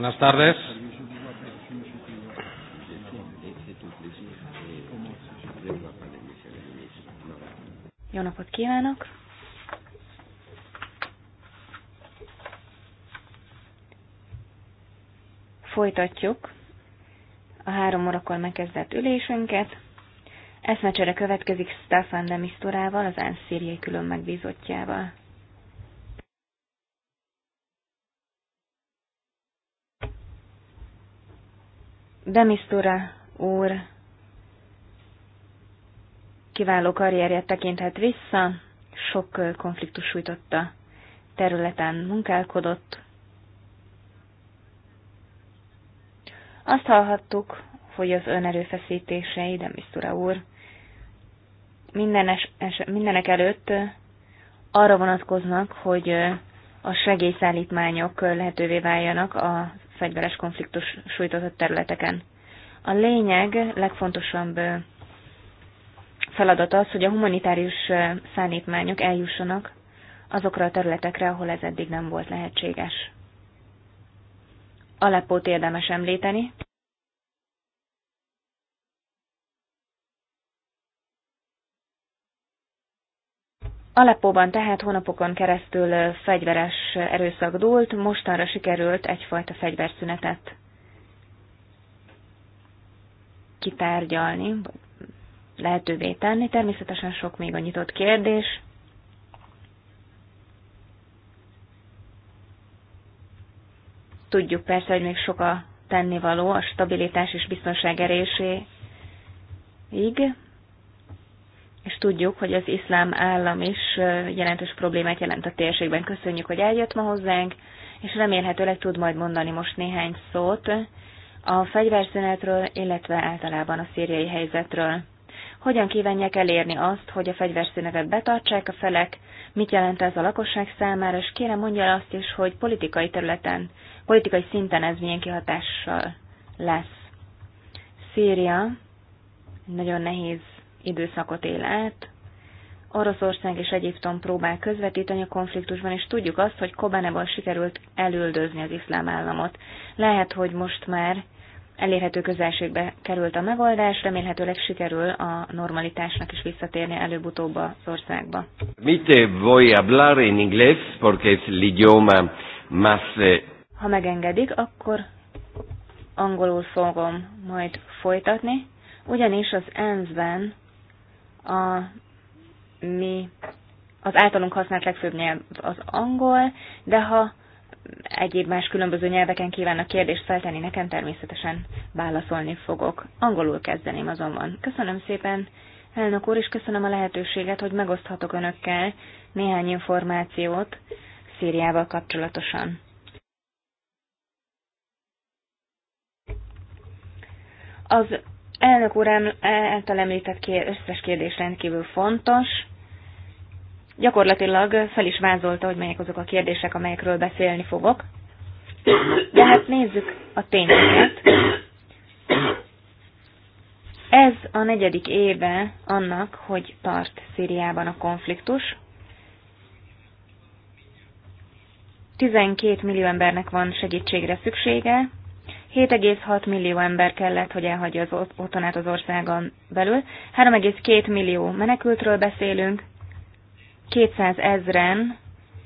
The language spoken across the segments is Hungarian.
Buenas tardes. Jó napot kívánok! Folytatjuk a három órakor megkezdett ülésünket. Eszmecsere következik Stefan Demisztorával, az ENSZ szíriai külön megbízottjával. Demisztura úr kiváló karrierje tekinthet vissza, sok konfliktus sújtotta területen munkálkodott. Azt hallhattuk, hogy az ön erőfeszítései, Demisztura úr, es- mindenek előtt arra vonatkoznak, hogy a segélyszállítmányok lehetővé váljanak az fegyveres konfliktus sújtott területeken. A lényeg legfontosabb feladat az, hogy a humanitárius szállítmányok eljussanak azokra a területekre, ahol ez eddig nem volt lehetséges. Aleppót érdemes említeni. Aleppóban tehát hónapokon keresztül fegyveres erőszak dúlt, mostanra sikerült egyfajta fegyverszünetet kitárgyalni, lehetővé tenni. Természetesen sok még a nyitott kérdés. Tudjuk persze, hogy még sok a tennivaló a stabilitás és biztonság eréséig, és tudjuk, hogy az iszlám állam is jelentős problémát jelent a térségben. Köszönjük, hogy eljött ma hozzánk, és remélhetőleg tud majd mondani most néhány szót a fegyverszünetről, illetve általában a szíriai helyzetről. Hogyan kívánják elérni azt, hogy a fegyverszünetet betartsák a felek, mit jelent ez a lakosság számára, és kérem mondja el azt is, hogy politikai területen, politikai szinten ez milyen kihatással lesz. Szíria nagyon nehéz időszakot él át. Oroszország és Egyiptom próbál közvetíteni a konfliktusban, és tudjuk azt, hogy Kobaneval sikerült elüldözni az iszlám államot. Lehet, hogy most már elérhető közelségbe került a megoldás, remélhetőleg sikerül a normalitásnak is visszatérni előbb-utóbb az országba. Mit voy hablar en inglés, porque es el idioma más... Eh, ha megengedik, akkor angolul fogom majd folytatni, ugyanis az ENSZ-ben a mi, az általunk használt legfőbb nyelv az angol, de ha egyéb más különböző nyelveken kívánnak kérdést feltenni nekem, természetesen válaszolni fogok. Angolul kezdeném azonban. Köszönöm szépen, elnök úr, és köszönöm a lehetőséget, hogy megoszthatok önökkel néhány információt Szíriával kapcsolatosan. Az Elnök úr által említett kér, összes kérdés rendkívül fontos. Gyakorlatilag fel is vázolta, hogy melyek azok a kérdések, amelyekről beszélni fogok. De hát nézzük a tényeket. Ez a negyedik éve annak, hogy tart Szíriában a konfliktus. 12 millió embernek van segítségre szüksége, 7,6 millió ember kellett, hogy elhagyja az otthonát az országon belül. 3,2 millió menekültről beszélünk, 200 ezren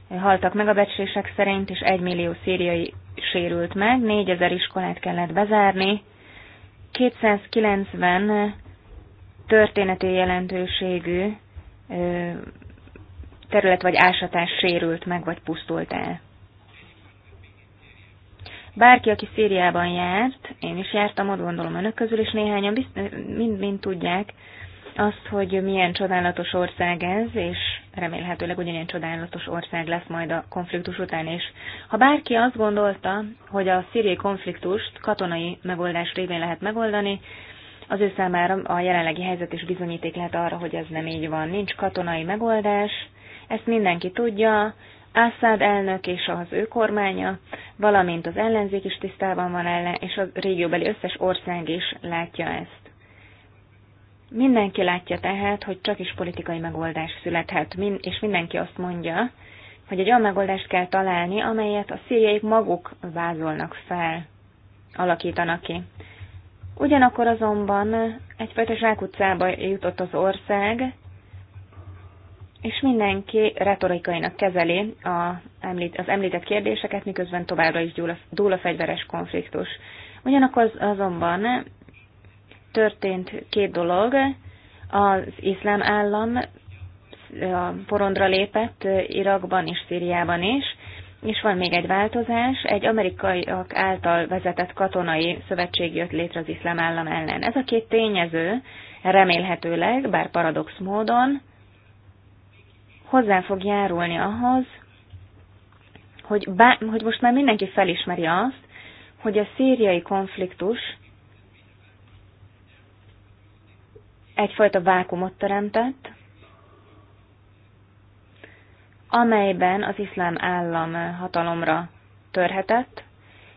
haltak meg a becslések szerint, és 1 millió szíriai sérült meg, 4000 iskolát kellett bezárni, 290 történeti jelentőségű terület vagy ásatás sérült meg, vagy pusztult el. Bárki, aki Szíriában járt, én is jártam ott, gondolom önök közül, és néhányan mind-mind tudják azt, hogy milyen csodálatos ország ez, és remélhetőleg ugyanilyen csodálatos ország lesz majd a konfliktus után is. Ha bárki azt gondolta, hogy a szíriai konfliktust katonai megoldás révén lehet megoldani, az ő számára a jelenlegi helyzet is bizonyíték lehet arra, hogy ez nem így van. Nincs katonai megoldás, ezt mindenki tudja, Assad elnök és az ő kormánya, valamint az ellenzék is tisztában van ellen, és a régióbeli összes ország is látja ezt. Mindenki látja tehát, hogy csak is politikai megoldás születhet, és mindenki azt mondja, hogy egy olyan megoldást kell találni, amelyet a szíriaik maguk vázolnak fel, alakítanak ki. Ugyanakkor azonban egyfajta zsákutcába jutott az ország, és mindenki retorikainak kezeli a, az említett kérdéseket, miközben továbbra is dúl a, dúl a fegyveres konfliktus. Ugyanakkor azonban történt két dolog. Az iszlám állam porondra lépett Irakban és Szíriában is, és van még egy változás, egy amerikaiak által vezetett katonai szövetség jött létre az iszlám állam ellen. Ez a két tényező remélhetőleg, bár paradox módon, hozzá fog járulni ahhoz, hogy, bá, hogy most már mindenki felismeri azt, hogy a szíriai konfliktus egyfajta vákumot teremtett, amelyben az iszlám állam hatalomra törhetett,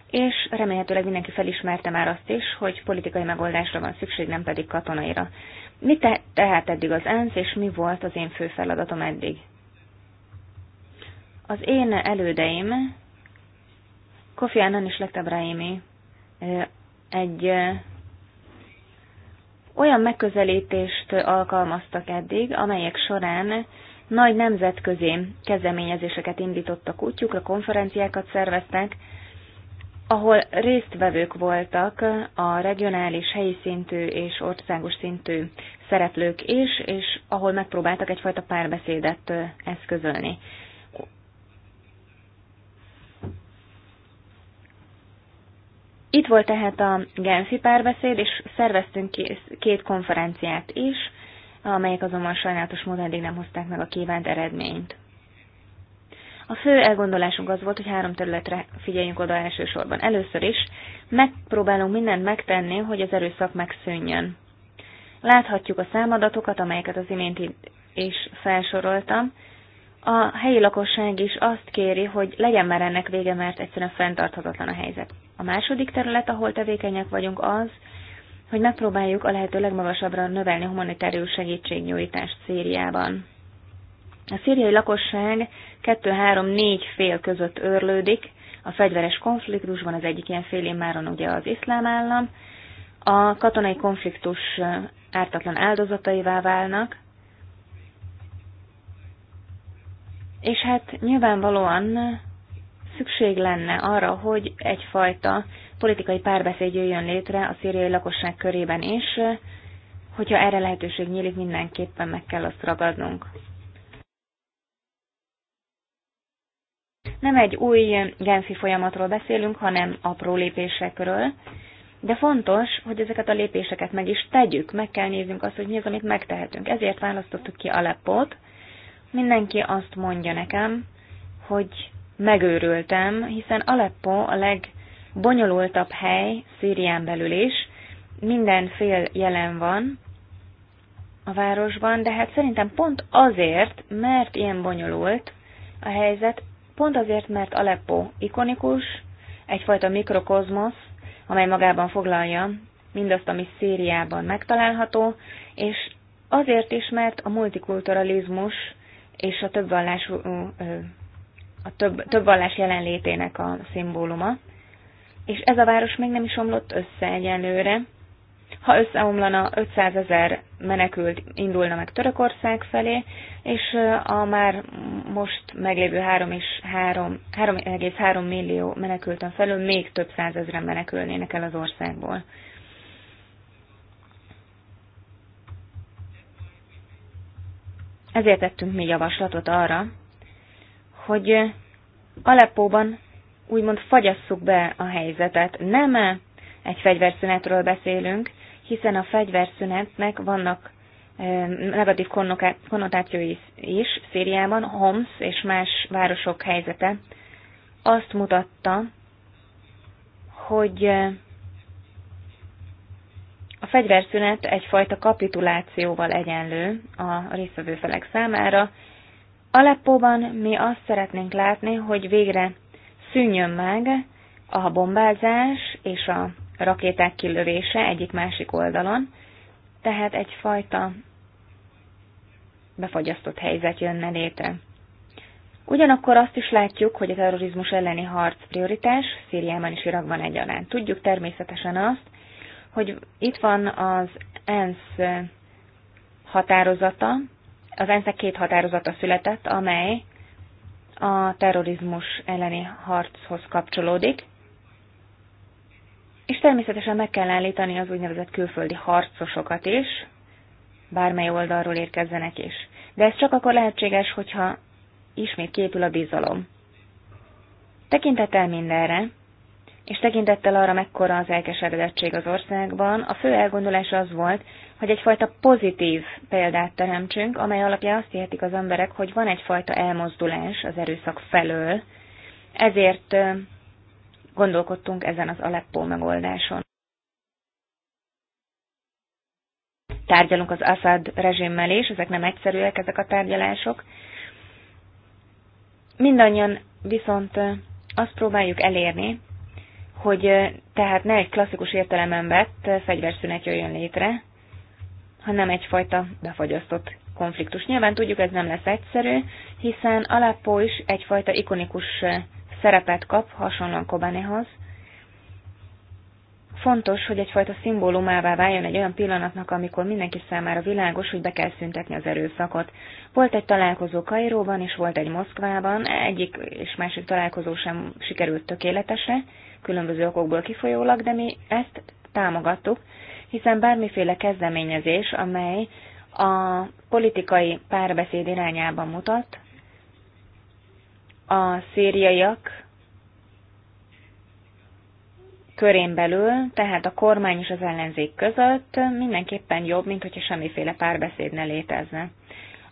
és remélhetőleg mindenki felismerte már azt is, hogy politikai megoldásra van szükség, nem pedig katonaira. Mi te- tehát eddig az ENSZ, és mi volt az én fő feladatom eddig? Az én elődeim, Kofi Annan és Lektab Raimi, egy olyan megközelítést alkalmaztak eddig, amelyek során nagy nemzetközi kezdeményezéseket indítottak útjukra, konferenciákat szerveztek, ahol résztvevők voltak a regionális, helyi szintű és országos szintű szereplők is, és ahol megpróbáltak egyfajta párbeszédet eszközölni. Itt volt tehát a Genfi párbeszéd, és szerveztünk két konferenciát is, amelyek azonban sajnálatos módon eddig nem hozták meg a kívánt eredményt. A fő elgondolásunk az volt, hogy három területre figyeljünk oda elsősorban. Először is megpróbálunk mindent megtenni, hogy az erőszak megszűnjön. Láthatjuk a számadatokat, amelyeket az imént is felsoroltam. A helyi lakosság is azt kéri, hogy legyen már ennek vége, mert egyszerűen fenntarthatatlan a helyzet. A második terület, ahol tevékenyek vagyunk, az, hogy megpróbáljuk a lehető legmagasabbra növelni a humanitárius segítségnyújtást Szíriában. A szíriai lakosság 2-3-4 fél között örlődik, a fegyveres konfliktusban az egyik ilyen félén máron ugye az iszlám állam, a katonai konfliktus ártatlan áldozataivá válnak, és hát nyilvánvalóan szükség lenne arra, hogy egyfajta politikai párbeszéd jöjjön létre a szíriai lakosság körében is, hogyha erre lehetőség nyílik, mindenképpen meg kell azt ragadnunk. Nem egy új genfi folyamatról beszélünk, hanem apró lépésekről, de fontos, hogy ezeket a lépéseket meg is tegyük, meg kell néznünk azt, hogy mi az, amit megtehetünk. Ezért választottuk ki Aleppot. Mindenki azt mondja nekem, hogy megőrültem, hiszen Aleppo a legbonyolultabb hely Szírián belül is, minden fél jelen van a városban, de hát szerintem pont azért, mert ilyen bonyolult a helyzet, Pont azért, mert Aleppo ikonikus, egyfajta mikrokozmosz, amely magában foglalja mindazt, ami Szíriában megtalálható, és azért is, mert a multikulturalizmus és a több vallás, a több, több vallás jelenlétének a szimbóluma, és ez a város még nem is omlott össze egyenlőre, ha összeomlana, 500 ezer menekült indulna meg Törökország felé, és a már most meglévő és 3,3 millió menekülten felül még több százezren menekülnének el az országból. Ezért tettünk mi javaslatot arra, hogy Aleppóban úgymond fagyasszuk be a helyzetet. Nem -e egy fegyverszünetről beszélünk, hiszen a fegyverszünetnek vannak negatív konnotációi is Szíriában, Homs és más városok helyzete azt mutatta, hogy a fegyverszünet egyfajta kapitulációval egyenlő a résztvevő felek számára. Aleppóban mi azt szeretnénk látni, hogy végre szűnjön meg a bombázás és a rakéták kilövése egyik-másik oldalon, tehát egyfajta befagyasztott helyzet jönne létre. Ugyanakkor azt is látjuk, hogy a terrorizmus elleni harc prioritás Szíriában és Irakban egyaránt. Tudjuk természetesen azt, hogy itt van az ENSZ határozata, az ENSZ két határozata született, amely a terrorizmus elleni harchoz kapcsolódik. És természetesen meg kell állítani az úgynevezett külföldi harcosokat is, bármely oldalról érkezzenek is. De ez csak akkor lehetséges, hogyha ismét képül a bizalom. Tekintettel mindenre, és tekintettel arra, mekkora az elkeseredettség az országban, a fő elgondolás az volt, hogy egyfajta pozitív példát teremtsünk, amely alapján azt értik az emberek, hogy van egyfajta elmozdulás az erőszak felől, ezért gondolkodtunk ezen az Aleppo megoldáson. Tárgyalunk az Assad rezsimmel is, ezek nem egyszerűek, ezek a tárgyalások. Mindannyian viszont azt próbáljuk elérni, hogy tehát ne egy klasszikus értelemben vett fegyverszünet jöjjön létre, hanem egyfajta befagyasztott konfliktus. Nyilván tudjuk, ez nem lesz egyszerű, hiszen Aleppo is egyfajta ikonikus szerepet kap, hasonlóan Kobanehoz. Fontos, hogy egyfajta szimbólumává váljon egy olyan pillanatnak, amikor mindenki számára világos, hogy be kell szüntetni az erőszakot. Volt egy találkozó Kairóban, és volt egy Moszkvában, egyik és másik találkozó sem sikerült tökéletese, különböző okokból kifolyólag, de mi ezt támogattuk, hiszen bármiféle kezdeményezés, amely a politikai párbeszéd irányában mutat, a szíriaiak körén belül, tehát a kormány és az ellenzék között mindenképpen jobb, mint hogyha semmiféle párbeszéd ne létezne.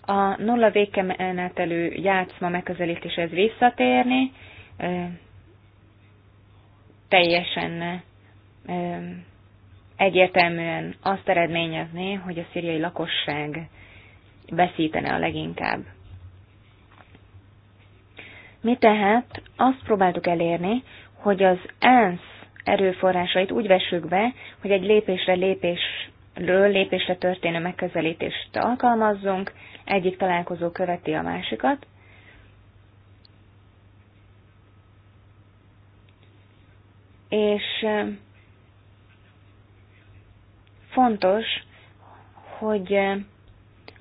A nulla végkemenetelő játszma megközelítéshez visszatérni teljesen egyértelműen azt eredményezné, hogy a szíriai lakosság veszítene a leginkább. Mi tehát azt próbáltuk elérni, hogy az ENSZ erőforrásait úgy vessük be, hogy egy lépésre lépésről lépésre történő megközelítést alkalmazzunk, egyik találkozó követi a másikat. És eh, fontos, hogy eh,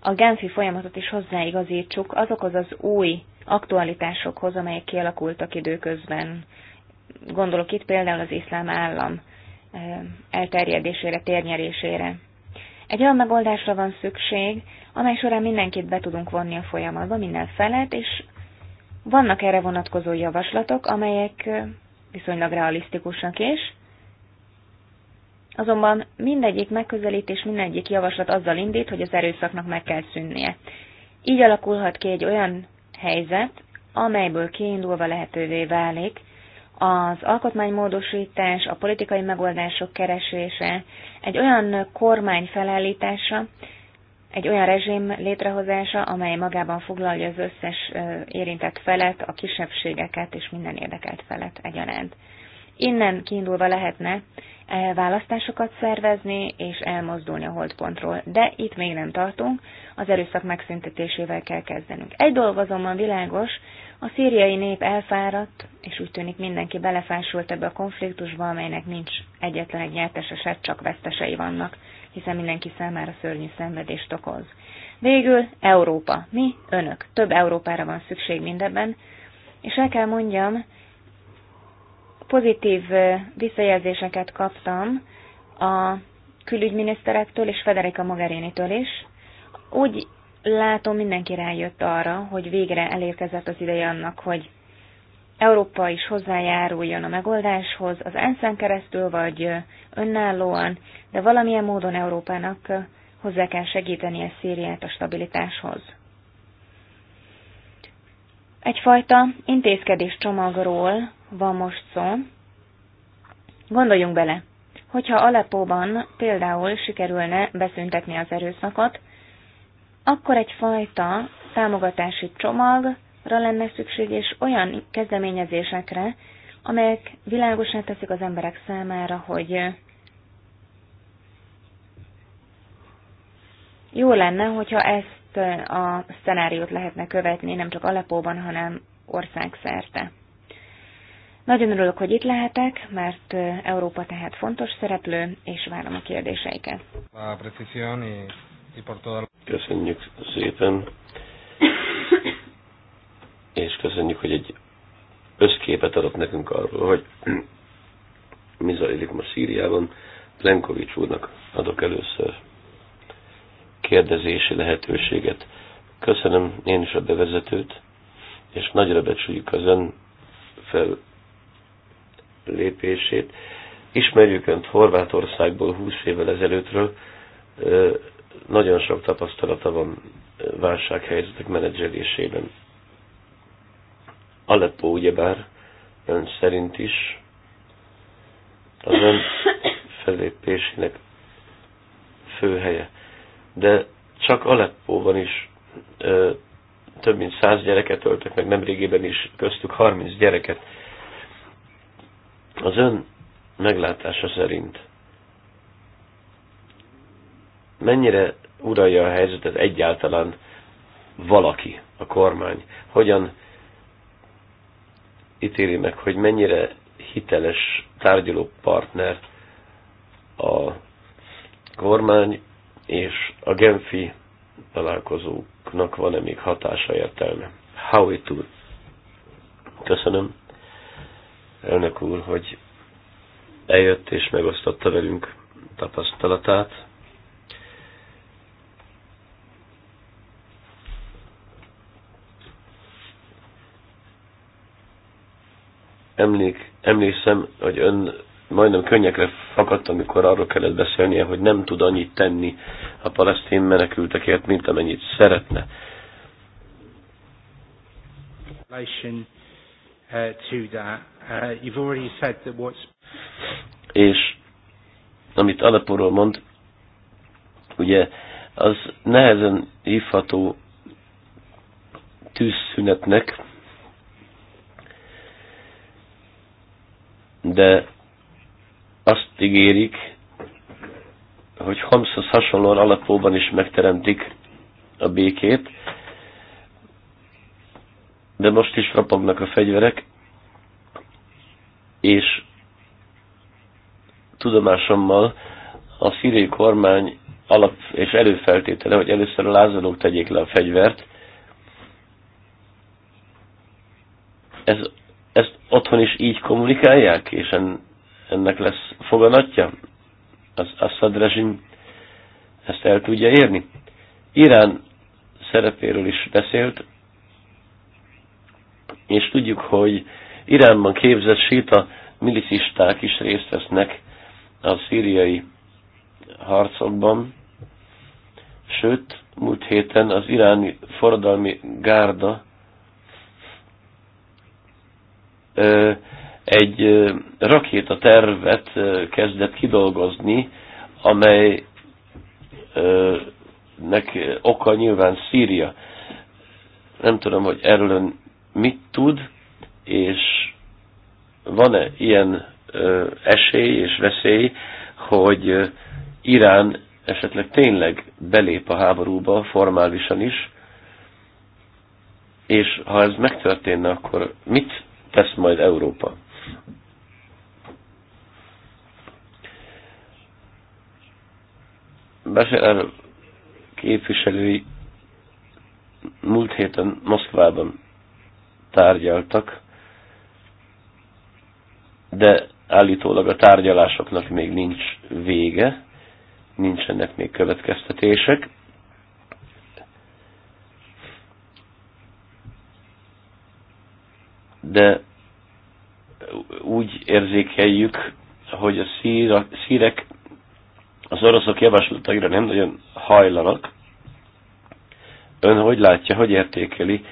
a Genfi folyamatot is hozzáigazítsuk azokhoz az új aktualitásokhoz, amelyek kialakultak időközben. Gondolok itt például az iszlám állam elterjedésére, térnyerésére. Egy olyan megoldásra van szükség, amely során mindenkit be tudunk vonni a folyamatba, minden felet, és vannak erre vonatkozó javaslatok, amelyek viszonylag realisztikusak is, azonban mindegyik megközelítés, mindegyik javaslat azzal indít, hogy az erőszaknak meg kell szűnnie. Így alakulhat ki egy olyan helyzet, amelyből kiindulva lehetővé válik az alkotmánymódosítás, a politikai megoldások keresése, egy olyan kormány felállítása, egy olyan rezsim létrehozása, amely magában foglalja az összes érintett felet, a kisebbségeket és minden érdekelt felet egyaránt. Innen kiindulva lehetne e, választásokat szervezni és elmozdulni a holdpontról. De itt még nem tartunk, az erőszak megszüntetésével kell kezdenünk. Egy dolog azonban világos, a szíriai nép elfáradt, és úgy tűnik mindenki belefásult ebbe a konfliktusba, amelynek nincs egyetlen egy nyertese, se csak vesztesei vannak, hiszen mindenki számára szörnyű szenvedést okoz. Végül Európa. Mi? Önök. Több Európára van szükség mindebben, és el kell mondjam, pozitív visszajelzéseket kaptam a külügyminiszterektől és Federica Mogherinitől is. Úgy látom, mindenki rájött arra, hogy végre elérkezett az ideje annak, hogy Európa is hozzájáruljon a megoldáshoz, az ENSZ-en keresztül vagy önállóan, de valamilyen módon Európának hozzá kell segítenie Szíriát a stabilitáshoz. Egyfajta intézkedés csomagról van most szó. Gondoljunk bele, hogyha Aleppóban például sikerülne beszüntetni az erőszakot, akkor egyfajta támogatási csomagra lenne szükség, és olyan kezdeményezésekre, amelyek világosan teszik az emberek számára, hogy jó lenne, hogyha ezt a szenáriót lehetne követni nem csak Alepóban, hanem országszerte. Nagyon örülök, hogy itt lehetek, mert Európa tehát fontos szereplő, és várom a kérdéseiket. Köszönjük szépen, és köszönjük, hogy egy összképet adott nekünk arról, hogy mi zajlik ma Szíriában. Plenkovics úrnak adok először kérdezési lehetőséget. Köszönöm én is a bevezetőt, és nagyra becsüljük az ön fel lépését. Ismerjük Önt Horvátországból 20 évvel ezelőttről, nagyon sok tapasztalata van válsághelyzetek menedzselésében. Aleppo ugyebár ön szerint is az ön fellépésének főhelye. De csak Aleppóban is ö, több mint száz gyereket öltek meg, nemrégében is köztük 30 gyereket. Az ön meglátása szerint mennyire uralja a helyzetet egyáltalán valaki, a kormány? Hogyan ítéli meg, hogy mennyire hiteles partner a kormány, és a Genfi találkozóknak van-e még hatása értelme? it túl. Köszönöm elnök úr, hogy eljött és megosztotta velünk tapasztalatát. Emlék, emlékszem, hogy ön majdnem könnyekre fakadt, amikor arról kellett beszélnie, hogy nem tud annyit tenni a palesztin menekültekért, mint amennyit szeretne. Uh, to that Uh, you've already said that what's... És amit alaporról mond, ugye az nehezen hívható tűzszünetnek, de azt ígérik, hogy Hamszhoz hasonlóan alapóban is megteremtik a békét, de most is rapognak a fegyverek, és tudomásommal a szíriai kormány alap és előfeltétele, hogy először a lázadók tegyék le a fegyvert. Ez, ezt otthon is így kommunikálják, és en, ennek lesz foganatja? Az Assad rezsim ezt el tudja érni? Irán szerepéről is beszélt, és tudjuk, hogy Iránban képzett síta milicisták is részt vesznek a szíriai harcokban, sőt, múlt héten az iráni forradalmi gárda egy rakétatervet kezdett kidolgozni, amelynek oka nyilván Szíria. Nem tudom, hogy erről ön mit tud, és van-e ilyen esély és veszély, hogy Irán esetleg tényleg belép a háborúba formálisan is, és ha ez megtörténne, akkor mit tesz majd Európa? Beszél képviselői múlt héten Moszkvában tárgyaltak de állítólag a tárgyalásoknak még nincs vége, nincsenek még következtetések. De úgy érzékeljük, hogy a szírek az oroszok javaslataira nem nagyon hajlanak. Ön hogy látja, hogy értékeli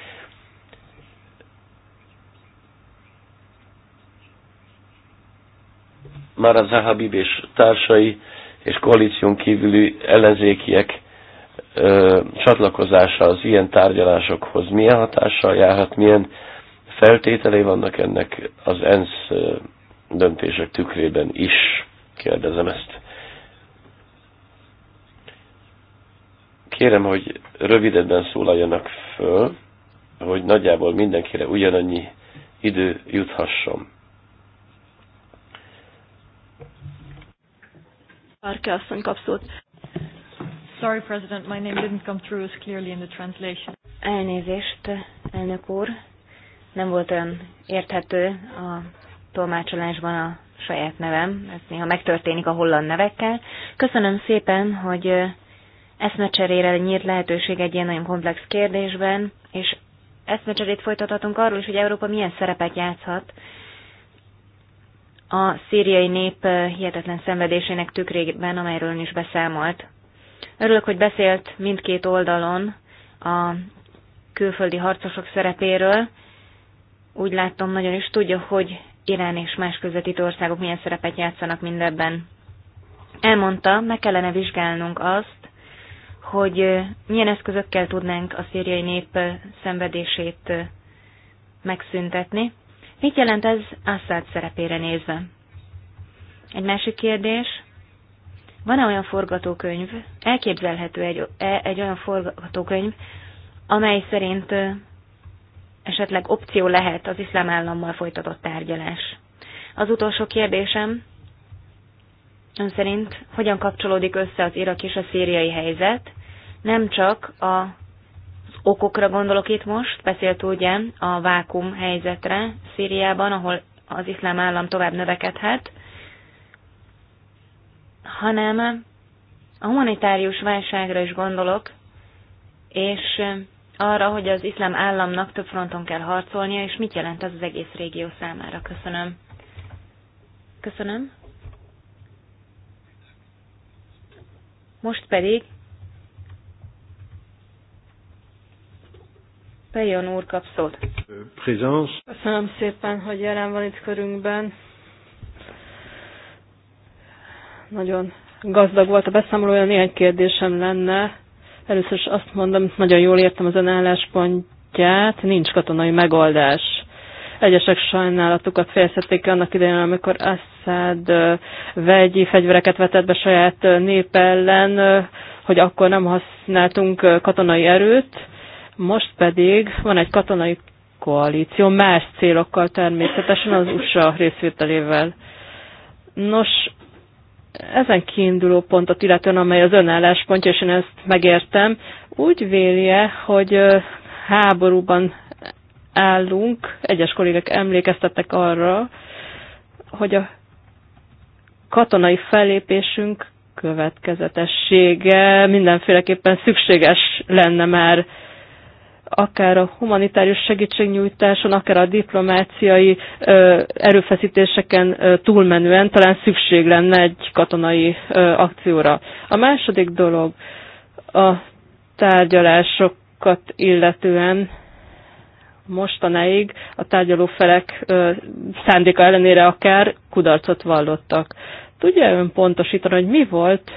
már Zahabib és társai és koalíción kívüli ellenzékiek ö, csatlakozása az ilyen tárgyalásokhoz milyen hatással járhat, milyen feltételei vannak ennek az ENSZ döntések tükrében is? Kérdezem ezt. Kérem, hogy rövidebben szólaljanak föl, hogy nagyjából mindenkire ugyanannyi idő juthasson. asszony kap szót. Sorry, President, my name didn't come through as clearly in the translation. Elnézést, elnök úr. Nem volt olyan érthető a tolmácsolásban a saját nevem. Ez néha megtörténik a holland nevekkel. Köszönöm szépen, hogy eszmecserére nyílt lehetőség egy ilyen nagyon komplex kérdésben, és eszmecserét folytathatunk arról is, hogy Európa milyen szerepet játszhat a szíriai nép eh, hihetetlen szenvedésének tükrében, amelyről ön is beszámolt. Örülök, hogy beszélt mindkét oldalon a külföldi harcosok szerepéről. Úgy látom, nagyon is tudja, hogy Irán és más közvetítő országok milyen szerepet játszanak mindebben. Elmondta, meg kellene vizsgálnunk azt, hogy eh, milyen eszközökkel tudnánk a szíriai nép eh, szenvedését megszüntetni, Mit jelent ez Assad szerepére nézve? Egy másik kérdés. Van-e olyan forgatókönyv, elképzelhető egy, e, egy olyan forgatókönyv, amely szerint esetleg opció lehet az iszlám állammal folytatott tárgyalás? Az utolsó kérdésem, ön szerint hogyan kapcsolódik össze az irak és a szíriai helyzet, nem csak a okokra gondolok itt most, beszélt ugye a vákum helyzetre Szíriában, ahol az iszlám állam tovább növekedhet, hanem a humanitárius válságra is gondolok, és arra, hogy az iszlám államnak több fronton kell harcolnia, és mit jelent ez az egész régió számára. Köszönöm. Köszönöm. Most pedig Pejon úr kap szót. Présence. Köszönöm szépen, hogy jelen van itt körünkben. Nagyon gazdag volt a beszámolója, néhány kérdésem lenne. Először is azt mondom, nagyon jól értem az ön álláspontját, nincs katonai megoldás. Egyesek sajnálatukat fejezhették annak idején, amikor Assad vegyi fegyvereket vetett be saját nép ellen, hogy akkor nem használtunk katonai erőt, most pedig van egy katonai koalíció más célokkal természetesen az USA részvételével. Nos, ezen kiinduló pontot illetően, amely az önálláspontja, és én ezt megértem, úgy vélje, hogy háborúban állunk, egyes kollégek emlékeztettek arra, hogy a katonai fellépésünk következetessége mindenféleképpen szükséges lenne már akár a humanitárius segítségnyújtáson, akár a diplomáciai erőfeszítéseken túlmenően talán szükség lenne egy katonai akcióra. A második dolog a tárgyalásokat illetően mostanáig a tárgyalófelek szándéka ellenére akár kudarcot vallottak. Tudja ön pontosítani, hogy mi volt,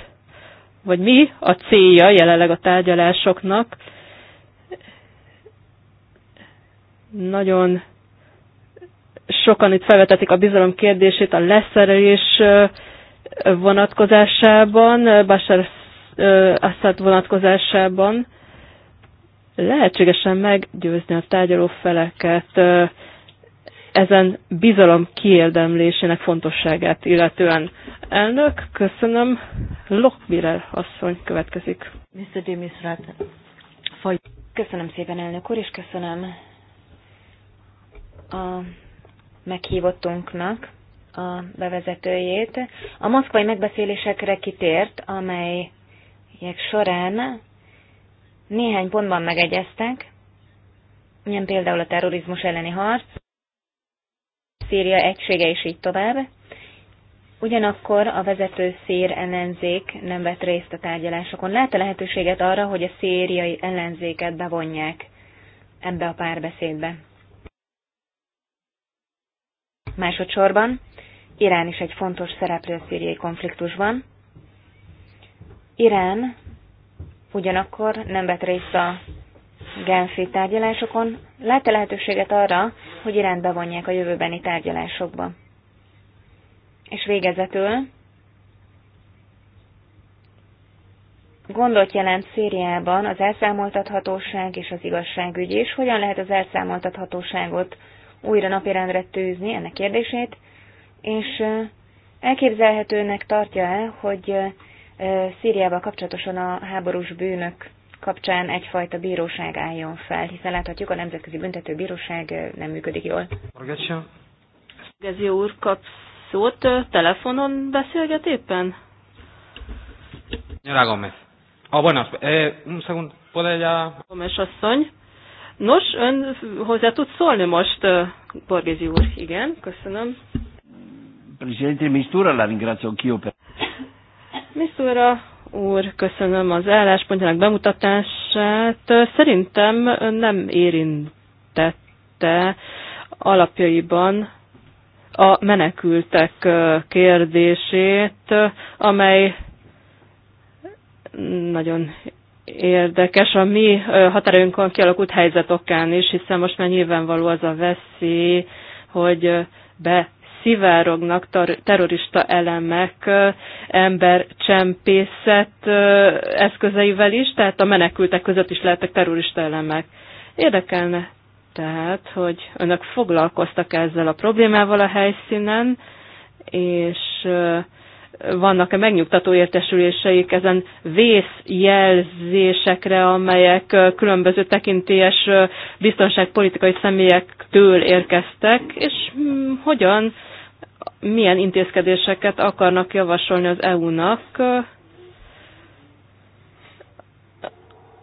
vagy mi a célja jelenleg a tárgyalásoknak, Nagyon sokan itt felvetetik a bizalom kérdését a leszerelés vonatkozásában, Bashar Assad vonatkozásában. Lehetségesen meggyőzni a tárgyaló feleket ezen bizalom kiérdemlésének fontosságát illetően. Elnök, köszönöm. Lokbiller asszony következik. Mr. Köszönöm szépen, elnök úr, és köszönöm a meghívottunknak a bevezetőjét. A moszkvai megbeszélésekre kitért, amelyek során néhány pontban megegyeztek, ilyen például a terrorizmus elleni harc, Szíria egysége és így tovább. Ugyanakkor a vezető szír ellenzék nem vett részt a tárgyalásokon. Lát-e lehetőséget arra, hogy a szíriai ellenzéket bevonják ebbe a párbeszédbe? Másodszorban Irán is egy fontos szereplő a szíriai konfliktusban. Irán ugyanakkor nem vett részt a Genfi tárgyalásokon, Látta lehetőséget arra, hogy Iránt bevonják a jövőbeni tárgyalásokba. És végezetül Gondot jelent Szíriában az elszámoltathatóság és az igazságügy is. Hogyan lehet az elszámoltathatóságot újra napirendre tűzni ennek kérdését, és elképzelhetőnek tartja-e, hogy Szíriával kapcsolatosan a háborús bűnök kapcsán egyfajta bíróság álljon fel, hiszen láthatjuk, a Nemzetközi bíróság nem működik jól. Gezi úr kap szót, telefonon beszélget éppen? Nyara Gomez. Ah, bueno, eh, un segund, pode ya... Gomes asszony. Nos, ön hozzá tud szólni most, Borgézi úr? Igen, köszönöm. Presidente Mistura, la ringrazio anch'io per... Mistura úr, köszönöm az álláspontjának bemutatását. Szerintem ön nem érintette alapjaiban a menekültek kérdését, amely nagyon érdekes a mi határainkon kialakult helyzet okán is, hiszen most már nyilvánvaló az a veszély, hogy be szivárognak terrorista elemek embercsempészet eszközeivel is, tehát a menekültek között is lehetek terrorista elemek. Érdekelne tehát, hogy önök foglalkoztak ezzel a problémával a helyszínen, és vannak-e megnyugtató értesüléseik ezen vészjelzésekre, amelyek különböző tekintélyes biztonságpolitikai személyektől érkeztek, és mm, hogyan, milyen intézkedéseket akarnak javasolni az EU-nak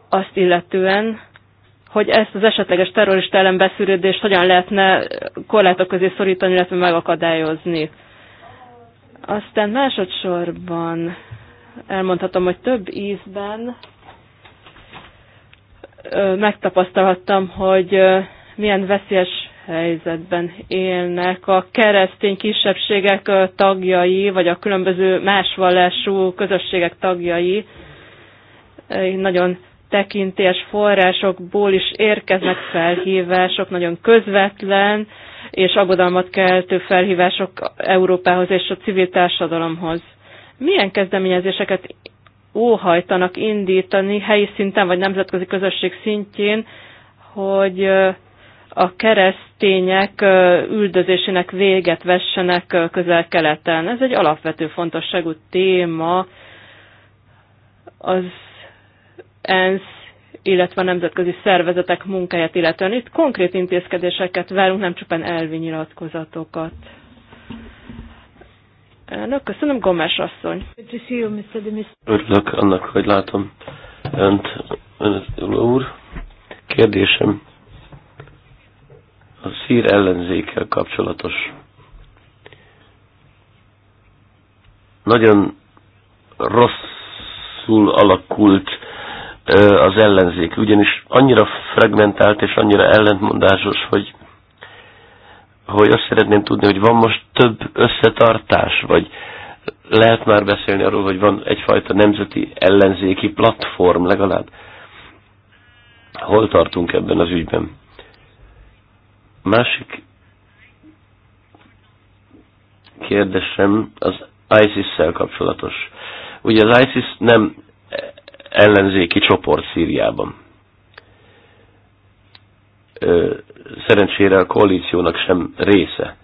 azt illetően, hogy ezt az esetleges terrorista ellen beszűrődést hogyan lehetne korlátok közé szorítani, illetve megakadályozni. Aztán másodszorban elmondhatom, hogy több ízben megtapasztalhattam, hogy milyen veszélyes helyzetben élnek a keresztény kisebbségek tagjai, vagy a különböző másvallású közösségek tagjai. Nagyon tekintélyes forrásokból is érkeznek felhívások, nagyon közvetlen, és aggodalmat keltő felhívások Európához és a civil társadalomhoz. Milyen kezdeményezéseket óhajtanak indítani helyi szinten vagy nemzetközi közösség szintjén, hogy a keresztények üldözésének véget vessenek közel-keleten. Ez egy alapvető fontosságú téma az ENSZ illetve a nemzetközi szervezetek munkáját illetően. Itt konkrét intézkedéseket várunk, nem csupán elvi nyilatkozatokat. Elnök, köszönöm, Gomes asszony. Örülök annak, hogy látom önt, önt úr. Kérdésem a szír ellenzékkel kapcsolatos. Nagyon rosszul alakult az ellenzék, ugyanis annyira fragmentált és annyira ellentmondásos, hogy, hogy azt szeretném tudni, hogy van most több összetartás, vagy lehet már beszélni arról, hogy van egyfajta nemzeti ellenzéki platform legalább. Hol tartunk ebben az ügyben? Másik kérdésem az ISIS-szel kapcsolatos. Ugye az ISIS nem ellenzéki csoport Szíriában. Szerencsére a koalíciónak sem része.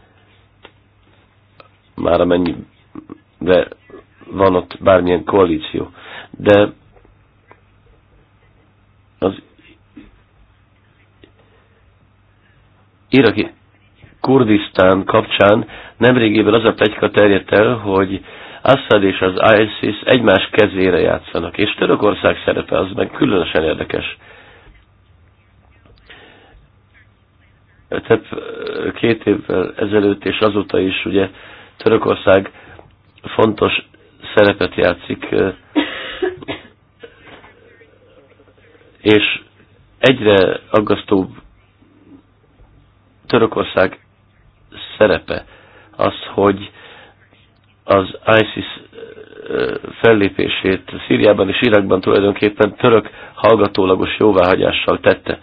Már amennyi, de van ott bármilyen koalíció. De az iraki Kurdisztán kapcsán nemrégében az a plegyka terjedt el, hogy Assad és az ISIS egymás kezére játszanak, és Törökország szerepe az meg különösen érdekes. Tehát két évvel ezelőtt és azóta is ugye Törökország fontos szerepet játszik, és egyre aggasztóbb Törökország szerepe az, hogy az ISIS fellépését Szíriában és Irakban tulajdonképpen török hallgatólagos jóváhagyással tette.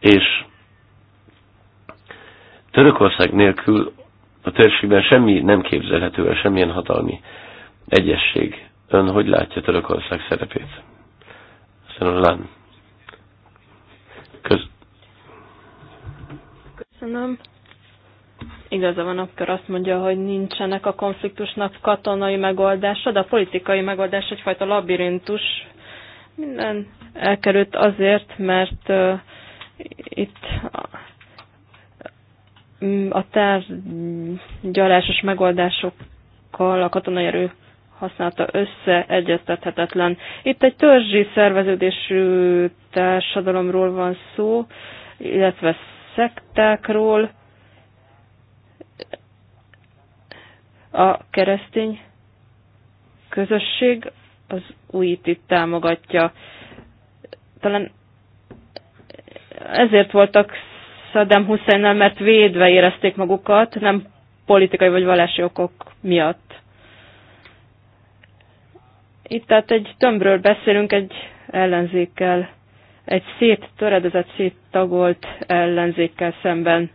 És Törökország nélkül a térségben semmi nem képzelhető el, semmilyen hatalmi egyesség. Ön hogy látja Törökország szerepét? Szerintem. Köz... Köszönöm. Igaza van, akkor azt mondja, hogy nincsenek a konfliktusnak katonai megoldása, de a politikai megoldás egyfajta labirintus. Minden elkerült azért, mert uh, itt a, a tárgyalásos megoldásokkal a katonai erő használta összeegyeztethetetlen. Itt egy törzsi szerveződésű társadalomról van szó, illetve szektákról, A keresztény közösség az itt támogatja. Talán ezért voltak Saddam hussein mert védve érezték magukat, nem politikai vagy vallási okok miatt. Itt tehát egy tömbről beszélünk, egy ellenzékkel, egy széttöredezett, széttagolt ellenzékkel szemben.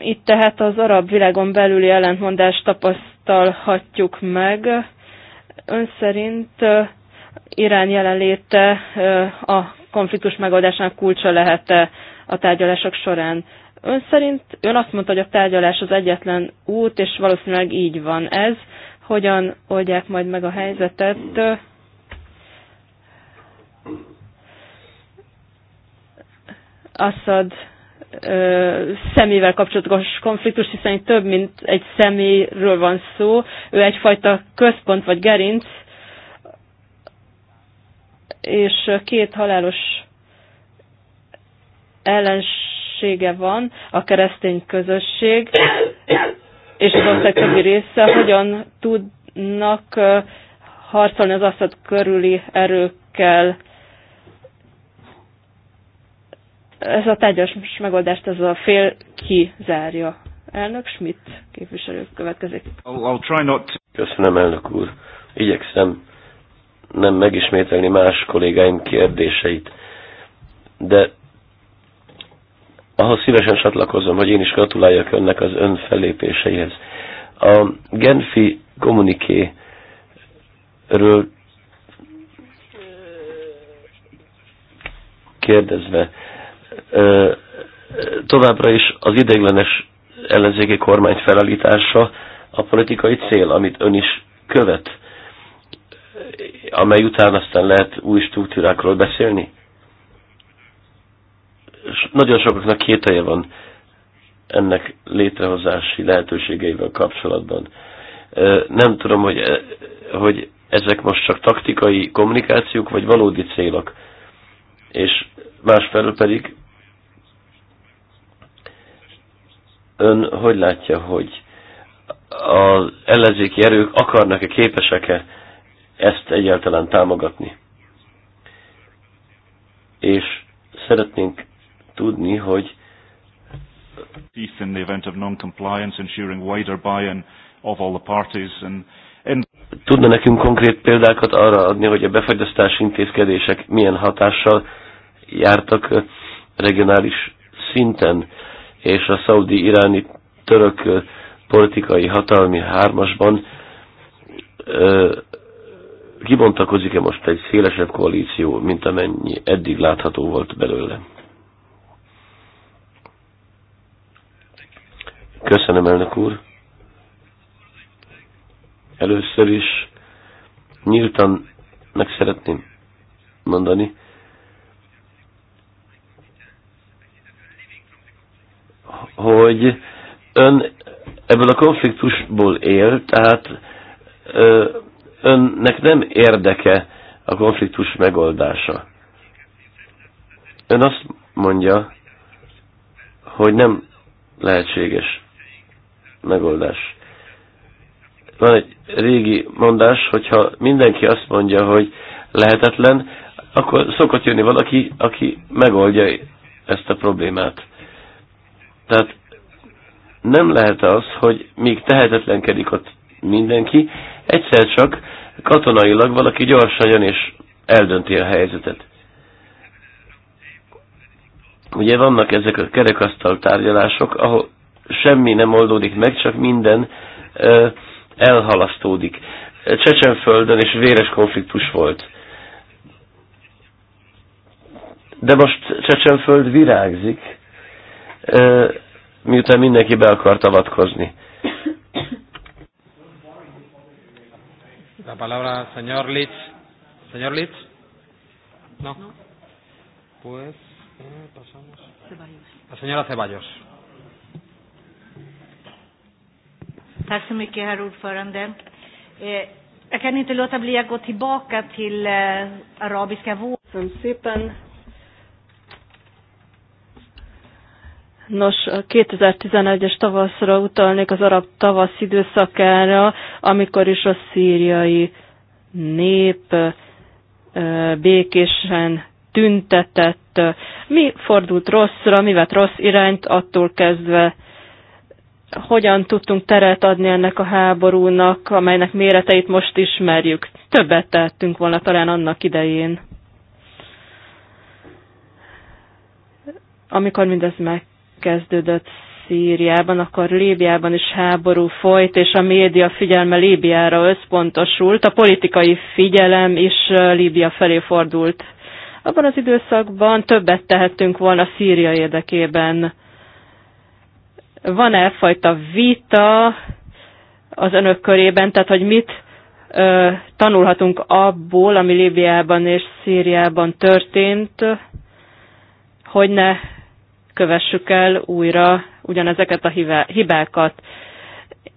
Itt tehát az arab világon belüli ellentmondást tapasztalhatjuk meg. Ön szerint Irán jelenléte a konfliktus megoldásának kulcsa lehet -e a tárgyalások során? Ön szerint, ön azt mondta, hogy a tárgyalás az egyetlen út, és valószínűleg így van ez. Hogyan oldják majd meg a helyzetet? Assad szemével kapcsolatos konfliktus, hiszen itt több mint egy szeméről van szó. Ő egyfajta központ vagy gerinc, és két halálos ellensége van, a keresztény közösség és az ország többi része, hogyan tudnak harcolni az Assad körüli erőkkel. ez a tárgyas megoldást ez a fél kizárja. Elnök Schmidt képviselő következik. I'll, try not Köszönöm, elnök úr. Igyekszem nem megismételni más kollégáim kérdéseit, de ahhoz szívesen csatlakozom, hogy én is gratuláljak önnek az ön fellépéseihez. A Genfi kommunikéről kérdezve, továbbra is az ideiglenes ellenzéki kormány felállítása a politikai cél, amit ön is követ, amely után aztán lehet új struktúrákról beszélni? Nagyon sokaknak kételje van ennek létrehozási lehetőségeivel kapcsolatban. Nem tudom, hogy, hogy ezek most csak taktikai kommunikációk, vagy valódi célok. És másfelől pedig ön hogy látja, hogy az ellenzéki erők akarnak-e, képesek-e ezt egyáltalán támogatni? És szeretnénk tudni, hogy in the event of non-compliance, ensuring wider buy-in of all the parties. And, and Tudna nekünk konkrét példákat arra adni, hogy a befagyasztás intézkedések milyen hatással jártak regionális szinten? és a szaudi-iráni török politikai hatalmi hármasban kibontakozik-e most egy szélesebb koalíció, mint amennyi eddig látható volt belőle? Köszönöm, elnök úr! Először is nyíltan meg szeretném mondani, hogy ön ebből a konfliktusból él, tehát önnek nem érdeke a konfliktus megoldása. Ön azt mondja, hogy nem lehetséges megoldás. Van egy régi mondás, hogyha mindenki azt mondja, hogy lehetetlen, akkor szokott jönni valaki, aki megoldja ezt a problémát. Tehát nem lehet az, hogy míg tehetetlenkedik ott mindenki, egyszer csak katonailag valaki gyorsan jön és eldönti a helyzetet. Ugye vannak ezek a kerekasztal tárgyalások, ahol semmi nem oldódik meg, csak minden ö, elhalasztódik. Csecsenföldön és véres konfliktus volt. De most Csecsenföld virágzik, miután mindenki be akart avatkozni. La palabra, señor Litz. Señor Litz? No. Pues eh, pasamos. La señora Ceballos. Tack så mycket, herr ordförande. Eh, jag kan inte låta bli att gå tillbaka till eh, arabiska våren. Nos, 2011-es tavaszra utalnék az arab tavasz időszakára, amikor is a szíriai nép békésen tüntetett. Mi fordult rosszra, mi vett rossz irányt attól kezdve, hogyan tudtunk teret adni ennek a háborúnak, amelynek méreteit most ismerjük. Többet tettünk volna talán annak idején. Amikor mindez meg kezdődött Szíriában, akkor Líbiában is háború folyt, és a média figyelme Líbiára összpontosult, a politikai figyelem is Líbia felé fordult. Abban az időszakban többet tehettünk volna Szíria érdekében. Van-e fajta vita az önök körében, tehát hogy mit ö, tanulhatunk abból, ami Líbiában és Szíriában történt, hogy ne kövessük el újra ugyanezeket a hibákat.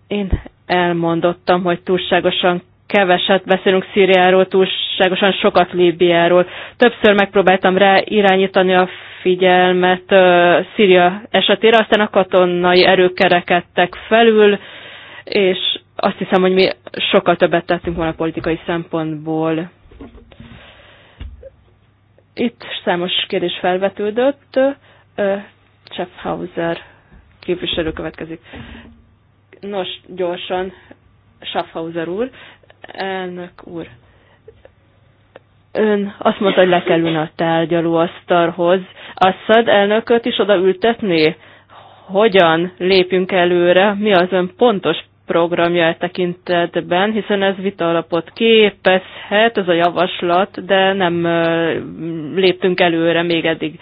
Én elmondottam, hogy túlságosan keveset beszélünk Szíriáról, túlságosan sokat Líbiáról. Többször megpróbáltam rá irányítani a figyelmet Szíria esetére, aztán a katonai erők kerekedtek felül, és azt hiszem, hogy mi sokkal többet tettünk volna politikai szempontból. Itt számos kérdés felvetődött. Schaffhauser képviselő következik. Nos, gyorsan, Schaffhauser úr, elnök úr. Ön azt mondta, hogy le kell ülni a tárgyalóasztalhoz. Assad elnököt is oda ültetné? Hogyan lépjünk előre? Mi az ön pontos programja e tekintetben, hiszen ez vita alapot képezhet, ez a javaslat, de nem léptünk előre még eddig.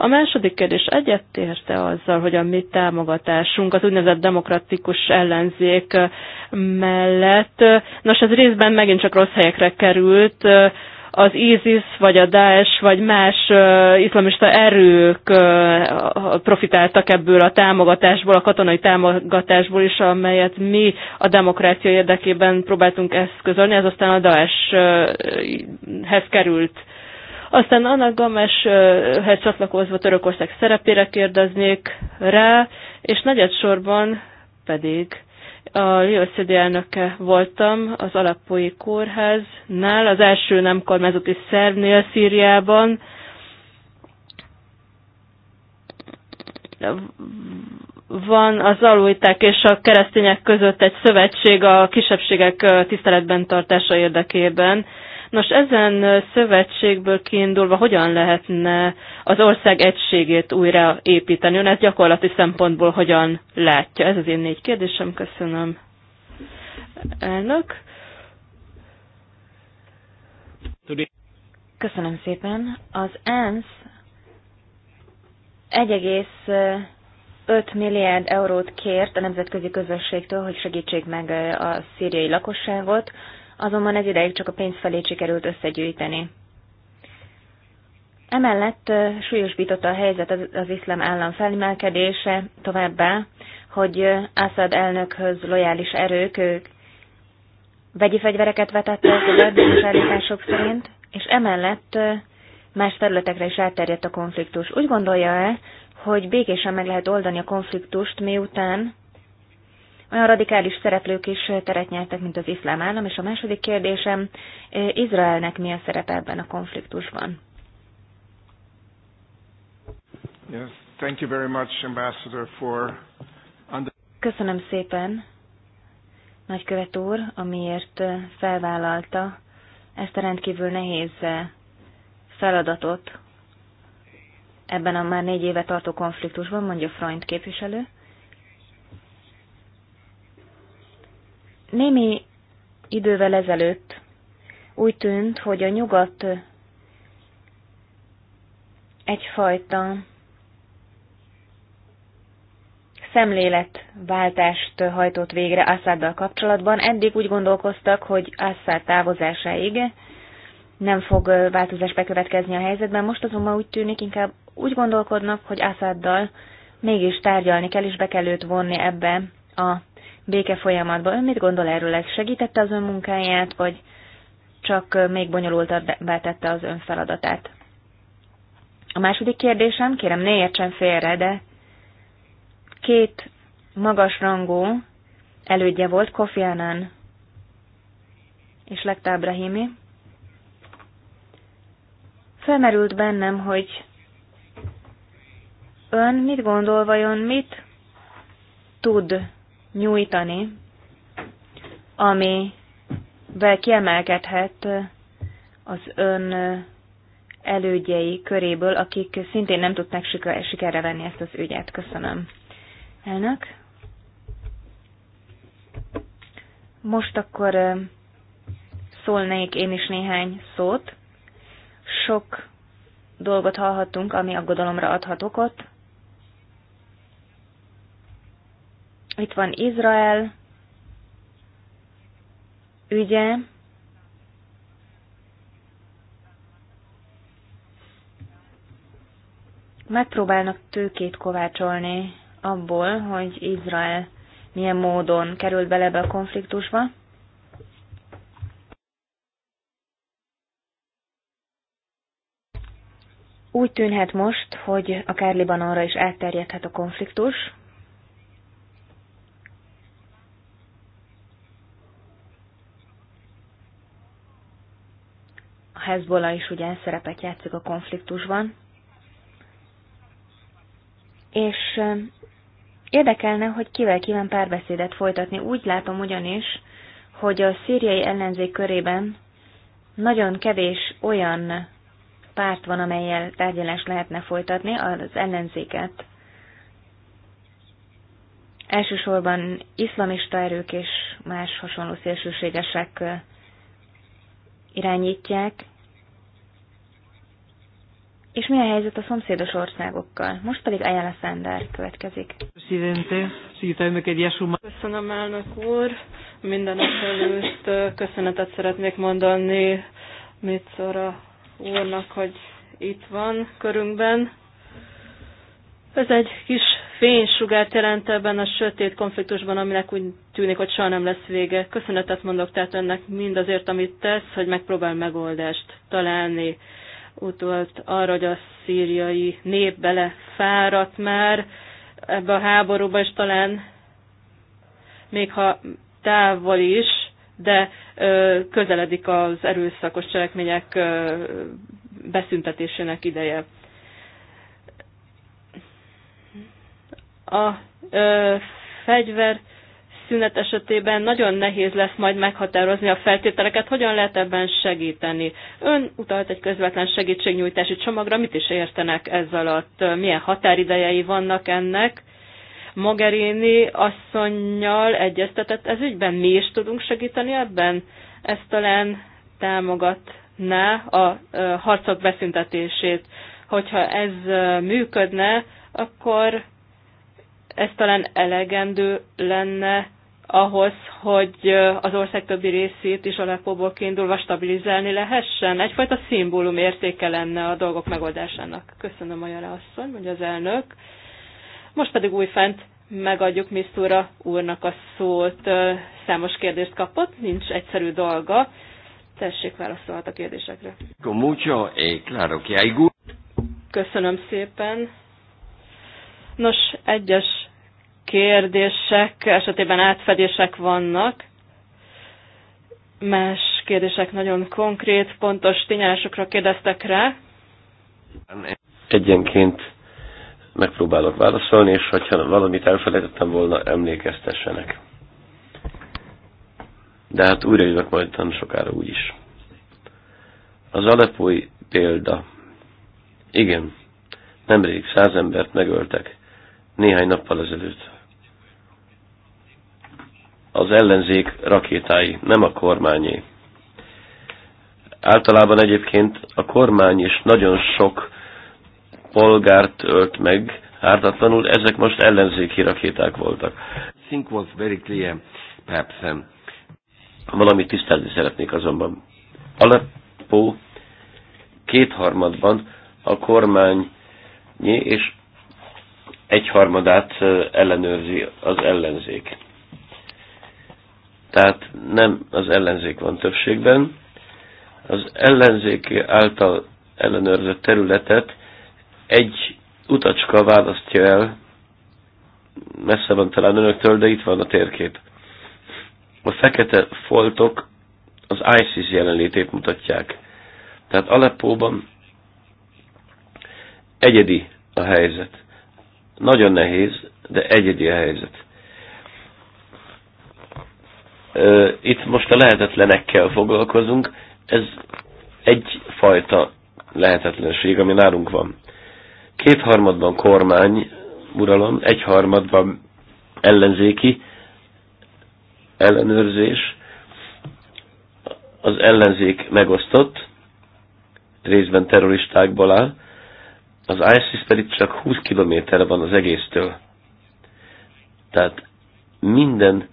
A második kérdés egyetérte azzal, hogy a mi támogatásunk az úgynevezett demokratikus ellenzék mellett. Nos, ez részben megint csak rossz helyekre került. Az ISIS, vagy a Daesh, vagy más uh, iszlamista erők uh, profitáltak ebből a támogatásból, a katonai támogatásból is, amelyet mi a demokrácia érdekében próbáltunk eszközölni, ez aztán a Daesh-hez került. Uh, aztán Anna Gameshez csatlakozva Törökország szerepére kérdeznék rá, és negyedsorban pedig a JOCD elnöke voltam az Alapói Kórháznál, az első nem kormányzati szervnél Szíriában. Van az alulíták és a keresztények között egy szövetség a kisebbségek tiszteletben tartása érdekében. Nos, ezen szövetségből kiindulva hogyan lehetne az ország egységét újra építeni? Ön ezt gyakorlati szempontból hogyan látja? Ez az én négy kérdésem. Köszönöm. Elnök. Köszönöm szépen. Az ENSZ 1,5 milliárd eurót kért a nemzetközi közösségtől, hogy segítsék meg a szíriai lakosságot azonban ez ideig csak a pénz felé sikerült összegyűjteni. Emellett súlyosbította a helyzet az, iszlám állam felemelkedése, továbbá, hogy Assad elnökhöz lojális erők ők vegyi fegyvereket vetettek a állítások szerint, és emellett más területekre is elterjedt a konfliktus. Úgy gondolja-e, hogy békésen meg lehet oldani a konfliktust, miután olyan radikális szereplők is teret nyertek, mint az iszlám állam, és a második kérdésem, eh, Izraelnek mi a szerepe ebben a konfliktusban? Yes, thank you very much, Ambassador, for Köszönöm szépen, nagykövet úr, amiért eh, felvállalta ezt a rendkívül nehéz eh, feladatot ebben a már négy éve tartó konfliktusban, mondja Freund képviselő. Némi idővel ezelőtt úgy tűnt, hogy a nyugat egyfajta szemléletváltást hajtott végre Assaddal kapcsolatban. Eddig úgy gondolkoztak, hogy Assad távozásáig nem fog változás bekövetkezni a helyzetben, most azonban úgy tűnik, inkább úgy gondolkodnak, hogy Assaddal mégis tárgyalni kell, és be kell őt vonni ebbe a béke folyamatban. Ön mit gondol erről? Ez segítette az ön munkáját, vagy csak még bonyolultabbá tette az ön feladatát? A második kérdésem, kérem ne értsen félre, de két magasrangú elődje volt Kofi Annan és Lekta Abrahimi. Felmerült bennem, hogy ön mit gondol vajon, mit tud nyújtani, amivel kiemelkedhet az ön elődjei köréből, akik szintén nem tudták sikerre venni ezt az ügyet. Köszönöm. Elnök. Most akkor szólnék én is néhány szót. Sok dolgot hallhattunk, ami aggodalomra adhat okot. Itt van Izrael ügye. Megpróbálnak tőkét kovácsolni abból, hogy Izrael milyen módon került bele ebbe a konfliktusba. Úgy tűnhet most, hogy akár Libanonra is elterjedhet a konfliktus, A Hezbollah is ugye szerepet játszik a konfliktusban. És érdekelne, hogy kivel kíván párbeszédet folytatni. Úgy látom ugyanis, hogy a szíriai ellenzék körében nagyon kevés olyan párt van, amelyel tárgyalást lehetne folytatni, az ellenzéket elsősorban iszlamista erők és más hasonló szélsőségesek irányítják, és mi a helyzet a szomszédos országokkal? Most pedig Ayala Sander következik. Köszönöm, elnök úr. Mindenek előtt köszönetet szeretnék mondani Mitsora úrnak, hogy itt van körünkben. Ez egy kis fénysugárt jelent ebben a sötét konfliktusban, aminek úgy tűnik, hogy soha nem lesz vége. Köszönetet mondok tehát önnek mindazért, amit tesz, hogy megpróbál megoldást találni. Utolt arra, hogy a szíriai nép bele fáradt már ebbe a háborúba, és talán még ha távol is, de ö, közeledik az erőszakos cselekmények ö, beszüntetésének ideje. A ö, fegyver szünet esetében nagyon nehéz lesz majd meghatározni a feltételeket, hogyan lehet ebben segíteni. Ön utalt egy közvetlen segítségnyújtási csomagra, mit is értenek ez alatt, milyen határidejei vannak ennek. Mogherini asszonynal egyeztetett ez ügyben, mi is tudunk segíteni ebben? Ez talán támogatná a harcok beszüntetését. Hogyha ez működne, akkor ez talán elegendő lenne ahhoz, hogy az ország többi részét is Aleppóból kiindulva stabilizálni lehessen. Egyfajta szimbólum értéke lenne a dolgok megoldásának. Köszönöm, Ajara asszony, mondja az elnök. Most pedig újfent megadjuk Misztúra úrnak a szót. Számos kérdést kapott, nincs egyszerű dolga. Tessék, válaszolhat a kérdésekre. E Köszönöm szépen. Nos, egyes kérdések esetében átfedések vannak, más kérdések nagyon konkrét, pontos tényásokra kérdeztek rá. Egyenként megpróbálok válaszolni, és hogyha valamit elfelejtettem volna, emlékeztessenek. De hát újra jövök majd tan sokára is. Az alepói példa. Igen, nemrég száz embert megöltek, néhány nappal ezelőtt az ellenzék rakétái, nem a kormányé. Általában egyébként a kormány is nagyon sok polgárt ölt meg, ártatlanul, ezek most ellenzéki rakéták voltak. Think was very clear, perhaps. Um... Valamit tisztázni szeretnék azonban. Aleppo kétharmadban a kormány és egyharmadát ellenőrzi az ellenzék. Tehát nem az ellenzék van többségben. Az ellenzék által ellenőrzött területet egy utacska választja el, messze van talán önöktől, de itt van a térkép. A fekete foltok az ISIS jelenlétét mutatják. Tehát Aleppóban egyedi a helyzet. Nagyon nehéz, de egyedi a helyzet. Itt most a lehetetlenekkel foglalkozunk, ez egyfajta lehetetlenség, ami nálunk van. Kétharmadban kormány, uralom, egyharmadban ellenzéki ellenőrzés, az ellenzék megosztott, részben terroristákból áll, az ISIS pedig csak 20 kilométerre van az egésztől. Tehát minden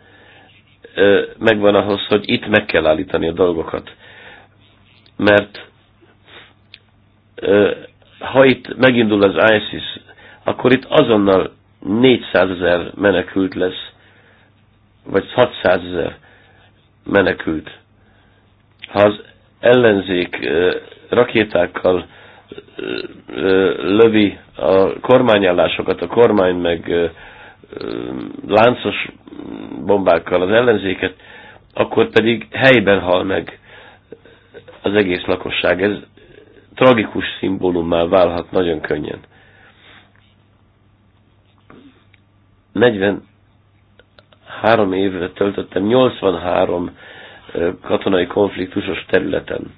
megvan ahhoz, hogy itt meg kell állítani a dolgokat. Mert ha itt megindul az ISIS, akkor itt azonnal 400 ezer menekült lesz, vagy 600 ezer menekült. Ha az ellenzék rakétákkal lövi a kormányállásokat, a kormány meg láncos bombákkal az ellenzéket, akkor pedig helyben hal meg az egész lakosság. Ez tragikus szimbólummá válhat nagyon könnyen. 43 évre töltöttem 83 katonai konfliktusos területen.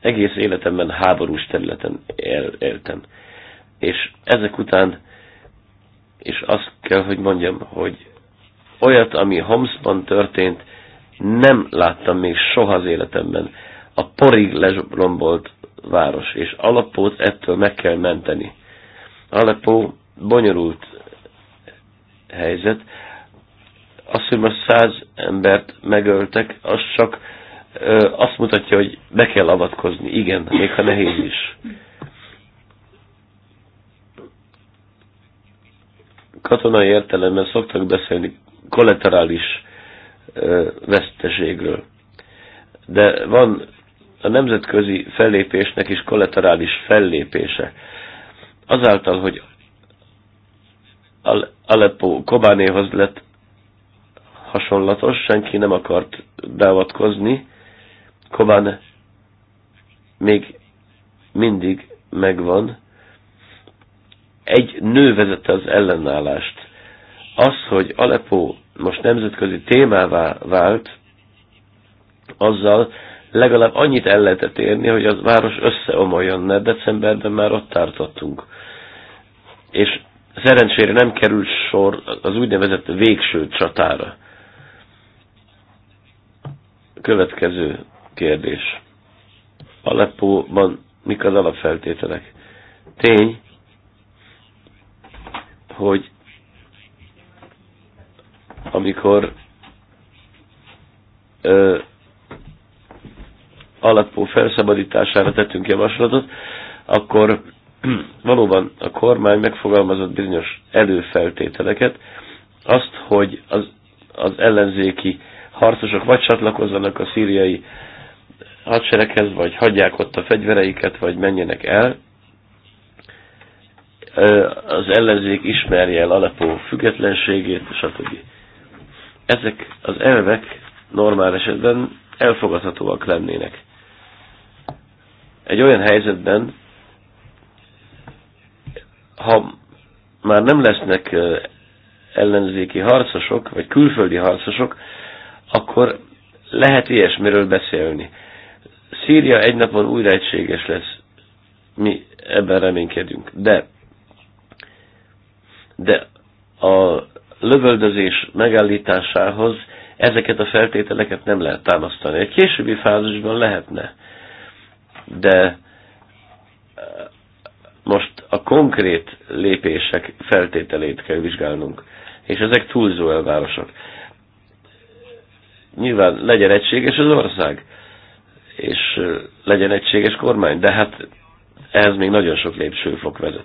Egész életemben háborús területen éltem. És ezek után és azt kell, hogy mondjam, hogy olyat, ami Homsban történt, nem láttam még soha az életemben. A porig lezsombolt város, és Alapót ettől meg kell menteni. Aleppo bonyolult helyzet. azt hogy most száz embert megöltek, az csak ö, azt mutatja, hogy be kell avatkozni. Igen, még ha nehéz is. katonai értelemben szoktak beszélni kollaterális veszteségről. De van a nemzetközi fellépésnek is kollaterális fellépése. Azáltal, hogy Aleppo Kobánéhoz lett hasonlatos, senki nem akart beavatkozni, Kobán még mindig megvan, egy nő vezette az ellenállást. Az, hogy Aleppo most nemzetközi témává vált, azzal legalább annyit el lehetett érni, hogy az város összeomoljon, mert decemberben már ott tartottunk. És szerencsére nem került sor az úgynevezett végső csatára. Következő kérdés. Aleppóban mik az alapfeltételek? Tény, hogy amikor ö, alapú felszabadítására tettünk javaslatot, akkor valóban a kormány megfogalmazott bizonyos előfeltételeket, azt, hogy az, az ellenzéki harcosok vagy csatlakozzanak a szíriai hadsereghez, vagy hagyják ott a fegyvereiket, vagy menjenek el, az ellenzék ismerje el alapú függetlenségét, stb. Ezek az elvek normál esetben elfogadhatóak lennének. Egy olyan helyzetben, ha már nem lesznek ellenzéki harcosok, vagy külföldi harcosok, akkor lehet ilyesmiről beszélni. Szíria egy napon újra egységes lesz. Mi ebben reménykedünk. De de a lövöldözés megállításához ezeket a feltételeket nem lehet támasztani. Egy későbbi fázisban lehetne, de eh, most a konkrét lépések feltételét kell vizsgálnunk, és ezek túlzó elvárosok. Nyilván legyen egységes az ország, és eh, legyen egységes kormány, de hát ehhez még nagyon sok lépcsőfok vezet.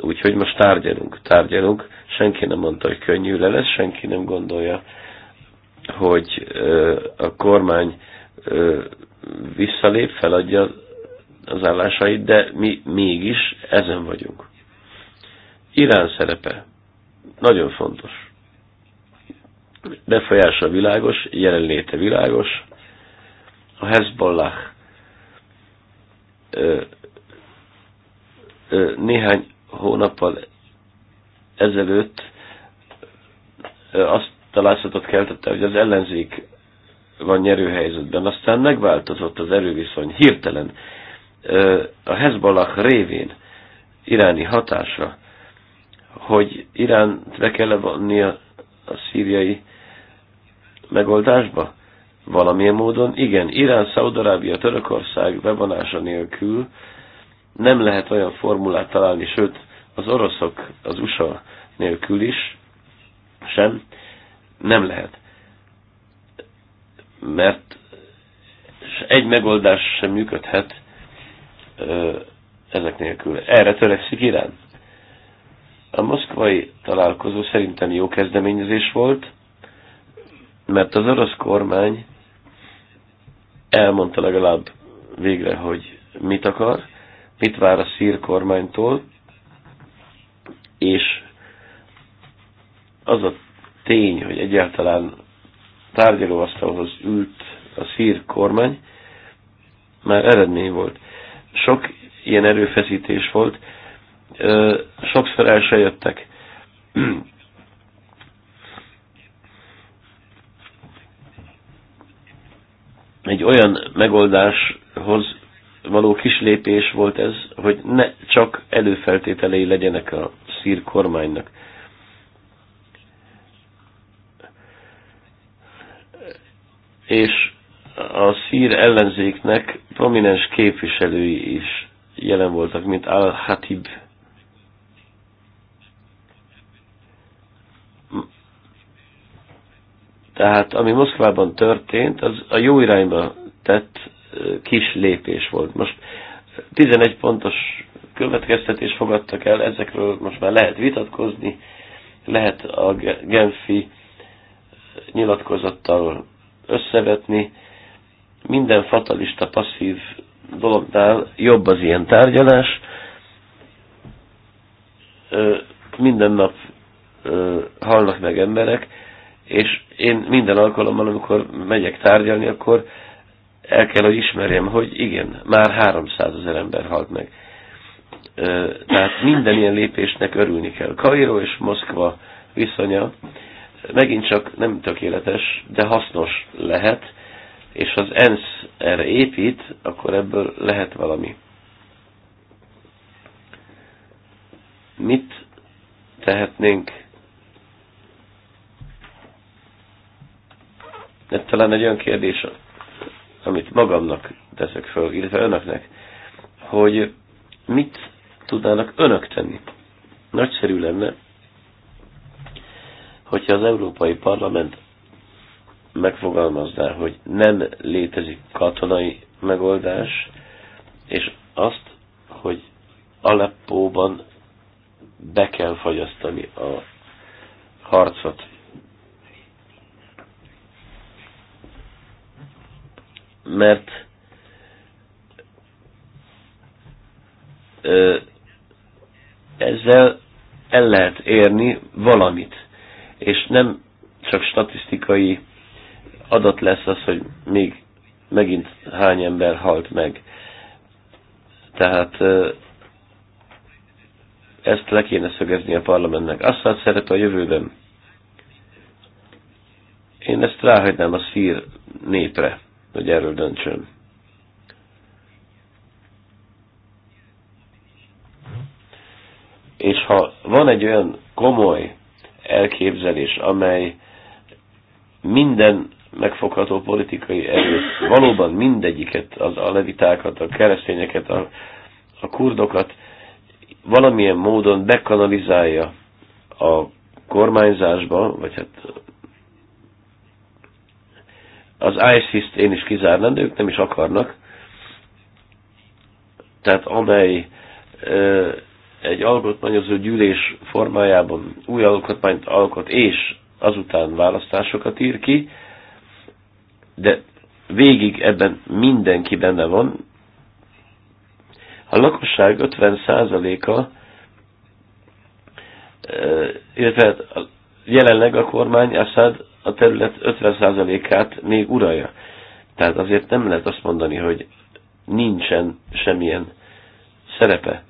Úgyhogy most tárgyalunk, tárgyalunk. Senki nem mondta, hogy könnyű le lesz, senki nem gondolja, hogy a kormány visszalép, feladja az állásait, de mi mégis ezen vagyunk. Irán szerepe nagyon fontos. Befolyása világos, jelenléte világos. A Hezbollah néhány hónappal ezelőtt azt találszatot keltette, hogy az ellenzék van nyerő helyzetben. Aztán megváltozott az erőviszony hirtelen. A Hezbollah révén iráni hatása, hogy Irán be kell vonni a, a szíriai megoldásba? Valamilyen módon igen, Irán, Szaudarábia, Törökország bevonása nélkül nem lehet olyan formulát találni, sőt, az oroszok, az USA nélkül is sem nem lehet. Mert egy megoldás sem működhet ezek nélkül. Erre törekszik Irán. A moszkvai találkozó szerintem jó kezdeményezés volt, mert az orosz kormány elmondta legalább végre, hogy mit akar, mit vár a szír kormánytól, és az a tény, hogy egyáltalán tárgyalóasztalhoz ült a szír kormány, már eredmény volt. Sok ilyen erőfeszítés volt, sokszor el se jöttek. Egy olyan megoldáshoz való kislépés volt ez, hogy ne csak előfeltételei legyenek a szír kormánynak. És a szír ellenzéknek prominens képviselői is jelen voltak, mint Al-Hatib. Tehát ami Moszkvában történt, az a jó irányba tett kis lépés volt. Most 11 pontos következtetés fogadtak el, ezekről most már lehet vitatkozni, lehet a Genfi nyilatkozattal összevetni. Minden fatalista, passzív dolognál jobb az ilyen tárgyalás. Minden nap halnak meg emberek, és én minden alkalommal, amikor megyek tárgyalni, akkor el kell, hogy ismerjem, hogy igen, már 300 ezer ember halt meg tehát minden ilyen lépésnek örülni kell. Kairó és Moszkva viszonya megint csak nem tökéletes, de hasznos lehet, és az ENSZ erre épít, akkor ebből lehet valami. Mit tehetnénk? Ez talán egy olyan kérdés, amit magamnak teszek föl, illetve önöknek, hogy Mit tudnának önök tenni? Nagyszerű lenne, hogyha az Európai Parlament megfogalmazná, hogy nem létezik katonai megoldás, és azt, hogy Aleppóban be kell fagyasztani a harcot. Mert ezzel el lehet érni valamit. És nem csak statisztikai adat lesz az, hogy még megint hány ember halt meg. Tehát ezt le kéne szögezni a parlamentnek. hát szeret a jövőben. Én ezt ráhagynám a szír népre, hogy erről döntsön. És ha van egy olyan komoly elképzelés, amely minden megfogható politikai erő, valóban mindegyiket, az levitákat, a keresztényeket, a, a kurdokat valamilyen módon bekanalizálja a kormányzásba, vagy hát az ISIS-t én is kizárnám, de ők nem is akarnak. Tehát amely ö, egy alkotmányozó gyűlés formájában új alkotmányt alkot, és azután választásokat ír ki, de végig ebben mindenki benne van. A lakosság 50%-a, illetve hát jelenleg a kormány Assad a terület 50%-át még uralja. Tehát azért nem lehet azt mondani, hogy nincsen semmilyen szerepe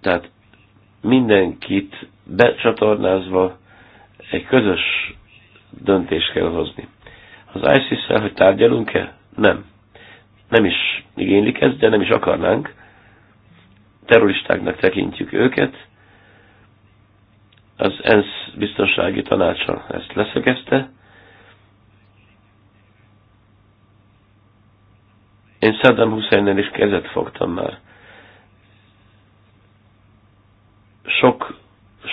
Tehát mindenkit becsatornázva egy közös döntést kell hozni. Az ISIS-szel, hogy tárgyalunk-e? Nem. Nem is igénylik ezt, de nem is akarnánk. Terroristáknak tekintjük őket. Az ENSZ biztonsági tanácsa ezt leszögezte. Én Saddam Husseinnel is kezet fogtam már. sok,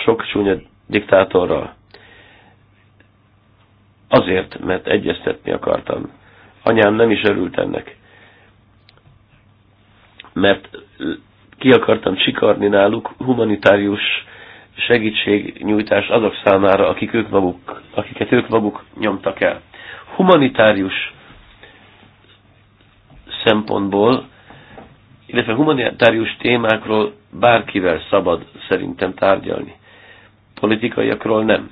sok csúnya diktátorral. Azért, mert egyeztetni akartam. Anyám nem is örült ennek. Mert ki akartam csikarni náluk humanitárius segítségnyújtás azok számára, akik ők maguk, akiket ők maguk nyomtak el. Humanitárius szempontból illetve humanitárius témákról bárkivel szabad szerintem tárgyalni. Politikaiakról nem.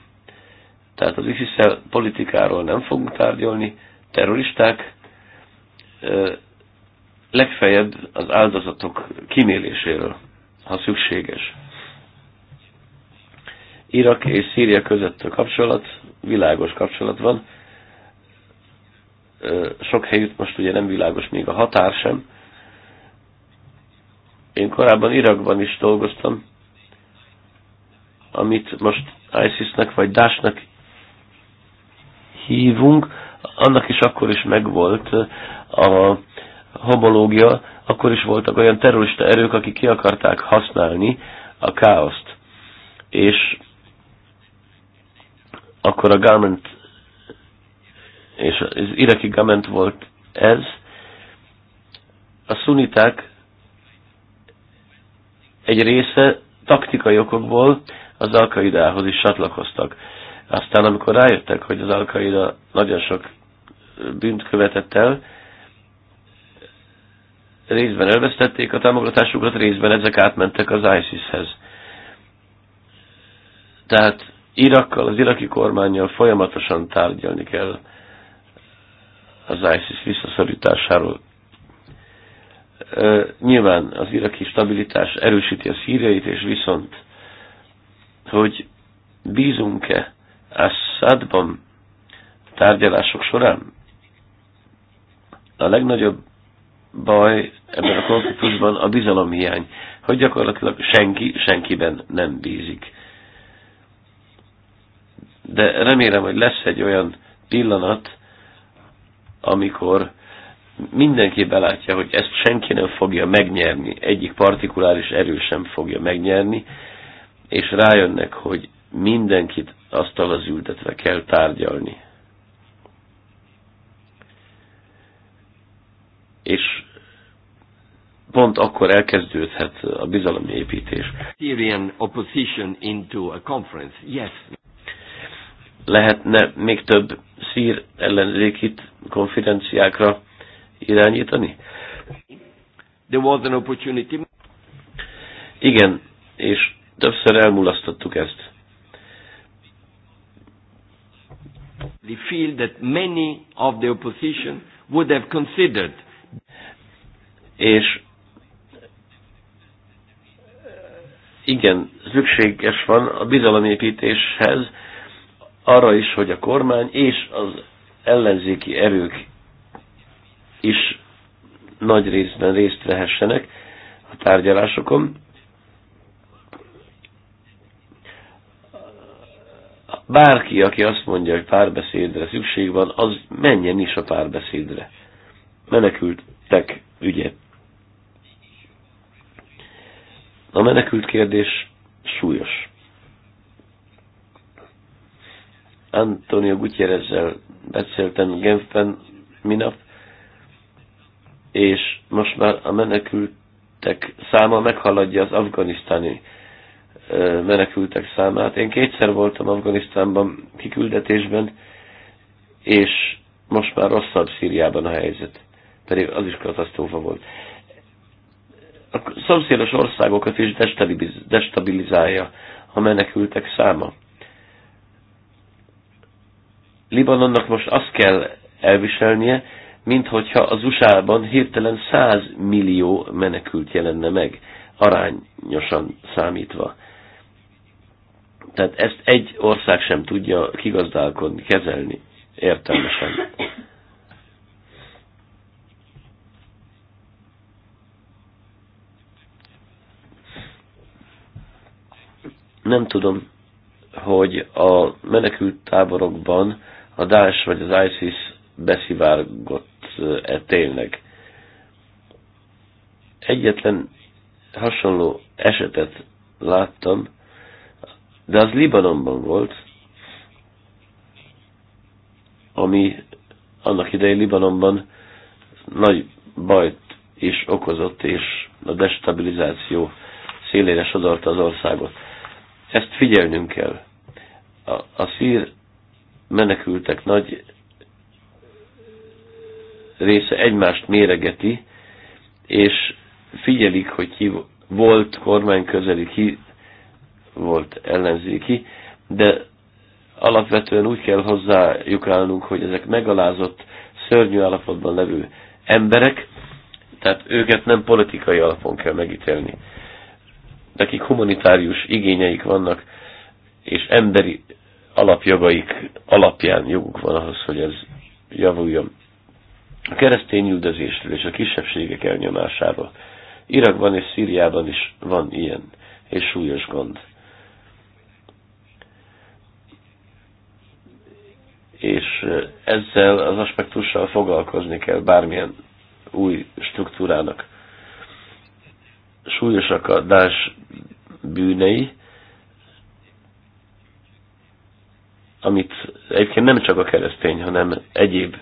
Tehát az isis politikáról nem fogunk tárgyalni, terroristák legfeljebb az áldozatok kiméléséről, ha szükséges. Irak és Szíria között a kapcsolat, világos kapcsolat van. Sok helyütt most ugye nem világos még a határ sem, én korábban Irakban is dolgoztam, amit most ISIS-nek vagy Dásnak hívunk, annak is akkor is megvolt a homológia, akkor is voltak olyan terrorista erők, akik ki akarták használni a káoszt. És akkor a gament és az iraki gament volt ez. A szuniták egy része taktikai okokból az Alkaidához is csatlakoztak. Aztán amikor rájöttek, hogy az Alkaida nagyon sok bűnt követett el, részben elvesztették a támogatásukat, részben ezek átmentek az ISIS-hez. Tehát Irakkal, az iraki kormányjal folyamatosan tárgyalni kell az ISIS visszaszorításáról. Nyilván az iraki stabilitás erősíti a szíriait, és viszont, hogy bízunk-e Assadban tárgyalások során? A legnagyobb baj ebben a konfliktusban a bizalomhiány, hogy gyakorlatilag senki senkiben nem bízik. De remélem, hogy lesz egy olyan pillanat, amikor mindenki belátja, hogy ezt senki nem fogja megnyerni, egyik partikuláris erő sem fogja megnyerni, és rájönnek, hogy mindenkit az ültetve kell tárgyalni. És pont akkor elkezdődhet a bizalmi építés. Syrian opposition into a conference. Yes. Lehetne még több szír ellenzékit konferenciákra irányítani? There was an opportunity. Igen, és többször elmulasztottuk ezt. The field that many of the opposition would have considered. És igen, szükséges van a bizalomépítéshez arra is, hogy a kormány és az ellenzéki erők is nagy részben részt vehessenek a tárgyalásokon. Bárki, aki azt mondja, hogy párbeszédre szükség van, az menjen is a párbeszédre. Menekültek ügye. A menekült kérdés súlyos. Antonio Gutierrezzel beszéltem Genfben minap, és most már a menekültek száma meghaladja az afganisztáni menekültek számát. Én kétszer voltam Afganisztánban kiküldetésben, és most már rosszabb Szíriában a helyzet. Pedig az is katasztrófa volt. A szomszédos országokat is destabilizálja a menekültek száma. Libanonnak most azt kell elviselnie, mint hogyha az USA-ban hirtelen 100 millió menekült jelenne meg, arányosan számítva. Tehát ezt egy ország sem tudja kigazdálkodni, kezelni értelmesen. Nem tudom, hogy a menekült táborokban a DAS vagy az ISIS beszivárgott e tényleg. Egyetlen hasonló esetet láttam, de az Libanonban volt, ami annak idején Libanonban nagy bajt is okozott, és a destabilizáció szélére sodorta az országot. Ezt figyelnünk kell. A, a szír menekültek nagy része egymást méregeti, és figyelik, hogy ki volt kormány közeli, ki volt ellenzéki, de alapvetően úgy kell hozzájuk állnunk, hogy ezek megalázott, szörnyű állapotban levő emberek, tehát őket nem politikai alapon kell megítélni. Nekik humanitárius igényeik vannak, és emberi alapjogaik alapján joguk van ahhoz, hogy ez javuljon a keresztény üldözésről és a kisebbségek elnyomásáról. Irakban és Szíriában is van ilyen, és súlyos gond. És ezzel az aspektussal foglalkozni kell bármilyen új struktúrának. Súlyosak a Dás bűnei, amit egyébként nem csak a keresztény, hanem egyéb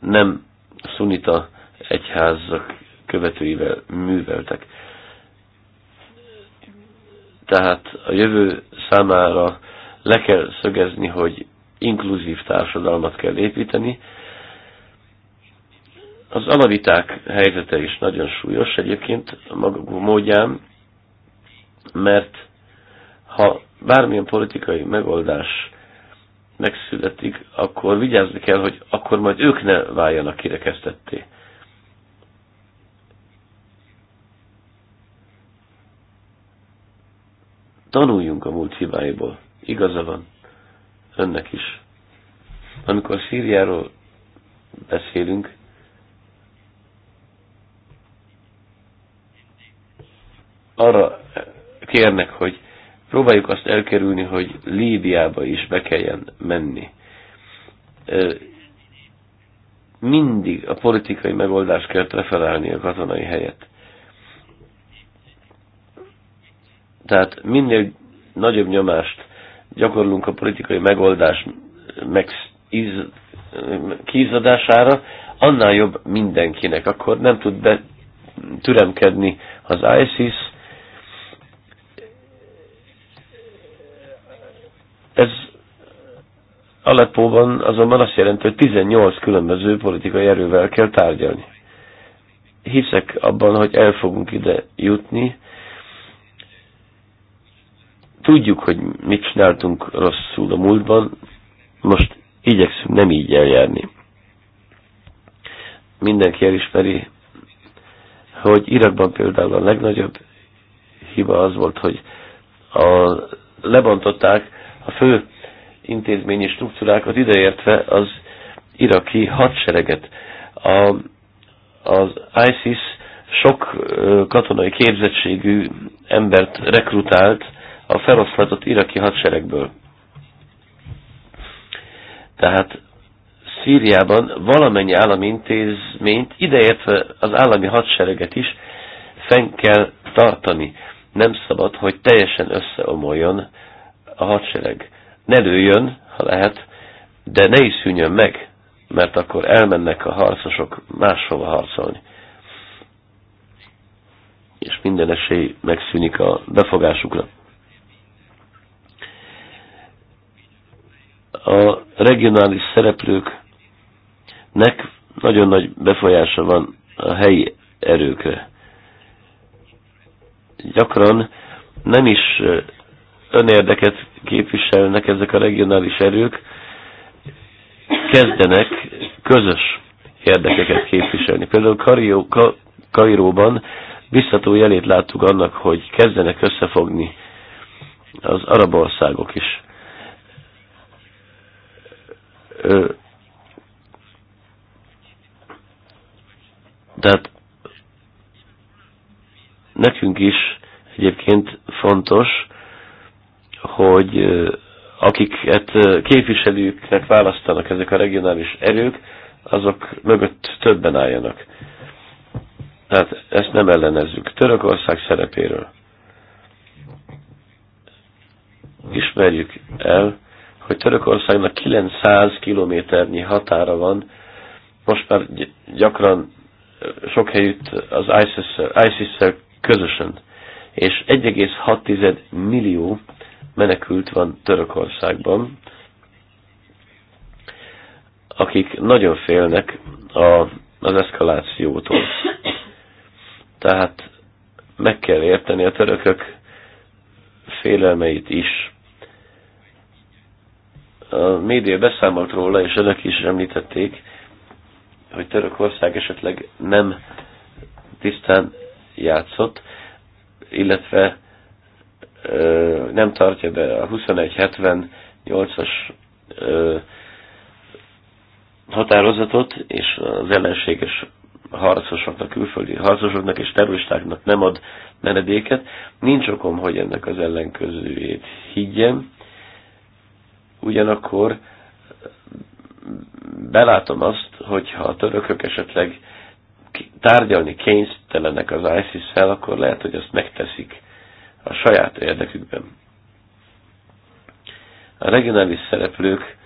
nem szunita egyházak követőivel műveltek. Tehát a jövő számára le kell szögezni, hogy inkluzív társadalmat kell építeni. Az alaviták helyzete is nagyon súlyos egyébként a maga módján, mert ha bármilyen politikai megoldás megszületik, akkor vigyázni kell, hogy akkor majd ők ne váljanak kirekesztetté. Tanuljunk a múlt hibáiból. Igaza van. Önnek is. Amikor Szíriáról beszélünk, arra kérnek, hogy Próbáljuk azt elkerülni, hogy Líbiába is be kelljen menni. Mindig a politikai megoldást kell preferálni a katonai helyet. Tehát minél nagyobb nyomást gyakorlunk a politikai megoldás kízadására, annál jobb mindenkinek. Akkor nem tud be türemkedni az ISIS, Ez Aleppóban azonban azt jelenti, hogy 18 különböző politikai erővel kell tárgyalni. Hiszek abban, hogy el fogunk ide jutni. Tudjuk, hogy mit csináltunk rosszul a múltban, most igyekszünk nem így eljárni. Mindenki elismeri, hogy Irakban például a legnagyobb hiba az volt, hogy a, lebontották a fő intézményi struktúrákat ideértve az iraki hadsereget. A, az ISIS sok katonai képzettségű embert rekrutált a feloszlatott iraki hadseregből. Tehát Szíriában valamennyi állami intézményt, ideértve az állami hadsereget is, fenn kell tartani. Nem szabad, hogy teljesen összeomoljon a hadsereg. Ne lőjön, ha lehet, de ne is szűnjön meg, mert akkor elmennek a harcosok máshova harcolni. És minden esély megszűnik a befogásukra. A regionális szereplőknek nagyon nagy befolyása van a helyi erőkre. Gyakran nem is önérdeket képviselnek ezek a regionális erők, kezdenek közös érdekeket képviselni. Például Kario, Ka, Kairóban biztató jelét láttuk annak, hogy kezdenek összefogni az arab országok is. Ö, tehát nekünk is egyébként fontos, hogy akiket képviselőknek választanak ezek a regionális erők, azok mögött többen álljanak. Tehát ezt nem ellenezzük. Törökország szerepéről ismerjük el, hogy Törökországnak 900 kilométernyi határa van, most már gyakran sok helyütt az ISIS-szel ISIS közösen, és 1,6 millió menekült van Törökországban, akik nagyon félnek a, az eszkalációtól. Tehát meg kell érteni a törökök félelmeit is. A média beszámolt róla, és önök is említették, hogy Törökország esetleg nem tisztán játszott, illetve nem tartja be a 2178-as határozatot, és az ellenséges harcosoknak, külföldi harcosoknak és terroristáknak nem ad menedéket. Nincs okom, hogy ennek az ellenközőjét higgyem. Ugyanakkor belátom azt, hogyha a törökök esetleg tárgyalni kénytelenek az ISIS-szel, akkor lehet, hogy ezt megteszik a saját érdekükben. A regionális szereplők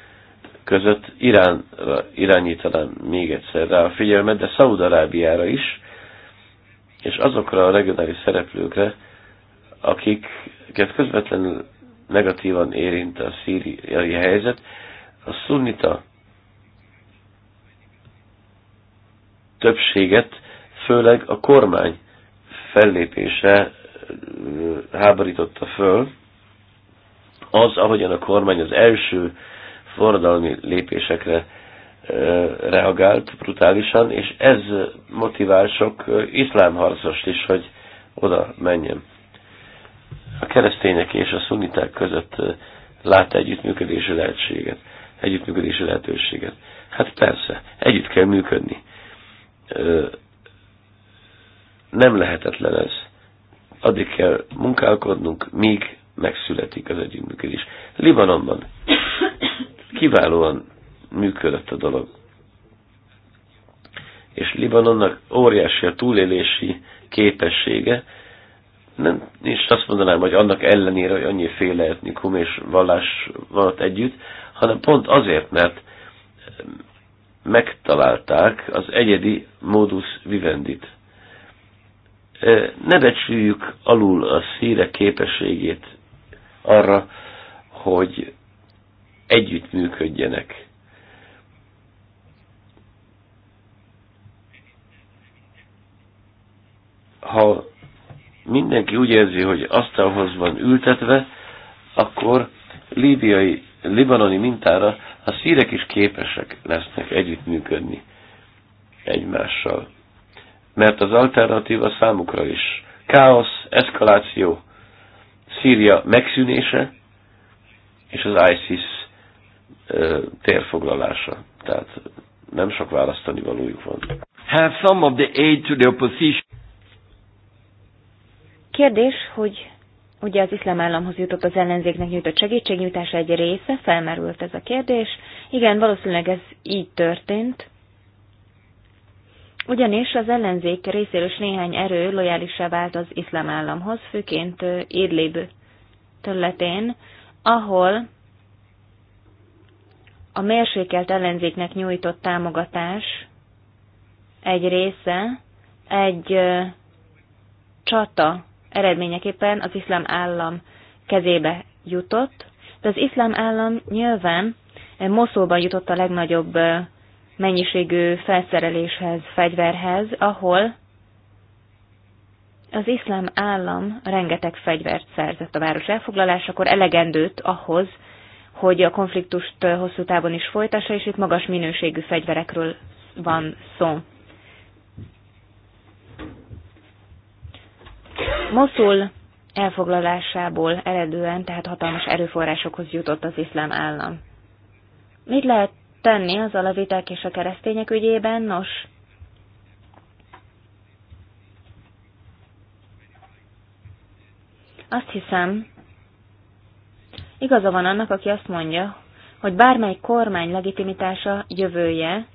között Iránra irányítanám még egyszer rá a figyelmet, de Szaúd-Arábiára is, és azokra a regionális szereplőkre, akiket közvetlenül negatívan érint a szíriai helyzet, a szunnita többséget főleg a kormány fellépése háborította föl, az, ahogyan a kormány az első forradalmi lépésekre reagált brutálisan, és ez motivál sok iszlámharcost is, hogy oda menjen. A keresztények és a szuniták között lát együttműködési lehetséget, együttműködési lehetőséget. Hát persze, együtt kell működni. Nem lehetetlen ez addig kell munkálkodnunk, míg megszületik az együttműködés. Libanonban kiválóan működött a dolog. És Libanonnak óriási a túlélési képessége, nem, is azt mondanám, hogy annak ellenére, hogy annyi féle etnikum és vallás van ott együtt, hanem pont azért, mert megtalálták az egyedi modus vivendit ne becsüljük alul a szíre képességét arra, hogy együtt működjenek. Ha mindenki úgy érzi, hogy asztalhoz van ültetve, akkor líbiai, libanoni mintára a szírek is képesek lesznek együttműködni egymással mert az alternatíva számukra is. Káosz, eszkaláció, Szíria megszűnése és az ISIS ö, térfoglalása. Tehát nem sok választani valójuk van. Have some of the aid to the opposition. Kérdés, hogy ugye az iszlám államhoz jutott az ellenzéknek nyújtott segítségnyújtása egy része, felmerült ez a kérdés. Igen, valószínűleg ez így történt. Ugyanis az ellenzék részéről is néhány erő lojálisá vált az iszlám államhoz, főként Idlib területén, ahol a mérsékelt ellenzéknek nyújtott támogatás egy része egy csata eredményeképpen az iszlám állam kezébe jutott, de az iszlám állam nyilván Moszóban jutott a legnagyobb mennyiségű felszereléshez, fegyverhez, ahol az iszlám állam rengeteg fegyvert szerzett a város elfoglalásakor, elegendőt ahhoz, hogy a konfliktust hosszú távon is folytassa, és itt magas minőségű fegyverekről van szó. Moszul elfoglalásából eredően tehát hatalmas erőforrásokhoz jutott az iszlám állam. Mit lehet tenni az alaviták és a keresztények ügyében, nos, azt hiszem, igaza van annak, aki azt mondja, hogy bármely kormány legitimitása jövője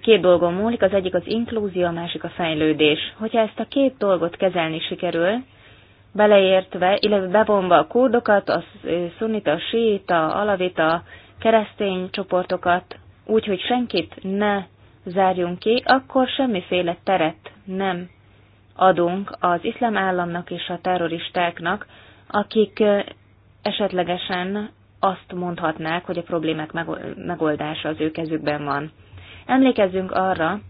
két dolgon múlik, az egyik az inklúzió, a másik a fejlődés. Hogyha ezt a két dolgot kezelni sikerül, beleértve, illetve bevonva a kurdokat, a szunita, a síta, alavita, keresztény csoportokat úgy, hogy senkit ne zárjunk ki, akkor semmiféle teret nem adunk az iszlám államnak és a terroristáknak, akik esetlegesen azt mondhatnák, hogy a problémák megoldása az ő kezükben van. Emlékezzünk arra,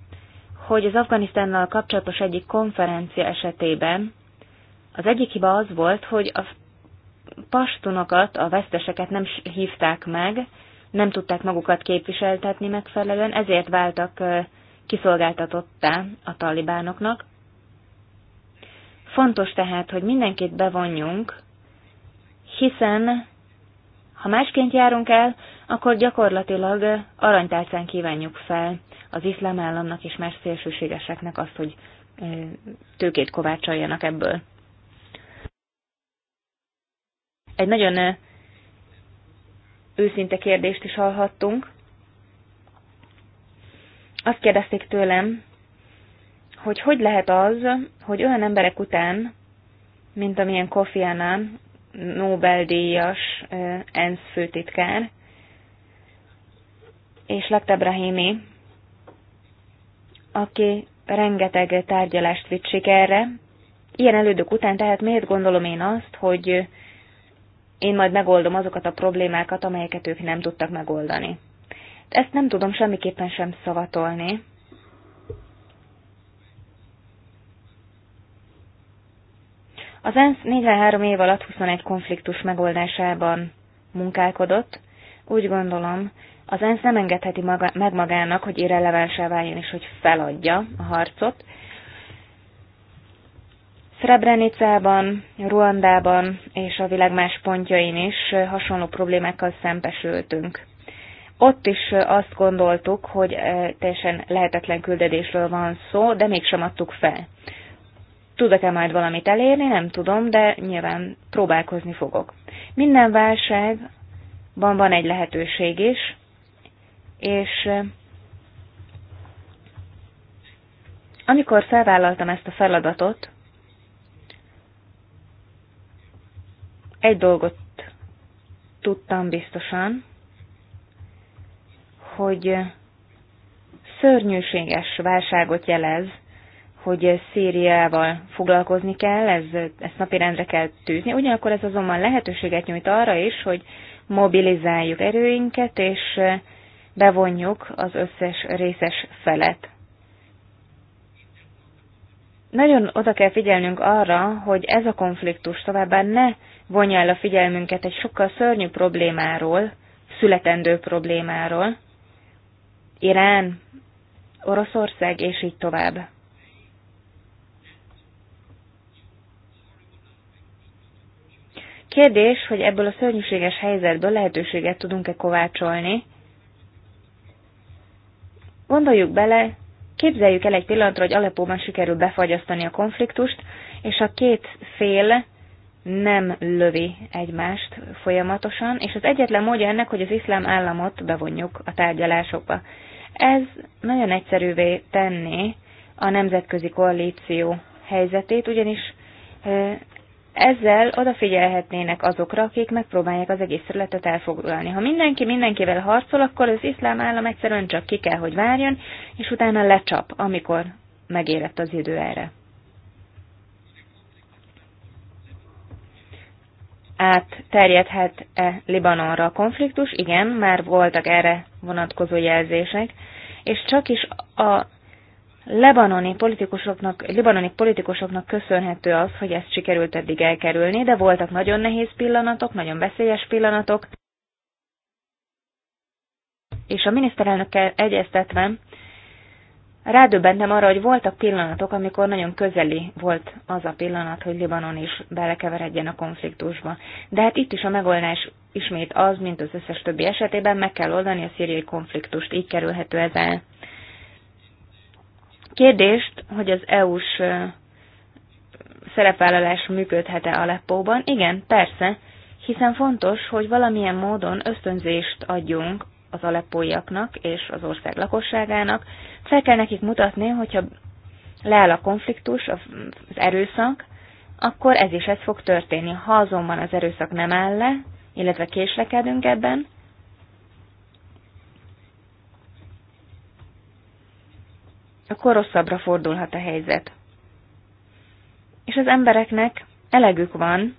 hogy az Afganisztánnal kapcsolatos egyik konferencia esetében az egyik hiba az volt, hogy a pastonokat, a veszteseket nem hívták meg, nem tudták magukat képviseltetni megfelelően, ezért váltak kiszolgáltatottá a talibánoknak. Fontos tehát, hogy mindenkit bevonjunk, hiszen ha másként járunk el, akkor gyakorlatilag aranytálcán kívánjuk fel az iszlám államnak és más szélsőségeseknek azt, hogy tőkét kovácsoljanak ebből. Egy nagyon őszinte kérdést is hallhattunk. Azt kérdezték tőlem, hogy hogy lehet az, hogy olyan emberek után, mint amilyen Kofi Annan, Nobel-díjas ENSZ főtitkár, és Laktabrahimi, aki rengeteg tárgyalást vitt sikerre. Ilyen elődök után tehát miért gondolom én azt, hogy én majd megoldom azokat a problémákat, amelyeket ők nem tudtak megoldani. Ezt nem tudom semmiképpen sem szavatolni. Az ENSZ 43 év alatt 21 konfliktus megoldásában munkálkodott. Úgy gondolom, az ENSZ nem engedheti maga, meg magának, hogy irrelevánsá váljon és hogy feladja a harcot, Srebrenicában, Ruandában és a világ más pontjain is hasonló problémákkal szembesültünk. Ott is azt gondoltuk, hogy eh, teljesen lehetetlen küldetésről van szó, de mégsem adtuk fel. Tudok-e majd valamit elérni? Nem tudom, de nyilván próbálkozni fogok. Minden válságban van egy lehetőség is, és eh, amikor felvállaltam ezt a feladatot, Egy dolgot tudtam biztosan, hogy szörnyűséges válságot jelez, hogy Szíriával foglalkozni kell, ez, ezt napirendre kell tűzni. Ugyanakkor ez azonban lehetőséget nyújt arra is, hogy mobilizáljuk erőinket, és bevonjuk az összes részes felet. Nagyon oda kell figyelnünk arra, hogy ez a konfliktus továbbá ne vonja el a figyelmünket egy sokkal szörnyű problémáról, születendő problémáról, Irán, Oroszország, és így tovább. Kérdés, hogy ebből a szörnyűséges helyzetből lehetőséget tudunk-e kovácsolni. Gondoljuk bele, képzeljük el egy pillanatra, hogy Aleppóban sikerül befagyasztani a konfliktust, és a két fél nem lövi egymást folyamatosan, és az egyetlen módja ennek, hogy az iszlám államot bevonjuk a tárgyalásokba. Ez nagyon egyszerűvé tenné a nemzetközi koalíció helyzetét, ugyanis ezzel odafigyelhetnének azokra, akik megpróbálják az egész területet elfoglalni. Ha mindenki mindenkivel harcol, akkor az iszlám állam egyszerűen csak ki kell, hogy várjon, és utána lecsap, amikor megérett az idő erre. átterjedhet-e Libanonra a konfliktus? Igen, már voltak erre vonatkozó jelzések, és csak is a libanoni politikusoknak, libanoni politikusoknak köszönhető az, hogy ezt sikerült eddig elkerülni, de voltak nagyon nehéz pillanatok, nagyon veszélyes pillanatok, és a miniszterelnökkel egyeztetve Rádöbbentem arra, hogy voltak pillanatok, amikor nagyon közeli volt az a pillanat, hogy Libanon is belekeveredjen a konfliktusba. De hát itt is a megoldás ismét az, mint az összes többi esetében, meg kell oldani a szíriai konfliktust, így kerülhető ez el. Kérdést, hogy az EU-s szerepvállalás működhet-e Aleppóban? Igen, persze, hiszen fontos, hogy valamilyen módon ösztönzést adjunk az aleppóiaknak és az ország lakosságának. Fel kell nekik mutatni, hogyha leáll a konfliktus, az erőszak, akkor ez is ez fog történni. Ha azonban az erőszak nem áll le, illetve késlekedünk ebben, akkor rosszabbra fordulhat a helyzet. És az embereknek elegük van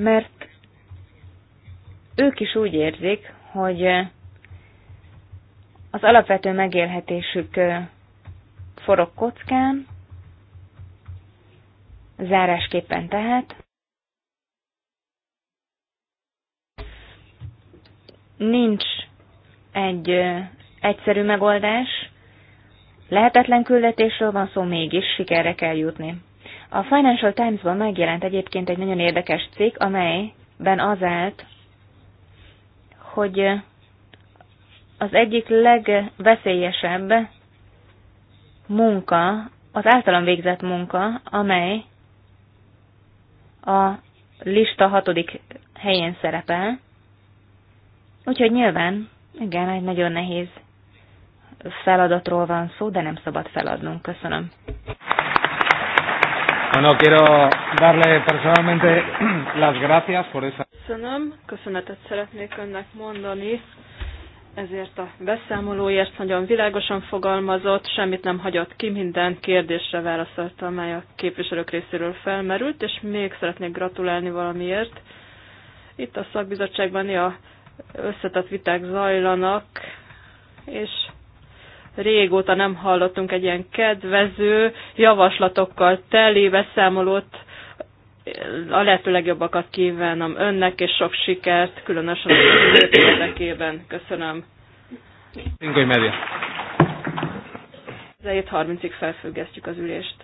mert ők is úgy érzik, hogy eh, az alapvető megélhetésük eh, forog kockán, zárásképpen tehát. Nincs egy eh, egyszerű megoldás, lehetetlen küldetésről van szó, mégis sikerre kell jutni. A Financial Times-ban megjelent egyébként egy nagyon érdekes cikk, amelyben az állt, hogy az egyik legveszélyesebb munka, az általam végzett munka, amely a lista hatodik helyén szerepel. Úgyhogy nyilván, igen, egy nagyon nehéz feladatról van szó, de nem szabad feladnunk. Köszönöm. Bueno, quiero darle personalmente las gracias por esa... Köszönöm, köszönetet szeretnék önnek mondani ezért a beszámolóért nagyon világosan fogalmazott, semmit nem hagyott ki, minden kérdésre válaszolta, amely a képviselők részéről felmerült, és még szeretnék gratulálni valamiért. Itt a szakbizottságban a összetett viták zajlanak, és régóta nem hallottunk egy ilyen kedvező javaslatokkal teli beszámolót. A lehető legjobbakat kívánom önnek, és sok sikert, különösen a érdekében. Köszönöm. Ingolj Merje. 30 ig felfüggesztjük az ülést.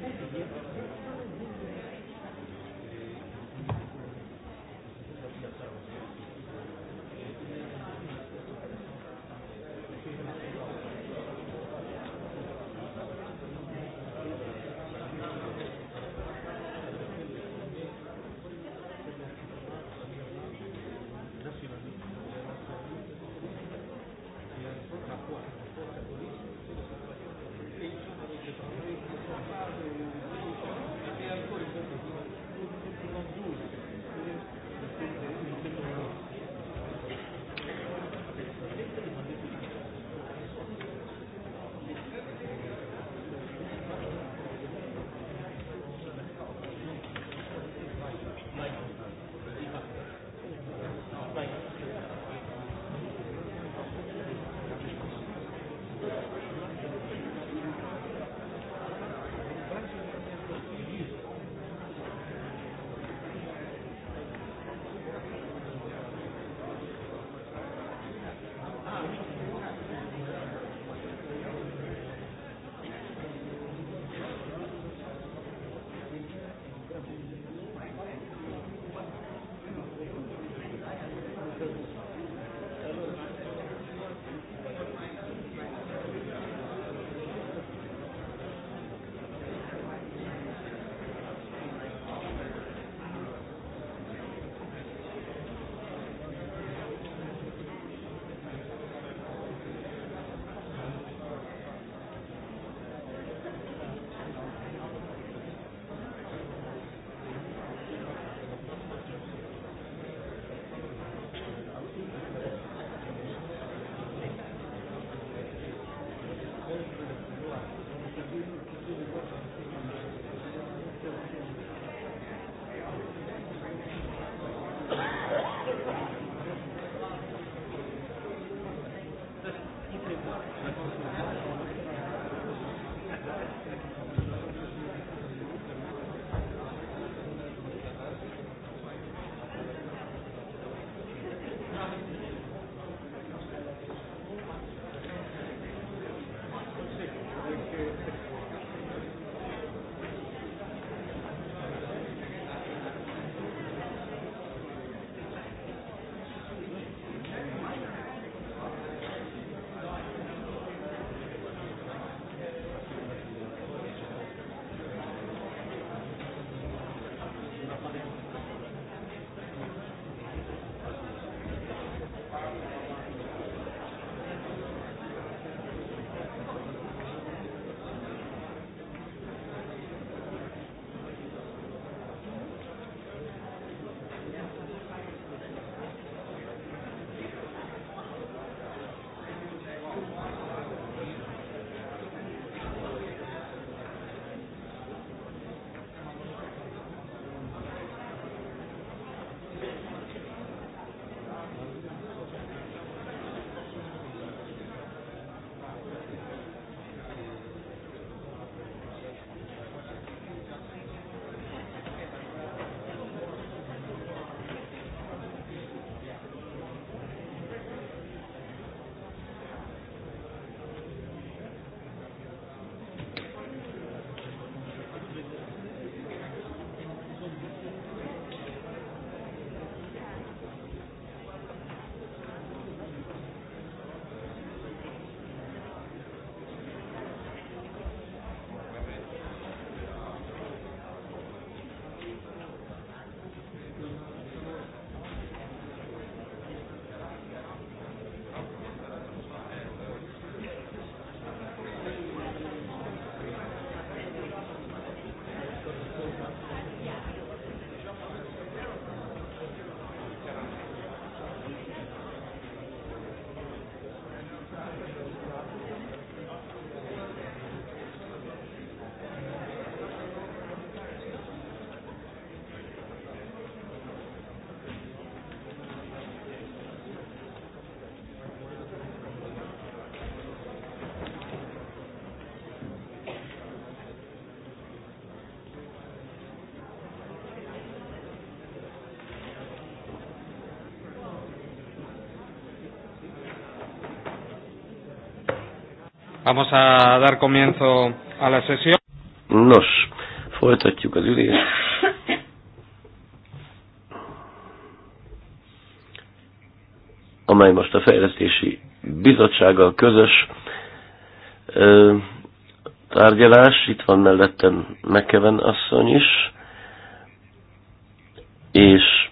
Thank you. Vamos a dar comienzo a la sesión. Nos, folytatjuk az ülést. amely most a fejlesztési bizottsággal közös ö, tárgyalás. Itt van mellettem Mekeven asszony is, és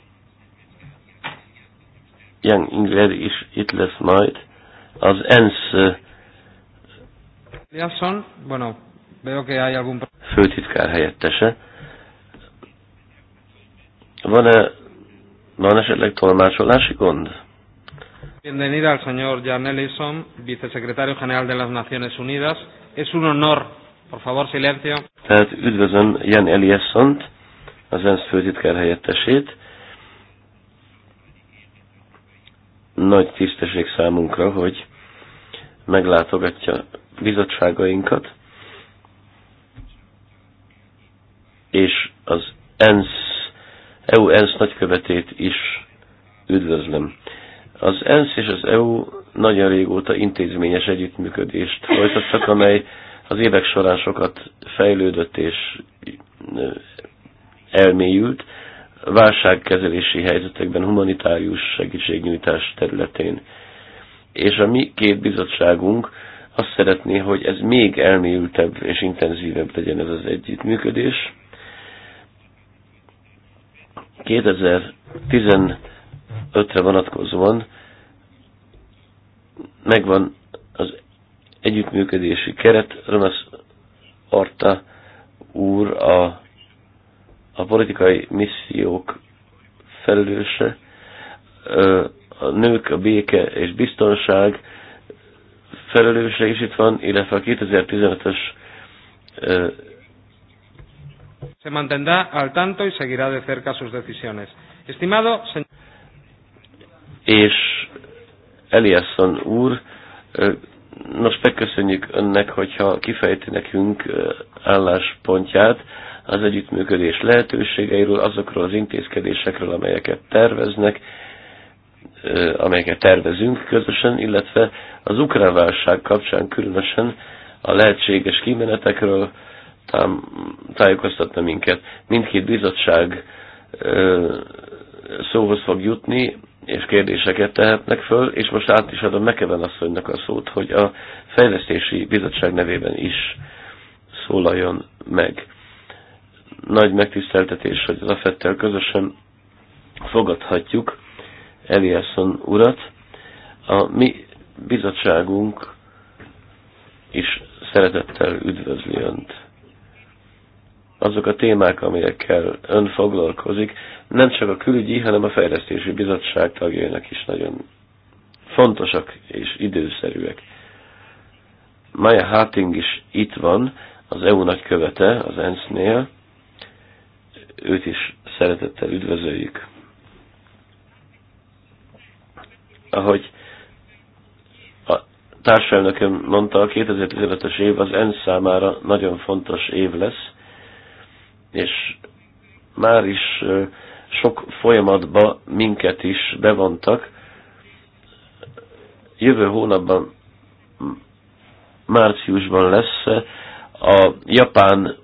Young Inger is itt lesz majd. Az ENSZ Jansson, bueno, veo que hay algún... Főtitkár helyettese. Van-e van esetleg tolmácsolási gond? Bienvenida al señor Jan Ellison, vicesecretario general de las Naciones Unidas. Es un honor, por favor, silencio. Tehát üdvözlöm Jan Eliassont, az ENSZ főtitkár helyettesét. Nagy tisztesség számunkra, hogy meglátogatja bizottságainkat, és az ENSZ, EU ENSZ nagykövetét is üdvözlöm. Az ENSZ és az EU nagyon régóta intézményes együttműködést folytattak, amely az évek során sokat fejlődött és elmélyült válságkezelési helyzetekben, humanitárius segítségnyújtás területén. És a mi két bizottságunk azt szeretné, hogy ez még elmélyültebb és intenzívebb legyen ez az együttműködés. 2015-re vonatkozóan megvan az együttműködési keret, Ramas Arta úr a, a politikai missziók felelőse, a nők, a béke és biztonság, felelőse is itt van, illetve a 2015-ös se mantendrá al tanto y seguirá de cerca sus decisiones. Estimado señor... És Eliasson úr, nos megköszönjük önnek, hogyha kifejti nekünk álláspontját az együttműködés lehetőségeiről, azokról az intézkedésekről, amelyeket terveznek, amelyeket tervezünk közösen, illetve az ukrán válság kapcsán különösen a lehetséges kimenetekről tám, tájékoztatna minket. Mindkét bizottság szóhoz fog jutni, és kérdéseket tehetnek föl, és most át is adom Mekeven asszonynak a szót, hogy a fejlesztési bizottság nevében is szólaljon meg. Nagy megtiszteltetés, hogy az afet közösen fogadhatjuk Eliasson urat. A mi bizottságunk is szeretettel üdvözli Önt. Azok a témák, amelyekkel Ön foglalkozik, nem csak a külügyi, hanem a fejlesztési bizottság tagjainak is nagyon fontosak és időszerűek. Maya Harting is itt van, az EU nagykövete az ENSZ-nél, őt is szeretettel üdvözöljük. ahogy a társelnököm mondta, a 2015-ös év az ENSZ számára nagyon fontos év lesz, és már is sok folyamatba minket is bevontak. Jövő hónapban, márciusban lesz a japán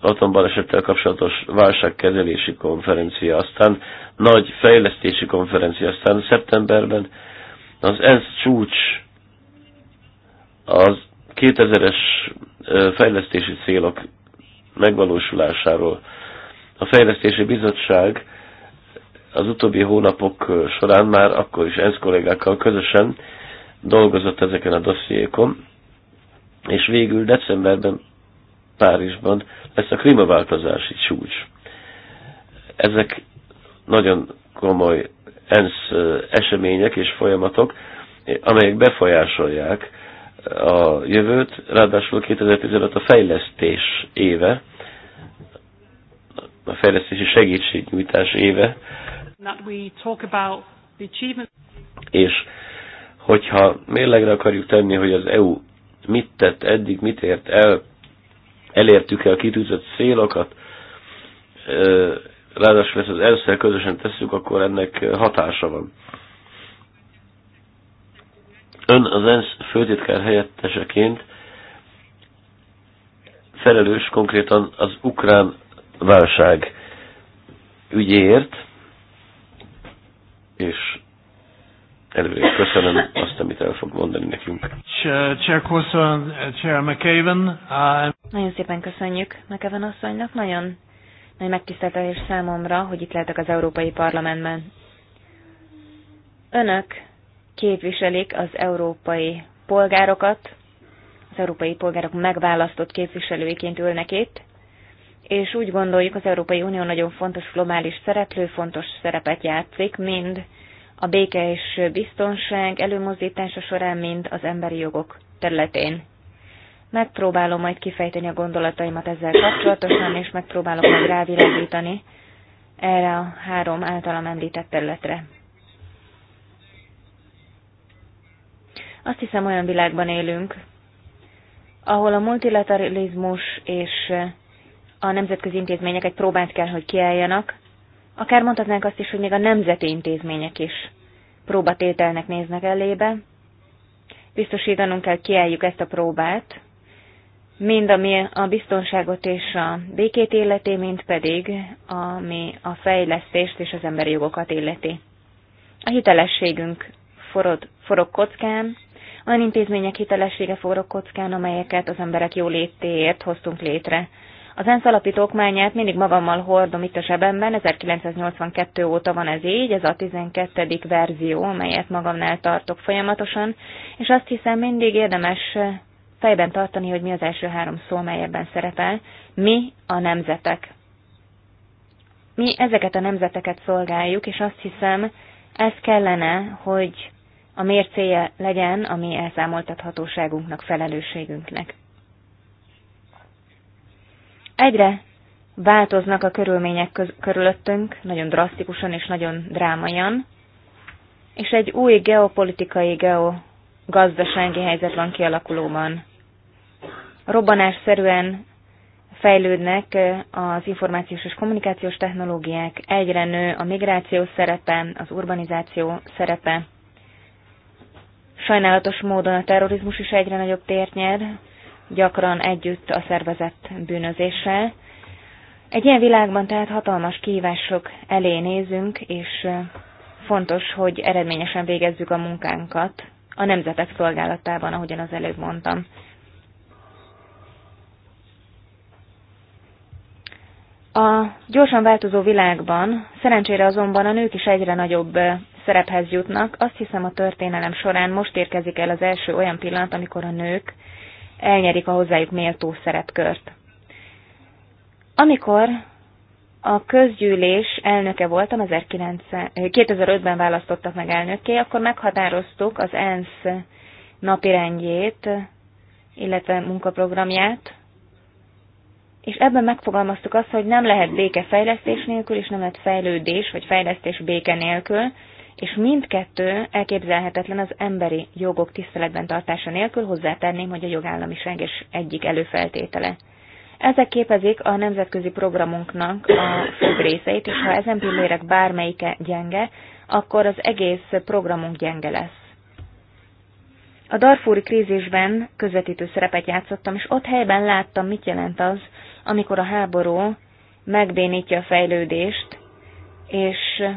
atombalesettel kapcsolatos válságkezelési konferencia, aztán nagy fejlesztési konferencia, aztán szeptemberben az ENSZ csúcs az 2000-es fejlesztési célok megvalósulásáról. A fejlesztési bizottság az utóbbi hónapok során már akkor is ENSZ kollégákkal közösen dolgozott ezeken a dossziékon, és végül decemberben Párizsban lesz a klímaváltozási csúcs. Ezek nagyon komoly ENSZ események és folyamatok, amelyek befolyásolják a jövőt, ráadásul 2015 a fejlesztés éve, a fejlesztési segítségnyújtás éve, és hogyha mérlegre akarjuk tenni, hogy az EU mit tett eddig, mit ért el, elértük-e a kitűzött célokat, ráadásul ezt az erszel közösen tesszük, akkor ennek hatása van. Ön az ENSZ főtitkár helyetteseként felelős konkrétan az ukrán válság ügyéért, és előre köszönöm azt, amit el fog mondani nekünk. Chair McAven. Uh, nagyon szépen köszönjük McAven asszonynak, nagyon nagy megtiszteltetés számomra, hogy itt lehetek az Európai Parlamentben. Önök képviselik az európai polgárokat, az európai polgárok megválasztott képviselőiként ülnek itt, és úgy gondoljuk, az Európai Unió nagyon fontos globális szereplő, fontos szerepet játszik, mind a béke és biztonság előmozdítása során, mind az emberi jogok területén. Megpróbálom majd kifejteni a gondolataimat ezzel kapcsolatosan, és megpróbálom majd rávilágítani erre a három általam említett területre. Azt hiszem, olyan világban élünk, ahol a multilateralizmus és a nemzetközi intézmények egy próbát kell, hogy kiálljanak, akár mondhatnánk azt is, hogy még a nemzeti intézmények is próbatételnek néznek elébe. Biztosítanunk kell, kiálljuk ezt a próbát, mind ami a biztonságot és a békét életé, mind pedig ami a fejlesztést és az emberi jogokat életé. A hitelességünk forod, forog kockán, olyan intézmények hitelessége forog kockán, amelyeket az emberek jólétéért hoztunk létre. Az ENSZ alapítókmányát mindig magammal hordom itt a zsebemben, 1982 óta van ez így, ez a 12. verzió, amelyet magamnál tartok folyamatosan, és azt hiszem mindig érdemes fejben tartani, hogy mi az első három szó, mely ebben szerepel. Mi a nemzetek. Mi ezeket a nemzeteket szolgáljuk, és azt hiszem, ez kellene, hogy a mércéje legyen a mi elszámoltathatóságunknak, felelősségünknek. Egyre változnak a körülmények köz- körülöttünk, nagyon drasztikusan és nagyon drámaian, és egy új geopolitikai, geogazdasági helyzet van kialakulóban robbanásszerűen fejlődnek az információs és kommunikációs technológiák, egyre nő a migráció szerepe, az urbanizáció szerepe. Sajnálatos módon a terrorizmus is egyre nagyobb tért nyer, gyakran együtt a szervezett bűnözéssel. Egy ilyen világban tehát hatalmas kihívások elé nézünk, és fontos, hogy eredményesen végezzük a munkánkat a nemzetek szolgálatában, ahogyan az előbb mondtam. A gyorsan változó világban szerencsére azonban a nők is egyre nagyobb szerephez jutnak. Azt hiszem a történelem során most érkezik el az első olyan pillanat, amikor a nők elnyerik a hozzájuk méltó szerepkört. Amikor a közgyűlés elnöke voltam, 2005-ben eh, választottak meg elnökké, akkor meghatároztuk az ENSZ napirendjét, illetve munkaprogramját, és ebben megfogalmaztuk azt, hogy nem lehet béke fejlesztés nélkül, és nem lehet fejlődés vagy fejlesztés béke nélkül, és mindkettő elképzelhetetlen az emberi jogok tiszteletben tartása nélkül, hozzátenném, hogy a jogállamiság is egyik előfeltétele. Ezek képezik a nemzetközi programunknak a főbb részeit, és ha ezen pillérek bármelyike gyenge, akkor az egész programunk gyenge lesz. A Darfúri krízisben közvetítő szerepet játszottam, és ott helyben láttam, mit jelent az, amikor a háború megbénítja a fejlődést, és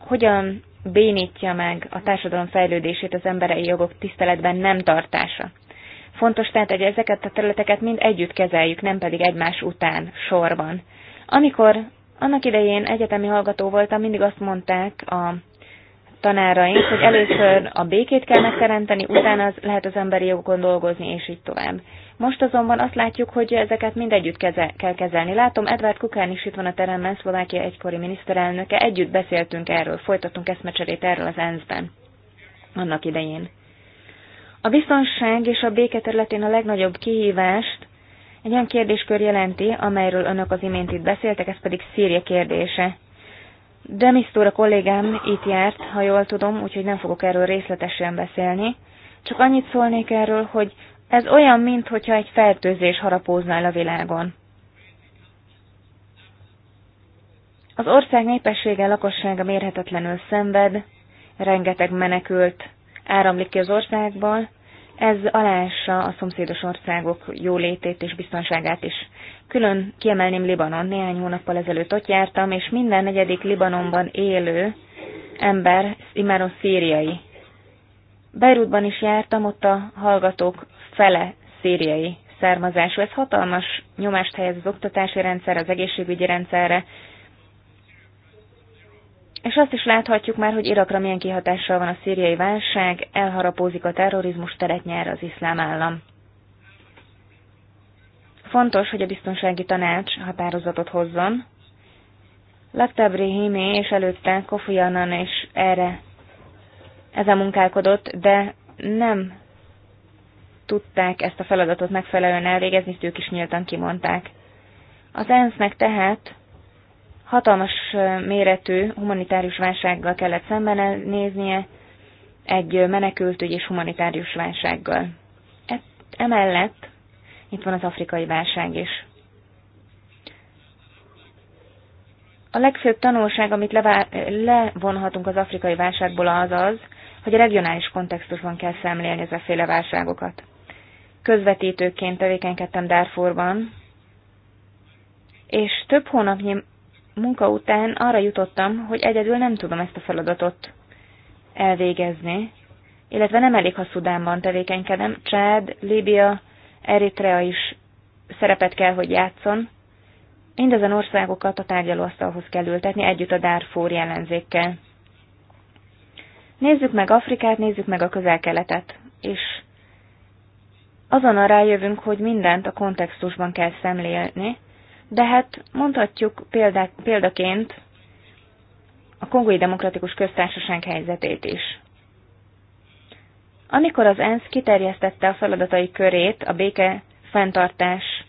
hogyan bénítja meg a társadalom fejlődését az emberi jogok tiszteletben nem tartása. Fontos tehát, hogy ezeket a területeket mind együtt kezeljük, nem pedig egymás után sorban. Amikor annak idején egyetemi hallgató voltam, mindig azt mondták a tanáraink, hogy először a békét kell megteremteni, utána az, lehet az emberi jogokon dolgozni, és így tovább. Most azonban azt látjuk, hogy ezeket mindegyütt keze- kell kezelni. Látom, Edward Kukán is itt van a teremben, Szlovákia egykori miniszterelnöke. Együtt beszéltünk erről, folytatunk eszmecserét erről az ENSZ-ben. Annak idején. A biztonság és a béke területén a legnagyobb kihívást egy olyan kérdéskör jelenti, amelyről önök az imént itt beszéltek, ez pedig Szíria kérdése. De Misztóra kollégám itt járt, ha jól tudom, úgyhogy nem fogok erről részletesen beszélni. Csak annyit szólnék erről, hogy ez olyan, mintha egy fertőzés harapózna el a világon. Az ország népessége lakossága mérhetetlenül szenved, rengeteg menekült áramlik ki az országból, ez aláássa a szomszédos országok jólétét és biztonságát is. Külön kiemelném Libanon. Néhány hónappal ezelőtt ott jártam, és minden negyedik Libanonban élő ember immáron szíriai. Beirutban is jártam, ott a hallgatók fele szíriai származású. Ez hatalmas nyomást helyez az oktatási rendszerre, az egészségügyi rendszerre, és azt is láthatjuk már, hogy Irakra milyen kihatással van a szíriai válság, elharapózik a terrorizmus, teret nyer az iszlám állam. Fontos, hogy a biztonsági tanács határozatot hozzon. Laktabri Himé és előtte Kofi Annan is erre ezen munkálkodott, de nem tudták ezt a feladatot megfelelően elvégezni, ezt ők is nyíltan kimondták. Az ENSZ-nek tehát hatalmas méretű humanitárius válsággal kellett szemben néznie, egy menekültügy és humanitárius válsággal. E-, emellett itt van az afrikai válság is. A legfőbb tanulság, amit levonhatunk az afrikai válságból az az, hogy a regionális kontextusban kell szemlélni ezeféle válságokat közvetítőként tevékenykedtem Darfurban, és több hónapnyi munka után arra jutottam, hogy egyedül nem tudom ezt a feladatot elvégezni, illetve nem elég, ha Szudánban tevékenykedem, Csád, Líbia, Eritrea is szerepet kell, hogy játszon. Mindezen országokat a tárgyalóasztalhoz kell ültetni együtt a Darfur jelenzékkel. Nézzük meg Afrikát, nézzük meg a közel-keletet, és Azonnal rájövünk, hogy mindent a kontextusban kell szemlélni, de hát mondhatjuk példák, példaként a Kongói Demokratikus Köztársaság helyzetét is. Amikor az ENSZ kiterjesztette a feladatai körét a béke fenntartás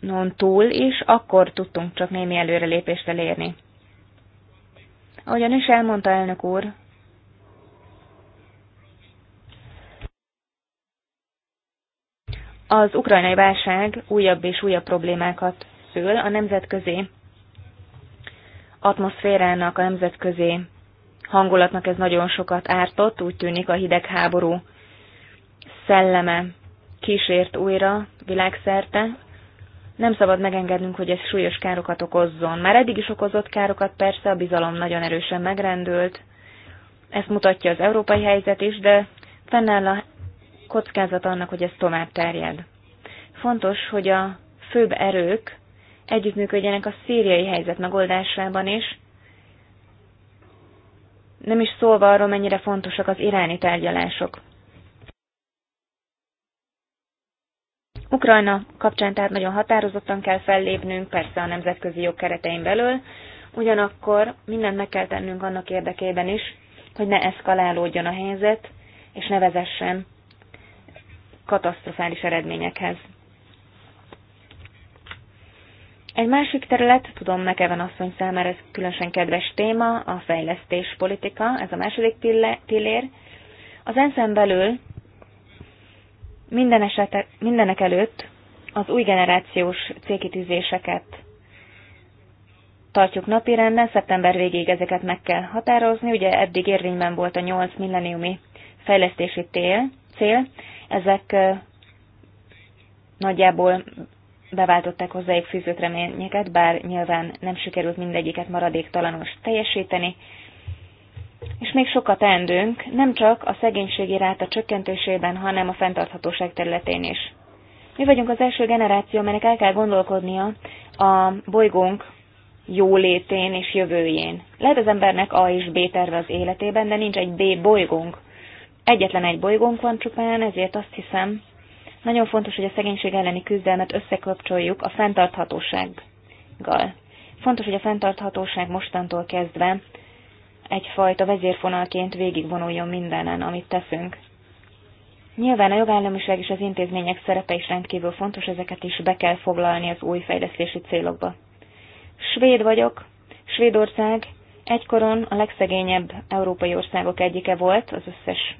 non túl is, akkor tudtunk csak némi előrelépést elérni. Ahogyan is elmondta elnök úr, Az ukrajnai válság újabb és újabb problémákat szül a nemzetközi atmoszférának, a nemzetközi hangulatnak ez nagyon sokat ártott, úgy tűnik a hidegháború szelleme kísért újra világszerte. Nem szabad megengednünk, hogy ez súlyos károkat okozzon. Már eddig is okozott károkat, persze a bizalom nagyon erősen megrendült. Ezt mutatja az európai helyzet is, de fennáll a kockázat annak, hogy ez tovább terjed. Fontos, hogy a főbb erők együttműködjenek a szíriai helyzet megoldásában is, nem is szólva arról, mennyire fontosak az iráni tárgyalások. Ukrajna kapcsán tehát nagyon határozottan kell fellépnünk, persze a nemzetközi jog keretein belül, ugyanakkor mindent meg kell tennünk annak érdekében is, hogy ne eszkalálódjon a helyzet, és ne vezessen katasztrofális eredményekhez. Egy másik terület, tudom, Mekeven asszony számára ez különösen kedves téma, a fejlesztés politika, ez a második tillér. Az enszem belül minden esetek, mindenek előtt az új generációs cégkitűzéseket tartjuk napirenden, szeptember végéig ezeket meg kell határozni, ugye eddig érvényben volt a 8 milleniumi fejlesztési tél, cél. Ezek nagyjából beváltották hozzájuk fűzött reményeket, bár nyilván nem sikerült mindegyiket maradéktalanos teljesíteni. És még sokat teendőnk, nem csak a szegénységi ráta csökkentésében, hanem a fenntarthatóság területén is. Mi vagyunk az első generáció, amelynek el kell gondolkodnia a bolygónk jólétén és jövőjén. Lehet az embernek A és B terve az életében, de nincs egy B bolygónk. Egyetlen egy bolygónk van csupán, ezért azt hiszem, nagyon fontos, hogy a szegénység elleni küzdelmet összekapcsoljuk a fenntarthatósággal. Fontos, hogy a fenntarthatóság mostantól kezdve egyfajta vezérfonalként végigvonuljon mindenen, amit teszünk. Nyilván a jogállamiság és az intézmények szerepe is rendkívül fontos, ezeket is be kell foglalni az új fejlesztési célokba. Svéd vagyok. Svédország egykoron a legszegényebb európai országok egyike volt az összes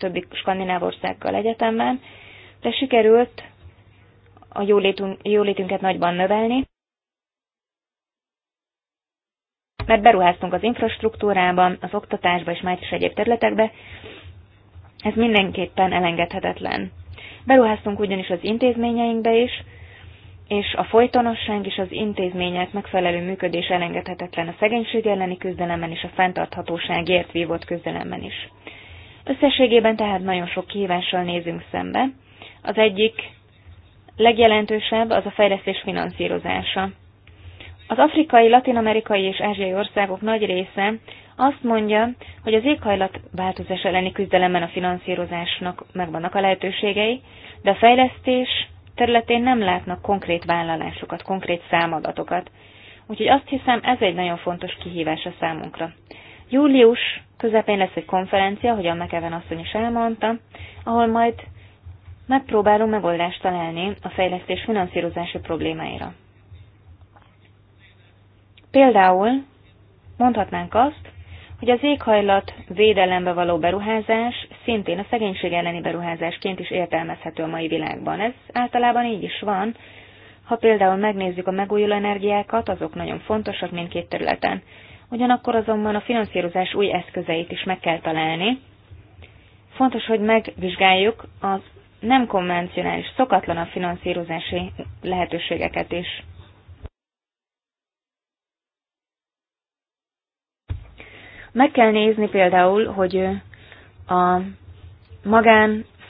többi skandináv országgal egyetemben, de sikerült a jólétünk, jólétünket nagyban növelni, mert beruháztunk az infrastruktúrába, az oktatásba és más egyéb területekbe, ez mindenképpen elengedhetetlen. Beruháztunk ugyanis az intézményeinkbe is, és a folytonosság és az intézmények megfelelő működés elengedhetetlen a szegénység elleni küzdelemben és a fenntarthatóságért vívott küzdelemben is. Összességében tehát nagyon sok kihívással nézünk szembe. Az egyik legjelentősebb az a fejlesztés finanszírozása. Az afrikai, latinamerikai és ázsiai országok nagy része azt mondja, hogy az éghajlatváltozás elleni küzdelemben a finanszírozásnak megvannak a lehetőségei, de a fejlesztés területén nem látnak konkrét vállalásokat, konkrét számadatokat. Úgyhogy azt hiszem, ez egy nagyon fontos kihívás a számunkra. Július közepén lesz egy konferencia, hogy annak ebben asszony is elmondta, ahol majd megpróbálunk megoldást találni a fejlesztés finanszírozási problémáira. Például mondhatnánk azt, hogy az éghajlat védelembe való beruházás szintén a szegénység elleni beruházásként is értelmezhető a mai világban. Ez általában így is van. Ha például megnézzük a megújuló energiákat, azok nagyon fontosak mindkét területen. Ugyanakkor azonban a finanszírozás új eszközeit is meg kell találni. Fontos, hogy megvizsgáljuk az nem konvencionális, a finanszírozási lehetőségeket is. Meg kell nézni például, hogy a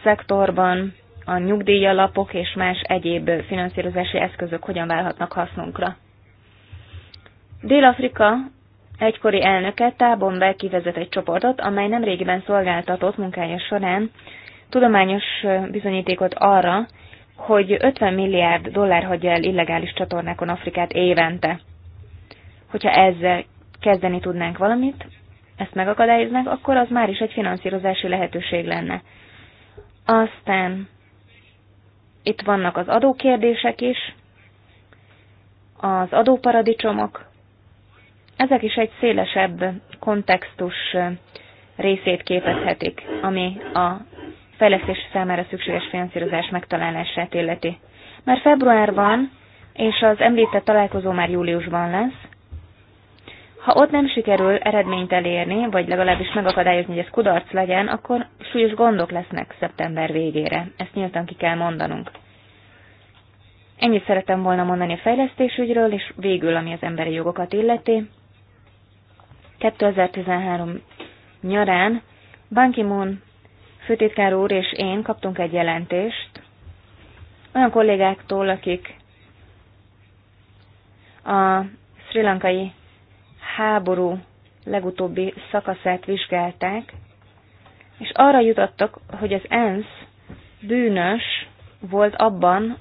szektorban a nyugdíjalapok és más egyéb finanszírozási eszközök hogyan válhatnak hasznunkra. Dél-Afrika egykori elnöke Tábon Bell kivezet egy csoportot, amely nemrégiben szolgáltatott munkája során tudományos bizonyítékot arra, hogy 50 milliárd dollár hagyja el illegális csatornákon Afrikát évente. Hogyha ezzel kezdeni tudnánk valamit, ezt megakadályoznánk, akkor az már is egy finanszírozási lehetőség lenne. Aztán itt vannak az adókérdések is, az adóparadicsomok, ezek is egy szélesebb kontextus részét képezhetik, ami a fejlesztés számára szükséges finanszírozás megtalálását illeti. Már van, és az említett találkozó már júliusban lesz. Ha ott nem sikerül eredményt elérni, vagy legalábbis megakadályozni, hogy ez kudarc legyen, akkor súlyos gondok lesznek szeptember végére. Ezt nyíltan ki kell mondanunk. Ennyit szeretem volna mondani a fejlesztésügyről, és végül, ami az emberi jogokat illeti, 2013 nyarán Ban Ki-moon főtitkár úr és én kaptunk egy jelentést olyan kollégáktól, akik a sri lankai háború legutóbbi szakaszát vizsgálták, és arra jutottak, hogy az ENSZ bűnös volt abban,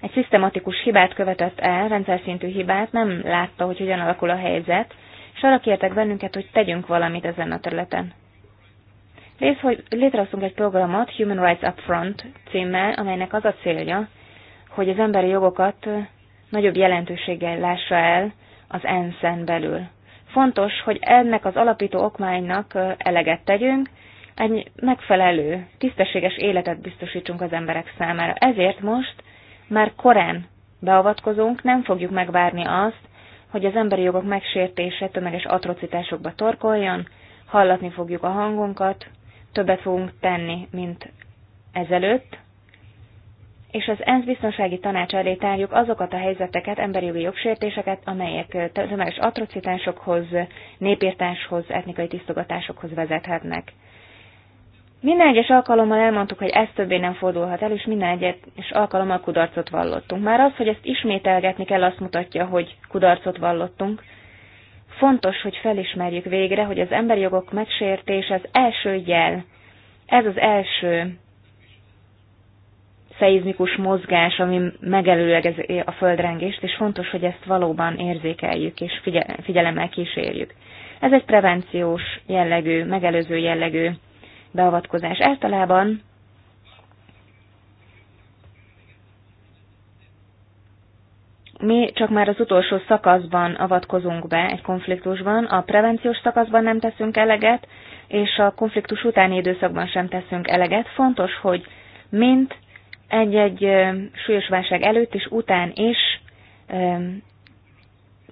egy szisztematikus hibát követett el, rendszer szintű hibát, nem látta, hogy hogyan alakul a helyzet, és arra kértek bennünket, hogy tegyünk valamit ezen a területen. hogy létrehoztunk egy programot, Human Rights Upfront címmel, amelynek az a célja, hogy az emberi jogokat nagyobb jelentőséggel lássa el az ENSZ-en belül. Fontos, hogy ennek az alapító okmánynak eleget tegyünk, egy megfelelő, tisztességes életet biztosítsunk az emberek számára. Ezért most már korán beavatkozunk, nem fogjuk megvárni azt, hogy az emberi jogok megsértése tömeges atrocitásokba torkoljon, hallatni fogjuk a hangunkat, többet fogunk tenni, mint ezelőtt, és az ENSZ biztonsági tanács elé tárjuk azokat a helyzeteket, emberi jogi jogsértéseket, amelyek tömeges atrocitásokhoz, népírtáshoz, etnikai tisztogatásokhoz vezethetnek. Minden egyes alkalommal elmondtuk, hogy ez többé nem fordulhat el, és minden egyes alkalommal kudarcot vallottunk. Már az, hogy ezt ismételgetni kell, azt mutatja, hogy kudarcot vallottunk. Fontos, hogy felismerjük végre, hogy az emberi jogok megsértése az első jel. Ez az első szeizmikus mozgás, ami megelőlegezi a földrengést, és fontos, hogy ezt valóban érzékeljük és figyelemmel kísérjük. Ez egy prevenciós jellegű, megelőző jellegű beavatkozás. Általában mi csak már az utolsó szakaszban avatkozunk be egy konfliktusban, a prevenciós szakaszban nem teszünk eleget, és a konfliktus utáni időszakban sem teszünk eleget. Fontos, hogy mint egy-egy súlyos válság előtt és után is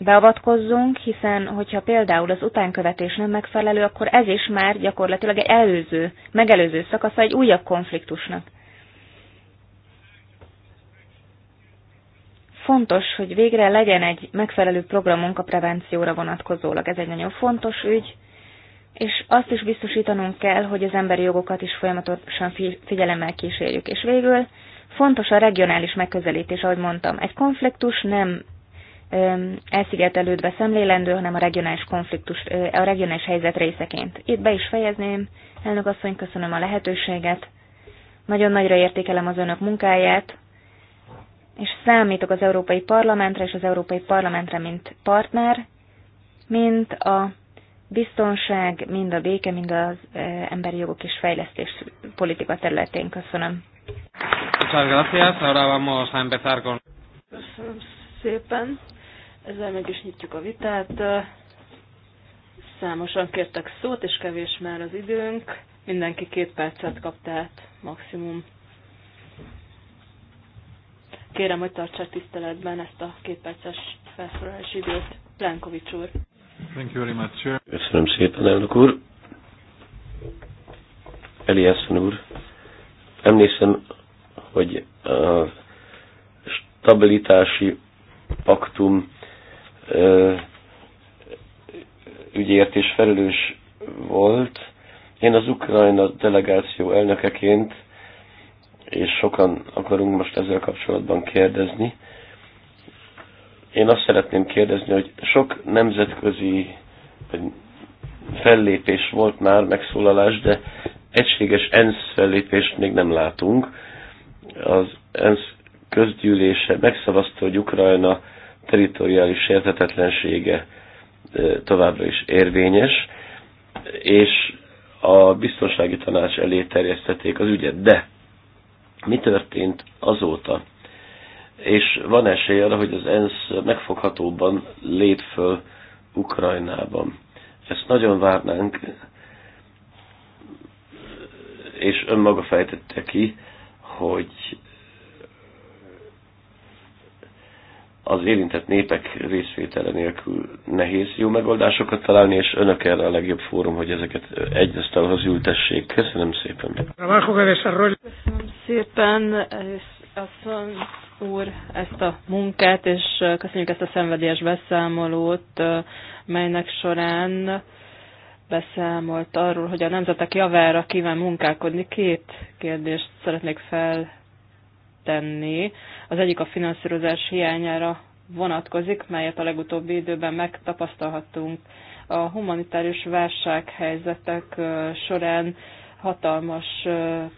beavatkozzunk, hiszen hogyha például az utánkövetés nem megfelelő, akkor ez is már gyakorlatilag egy előző, megelőző szakasza egy újabb konfliktusnak. Fontos, hogy végre legyen egy megfelelő programunk a prevencióra vonatkozólag. Ez egy nagyon fontos ügy, és azt is biztosítanunk kell, hogy az emberi jogokat is folyamatosan figyelemmel kísérjük. És végül fontos a regionális megközelítés, ahogy mondtam. Egy konfliktus nem elszigetelődve szemlélendő, hanem a regionális konfliktus, a regionális helyzet részeként. Itt be is fejezném, elnök asszony, köszönöm a lehetőséget, nagyon nagyra értékelem az önök munkáját, és számítok az Európai Parlamentre és az Európai Parlamentre, mint partner, mint a biztonság, mind a béke, mind az emberi jogok és fejlesztés politika területén. Köszönöm. Köszönöm szépen. Ezzel meg is nyitjuk a vitát. Számosan kértek szót, és kevés már az időnk. Mindenki két percet kap, tehát maximum. Kérem, hogy tartsák tiszteletben ezt a két perces felszólalási időt. Plánkovics úr. Thank you very much. Köszönöm szépen, elnök úr. Eliasson úr, emlékszem, hogy a stabilitási paktum ügyért is felelős volt. Én az Ukrajna delegáció elnökeként, és sokan akarunk most ezzel kapcsolatban kérdezni, én azt szeretném kérdezni, hogy sok nemzetközi fellépés volt már, megszólalás, de egységes ENSZ fellépést még nem látunk. Az ENSZ közgyűlése megszavazta, hogy Ukrajna teritoriális sértetetlensége továbbra is érvényes, és a biztonsági tanács elé terjesztették az ügyet. De mi történt azóta? És van esély arra, hogy az ENSZ megfoghatóban lép föl Ukrajnában. Ezt nagyon várnánk, és önmaga fejtette ki, hogy az érintett népek részvétele nélkül nehéz jó megoldásokat találni, és önök erre a legjobb fórum, hogy ezeket egy asztalhoz ültessék. Köszönöm szépen. Köszönöm szépen, asszony úr, ezt a munkát, és köszönjük ezt a szenvedélyes beszámolót, melynek során beszámolt arról, hogy a nemzetek javára kíván munkálkodni. Két kérdést szeretnék fel tenni. Az egyik a finanszírozás hiányára vonatkozik, melyet a legutóbbi időben megtapasztalhattunk. A humanitárius válsághelyzetek során hatalmas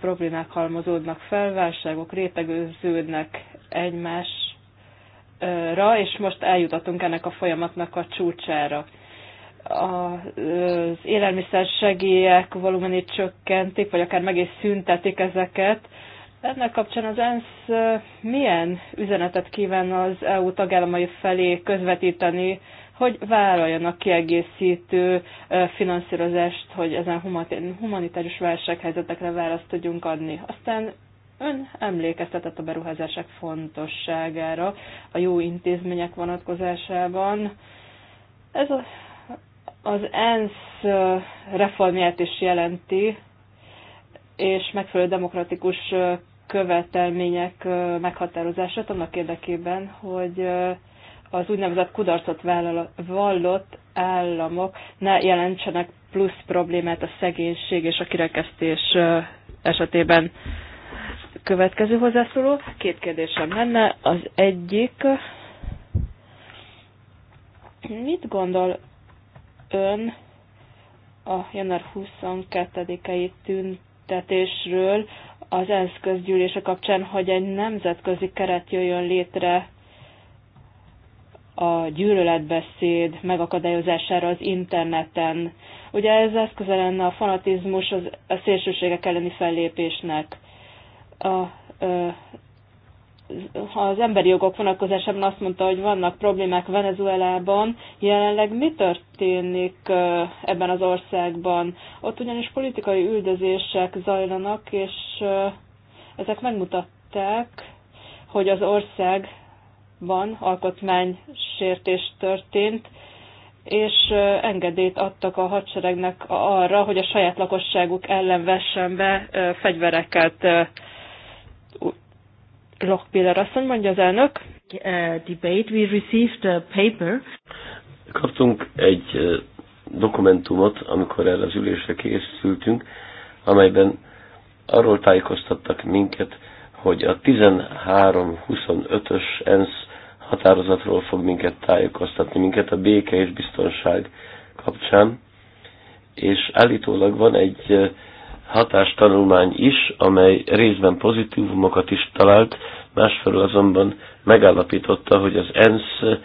problémák halmozódnak fel, válságok rétegőződnek egymásra, és most eljutatunk ennek a folyamatnak a csúcsára. Az élelmiszer segélyek volumenét csökkentik, vagy akár meg is szüntetik ezeket, ennek kapcsán az ENSZ milyen üzenetet kíván az EU tagállamai felé közvetíteni, hogy vállaljanak kiegészítő finanszírozást, hogy ezen humanitárius válsághelyzetekre választ tudjunk adni. Aztán ön emlékeztetett a beruházások fontosságára a jó intézmények vonatkozásában. Ez a, az ENSZ reformját is jelenti, és megfelelő demokratikus követelmények meghatározását annak érdekében, hogy az úgynevezett kudarcot vallott államok ne jelentsenek plusz problémát a szegénység és a kirekesztés esetében. Következő hozzászóló, két kérdésem lenne. Az egyik, mit gondol ön a január 22-i tüntetésről, az ENSZ közgyűlése kapcsán, hogy egy nemzetközi keret jöjjön létre a gyűlöletbeszéd megakadályozására az interneten. Ugye ez eszköze lenne a fanatizmus az, a szélsőségek elleni fellépésnek. A ha az emberi jogok vonatkozásában azt mondta, hogy vannak problémák Venezuelában, jelenleg mi történik ebben az országban? Ott ugyanis politikai üldözések zajlanak, és ezek megmutatták, hogy az országban alkotmánysértés történt, és engedélyt adtak a hadseregnek arra, hogy a saját lakosságuk ellen vessen be fegyvereket Lochbiller asszony, mondja az elnök. Eh, debate, we received a paper. Kaptunk egy eh, dokumentumot, amikor erre az ülésre készültünk, amelyben arról tájékoztattak minket, hogy a 13-25-ös ENSZ határozatról fog minket tájékoztatni, minket a béke és biztonság kapcsán, és állítólag van egy eh, hatástanulmány is, amely részben pozitívumokat is talált, másfelől azonban megállapította, hogy az ENSZ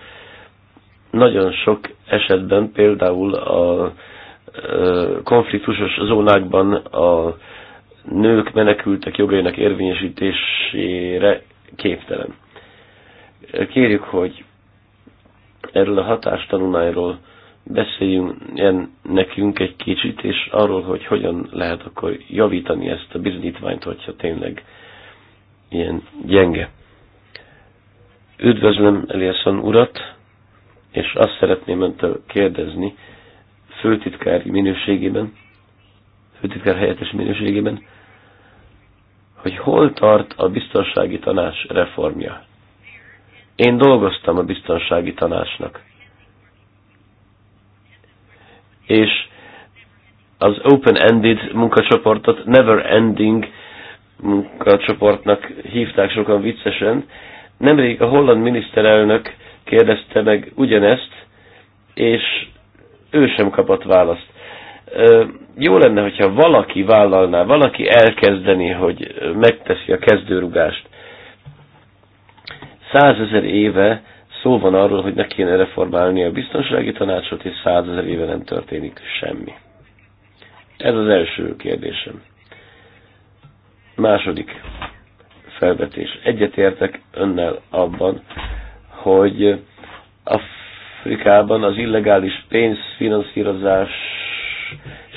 nagyon sok esetben, például a konfliktusos zónákban a nők menekültek jogainak érvényesítésére képtelen. Kérjük, hogy erről a hatástanulmányról beszéljünk nekünk egy kicsit, és arról, hogy hogyan lehet akkor javítani ezt a bizonyítványt, hogyha tényleg ilyen gyenge. Üdvözlöm Eliasson urat, és azt szeretném öntől kérdezni, főtitkári minőségében, főtitkár helyettes minőségében, hogy hol tart a biztonsági tanács reformja. Én dolgoztam a biztonsági tanácsnak és az open-ended munkacsoportot never-ending munkacsoportnak hívták sokan viccesen. Nemrég a holland miniszterelnök kérdezte meg ugyanezt, és ő sem kapott választ. Jó lenne, hogyha valaki vállalná, valaki elkezdeni, hogy megteszi a kezdőrugást. Százezer éve Szó van arról, hogy ne kéne reformálni a biztonsági tanácsot, és százezer éve nem történik semmi. Ez az első kérdésem. Második felvetés. Egyetértek önnel abban, hogy Afrikában az illegális pénzfinanszírozás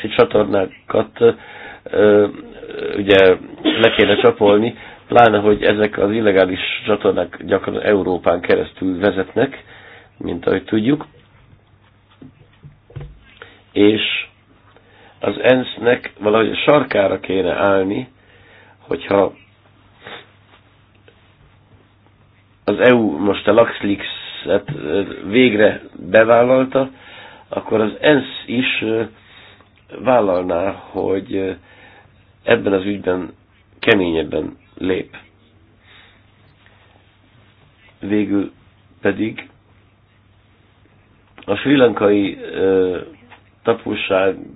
és csatornákat ugye le kéne csapolni, pláne, hogy ezek az illegális csatornák gyakran Európán keresztül vezetnek, mint ahogy tudjuk. És az ENSZ-nek valahogy a sarkára kéne állni, hogyha az EU most a LuxLeaks-et végre bevállalta, akkor az ENSZ is vállalná, hogy ebben az ügyben keményebben lép. Végül pedig a sri lankai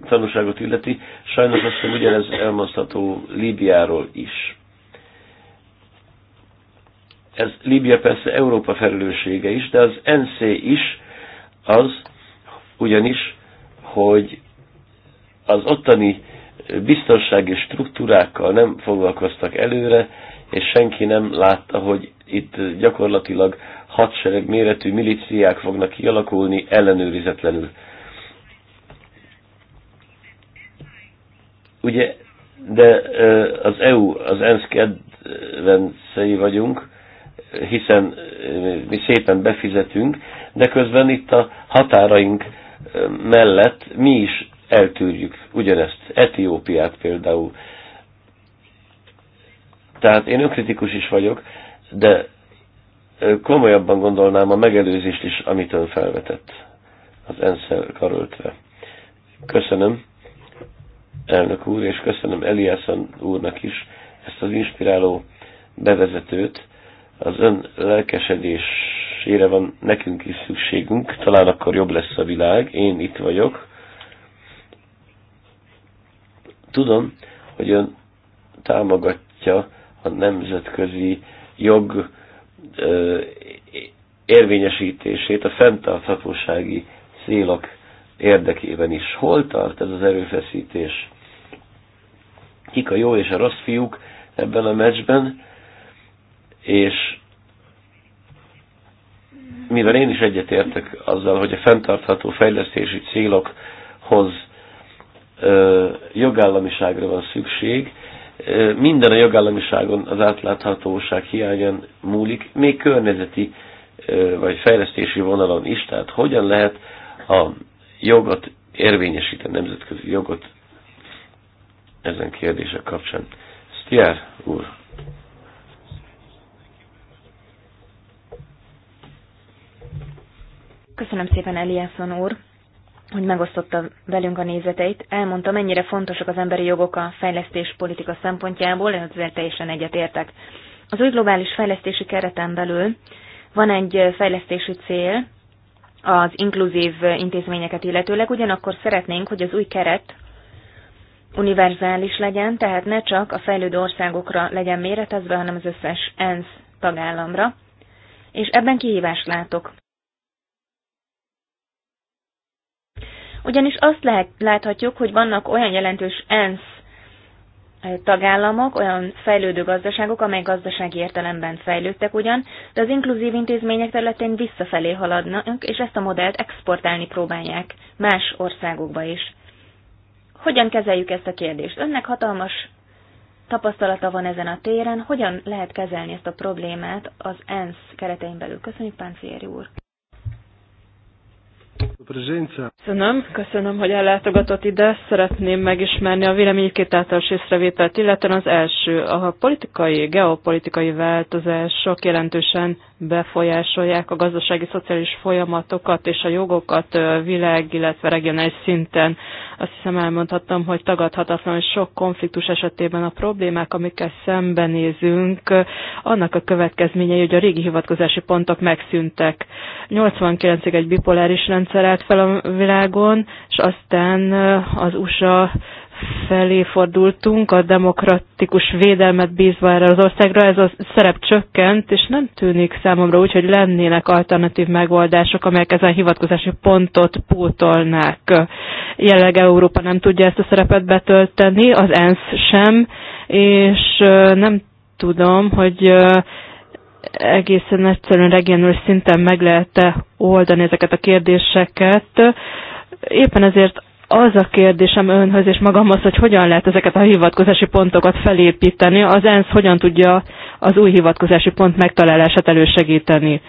tanúságot illeti, sajnos azt hiszem ugyanez elmondható Líbiáról is. Ez Líbia persze Európa felelőssége is, de az NC is az, ugyanis, hogy az ottani biztonsági struktúrákkal nem foglalkoztak előre, és senki nem látta, hogy itt gyakorlatilag hadsereg méretű milíciák fognak kialakulni ellenőrizetlenül. Ugye, de az EU, az ENSZ kedvencei vagyunk, hiszen mi szépen befizetünk, de közben itt a határaink mellett mi is eltűrjük ugyanezt. Etiópiát például. Tehát én önkritikus is vagyok, de komolyabban gondolnám a megelőzést is, amit ön felvetett az ENSZ-el karöltve. Köszönöm, elnök úr, és köszönöm Eliasson úrnak is ezt az inspiráló bevezetőt. Az ön lelkesedésére van nekünk is szükségünk, talán akkor jobb lesz a világ, én itt vagyok. Tudom, hogy ön támogatja a nemzetközi jog érvényesítését a fenntarthatósági célok érdekében is. Hol tart ez az erőfeszítés? Kik a jó és a rossz fiúk ebben a meccsben? És mivel én is egyetértek azzal, hogy a fenntartható fejlesztési célokhoz jogállamiságra van szükség. Minden a jogállamiságon az átláthatóság hiányán múlik, még környezeti vagy fejlesztési vonalon is, tehát hogyan lehet a jogot érvényesíteni, nemzetközi jogot ezen kérdések kapcsán. Sztiár úr! Köszönöm szépen, Eliasson úr! hogy megosztotta velünk a nézeteit. Elmondta, mennyire fontosak az emberi jogok a fejlesztés politika szempontjából, ezért teljesen egyetértek. Az új globális fejlesztési kereten belül van egy fejlesztési cél, az inkluzív intézményeket illetőleg, ugyanakkor szeretnénk, hogy az új keret univerzális legyen, tehát ne csak a fejlődő országokra legyen méretezve, hanem az összes ENSZ tagállamra, és ebben kihívást látok. ugyanis azt lehet, láthatjuk, hogy vannak olyan jelentős ENSZ tagállamok, olyan fejlődő gazdaságok, amely gazdasági értelemben fejlődtek ugyan, de az inkluzív intézmények területén visszafelé haladnak, és ezt a modellt exportálni próbálják más országokba is. Hogyan kezeljük ezt a kérdést? Önnek hatalmas tapasztalata van ezen a téren, hogyan lehet kezelni ezt a problémát az ENSZ keretein belül? Köszönjük, Páncéri úr! Köszönöm, köszönöm, hogy ellátogatott ide. Szeretném megismerni a véleménykét által észrevételt, illetve az első, a politikai, geopolitikai változások jelentősen befolyásolják a gazdasági, szociális folyamatokat és a jogokat világ, illetve regionális szinten. Azt hiszem elmondhatom, hogy tagadhatatlan, hogy sok konfliktus esetében a problémák, amikkel szembenézünk, annak a következményei, hogy a régi hivatkozási pontok megszűntek. 89-ig egy bipoláris rendszer állt fel a világon, és aztán az USA felé fordultunk, a demokratikus védelmet bízva erre az országra, ez a szerep csökkent, és nem tűnik számomra úgy, hogy lennének alternatív megoldások, amelyek ezen hivatkozási pontot pótolnák. Jelenleg Európa nem tudja ezt a szerepet betölteni, az ENSZ sem, és nem tudom, hogy egészen egyszerűen regionális szinten meg lehet oldani ezeket a kérdéseket. Éppen ezért az a kérdésem önhöz és magamhoz, hogy hogyan lehet ezeket a hivatkozási pontokat felépíteni, az ENSZ hogyan tudja az új hivatkozási pont megtalálását elősegíteni.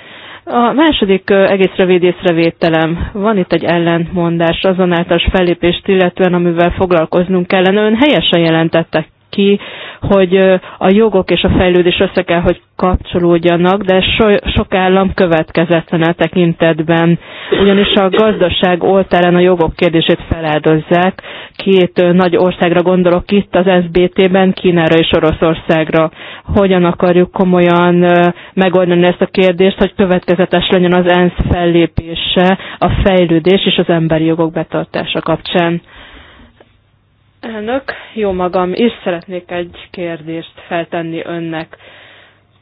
A második egész rövid észrevételem. Van itt egy ellentmondás azonáltal fellépést illetően, amivel foglalkoznunk kellene. Ön helyesen jelentette ki, hogy a jogok és a fejlődés össze kell, hogy kapcsolódjanak, de so, sok állam következetlen a tekintetben, ugyanis a gazdaság oltárán a jogok kérdését feláldozzák. Két nagy országra gondolok itt, az SBT-ben, Kínára és Oroszországra. Hogyan akarjuk komolyan megoldani ezt a kérdést, hogy következetes legyen az ENSZ fellépése, a fejlődés és az emberi jogok betartása kapcsán? Elnök, jó magam, és szeretnék egy kérdést feltenni önnek.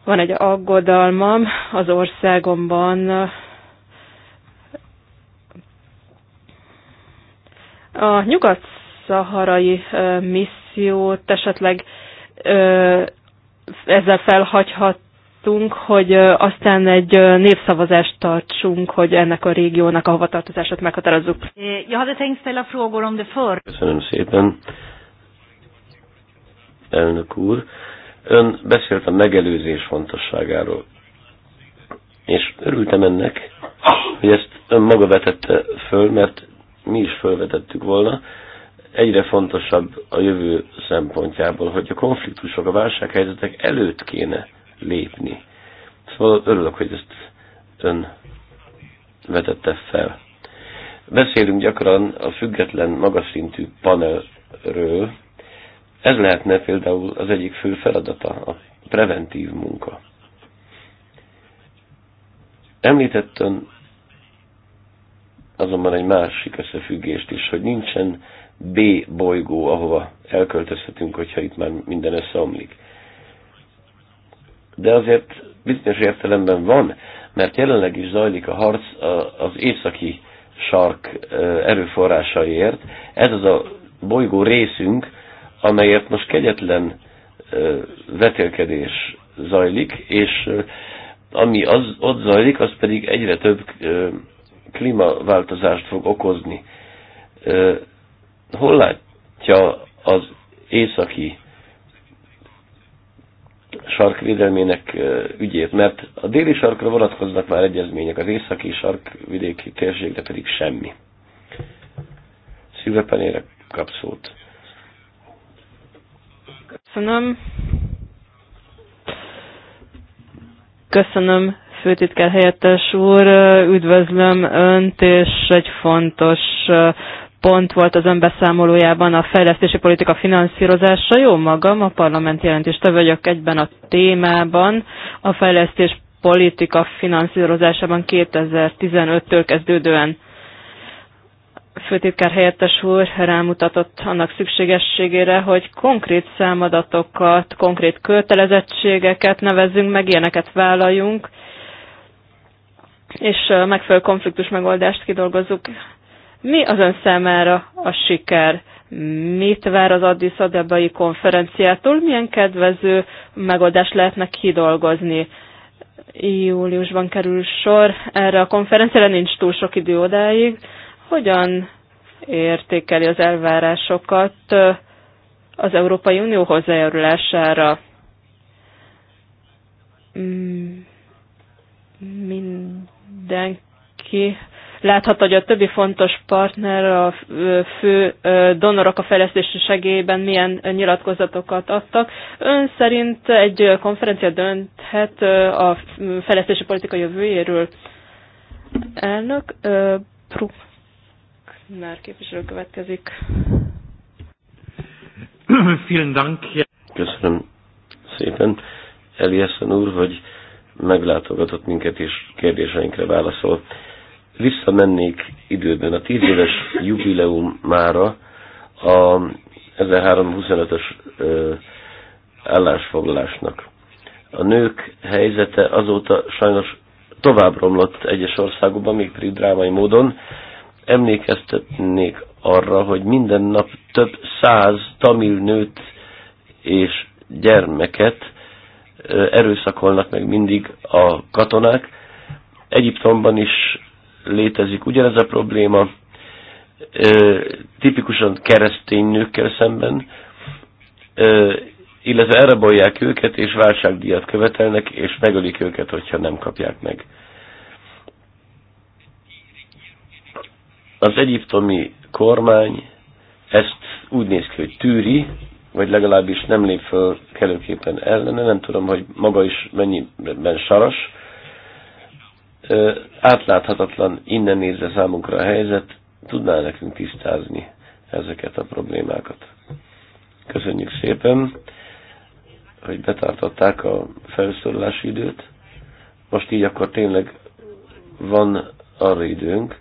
Van egy aggodalmam az országomban, a nyugat-szaharai missziót esetleg ö, ezzel felhagyhat tartunk, hogy aztán egy népszavazást tartsunk, hogy ennek a régiónak a hovatartozását meghatározzuk. Köszönöm szépen, elnök úr. Ön beszélt a megelőzés fontosságáról, és örültem ennek, hogy ezt ön maga vetette föl, mert mi is fölvetettük volna, egyre fontosabb a jövő szempontjából, hogy a konfliktusok, a válsághelyzetek előtt kéne lépni. Szóval örülök, hogy ezt ön vetette fel. Beszélünk gyakran a független magaszintű panelről. Ez lehetne például az egyik fő feladata, a preventív munka. Említettem azonban egy másik összefüggést is, hogy nincsen B bolygó, ahova elköltözhetünk, hogyha itt már minden összeomlik de azért biztos értelemben van, mert jelenleg is zajlik a harc az északi sark erőforrásaiért. Ez az a bolygó részünk, amelyért most kegyetlen vetélkedés zajlik, és ami az, ott zajlik, az pedig egyre több klímaváltozást fog okozni. Hol látja az északi sarkvédelmének ügyét, mert a déli sarkra vonatkoznak már egyezmények, az északi sarkvidéki térségre pedig semmi. Szívepenére kap szót. Köszönöm. Köszönöm, főtitkár helyettes úr, üdvözlöm Önt, és egy fontos pont volt az önbeszámolójában a fejlesztési politika finanszírozása. Jó magam, a parlament jelentés vagyok egyben a témában. A fejlesztés politika finanszírozásában 2015-től kezdődően főtitkár helyettes úr rámutatott annak szükségességére, hogy konkrét számadatokat, konkrét kötelezettségeket nevezzünk meg, ilyeneket vállaljunk, és megfelelő konfliktus megoldást kidolgozzuk mi az ön számára a siker? Mit vár az Addis Abebai konferenciától? Milyen kedvező megoldást lehetnek kidolgozni? Júliusban kerül sor erre a konferenciára, nincs túl sok idő odáig. Hogyan értékeli az elvárásokat az Európai Unió hozzájárulására? Hmm. Mindenki Láthat, hogy a többi fontos partner, a fő donorok a fejlesztési segélyben milyen nyilatkozatokat adtak. Ön szerint egy konferencia dönthet a fejlesztési politika jövőjéről? Elnök, Prukner képviselő következik. Vielen Dank. Köszönöm szépen Eliasson úr, hogy meglátogatott minket és kérdéseinkre válaszolt visszamennék időben a tíz éves jubileum mára a 1325-ös állásfoglalásnak. A nők helyzete azóta sajnos tovább romlott egyes országokban, még pedig drámai módon. Emlékeztetnék arra, hogy minden nap több száz tamil nőt és gyermeket erőszakolnak meg mindig a katonák. Egyiptomban is létezik ugyanez a probléma, tipikusan keresztény nőkkel szemben, illetve elrabolják őket, és válságdíjat követelnek, és megölik őket, hogyha nem kapják meg. Az egyiptomi kormány ezt úgy néz ki, hogy tűri, vagy legalábbis nem lép föl kellőképpen ellene, nem tudom, hogy maga is mennyiben saras, átláthatatlan innen nézve számunkra a helyzet, tudná nekünk tisztázni ezeket a problémákat. Köszönjük szépen, hogy betartották a felszólalási időt. Most így akkor tényleg van arra időnk,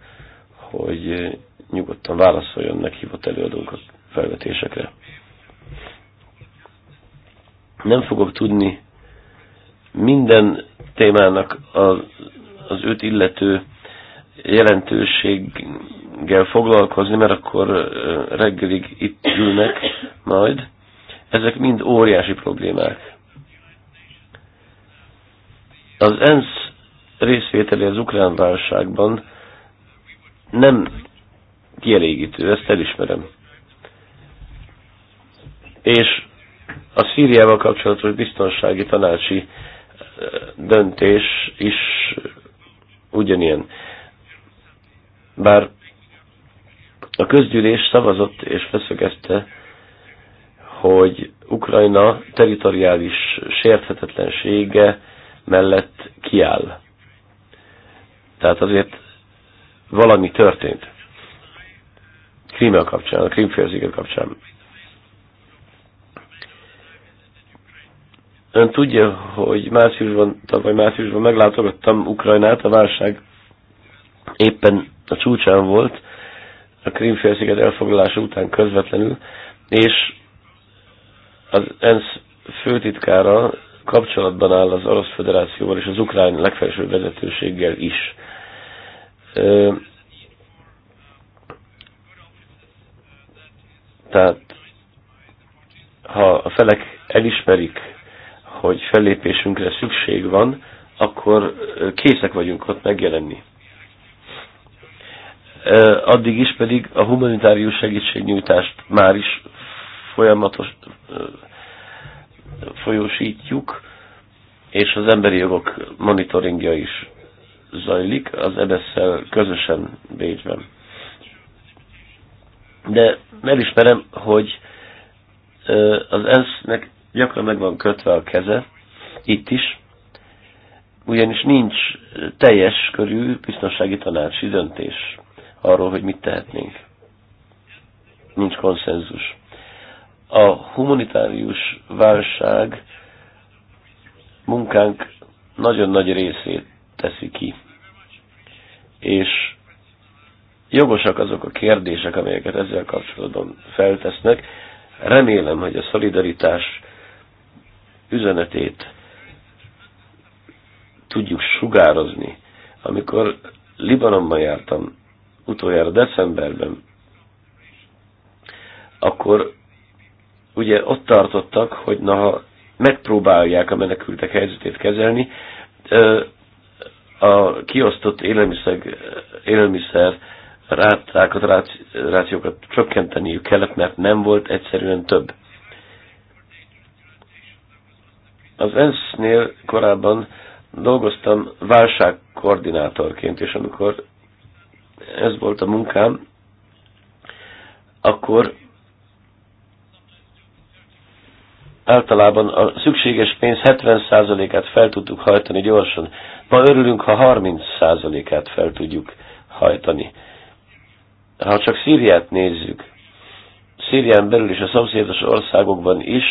hogy nyugodtan válaszoljon hívott előadónk a felvetésekre. Nem fogok tudni minden témának az az őt illető jelentőséggel foglalkozni, mert akkor reggelig itt ülnek majd. Ezek mind óriási problémák. Az ENSZ részvételi az ukrán válságban nem kielégítő, ezt elismerem. És a Szíriával kapcsolatos biztonsági tanácsi döntés is ugyanilyen. Bár a közgyűlés szavazott és feszögezte, hogy Ukrajna teritoriális sérthetetlensége mellett kiáll. Tehát azért valami történt. Krímel kapcsán, a Krímfélsziget kapcsán. Ön tudja, hogy márciusban, tavaly márciusban meglátogattam Ukrajnát, a válság éppen a csúcsán volt, a Krímfélsziget elfoglalása után közvetlenül, és az ENSZ főtitkára kapcsolatban áll az Orosz Föderációval és az Ukrán legfelsőbb vezetőséggel is. Ö, tehát ha a felek elismerik hogy fellépésünkre szükség van, akkor készek vagyunk ott megjelenni. Addig is pedig a humanitárius segítségnyújtást már is folyamatos folyósítjuk, és az emberi jogok monitoringja is zajlik az EBS-szel közösen Bécsben. De elismerem, hogy az ENSZ-nek gyakran meg van kötve a keze, itt is, ugyanis nincs teljes körű biztonsági tanácsi döntés arról, hogy mit tehetnénk. Nincs konszenzus. A humanitárius válság munkánk nagyon nagy részét teszi ki. És jogosak azok a kérdések, amelyeket ezzel kapcsolatban feltesznek. Remélem, hogy a szolidaritás üzenetét tudjuk sugározni. Amikor Libanonban jártam utoljára decemberben, akkor ugye ott tartottak, hogy na, ha megpróbálják a menekültek helyzetét kezelni, a kiosztott élelmiszer, élelmiszer rátákat, rációkat csökkenteniük kellett, mert nem volt egyszerűen több. Az ENSZ-nél korábban dolgoztam válságkoordinátorként, és amikor ez volt a munkám, akkor általában a szükséges pénz 70%-át fel tudtuk hajtani gyorsan. Ma örülünk, ha 30%-át fel tudjuk hajtani. Ha csak Szíriát nézzük, Szírián belül és a szomszédos országokban is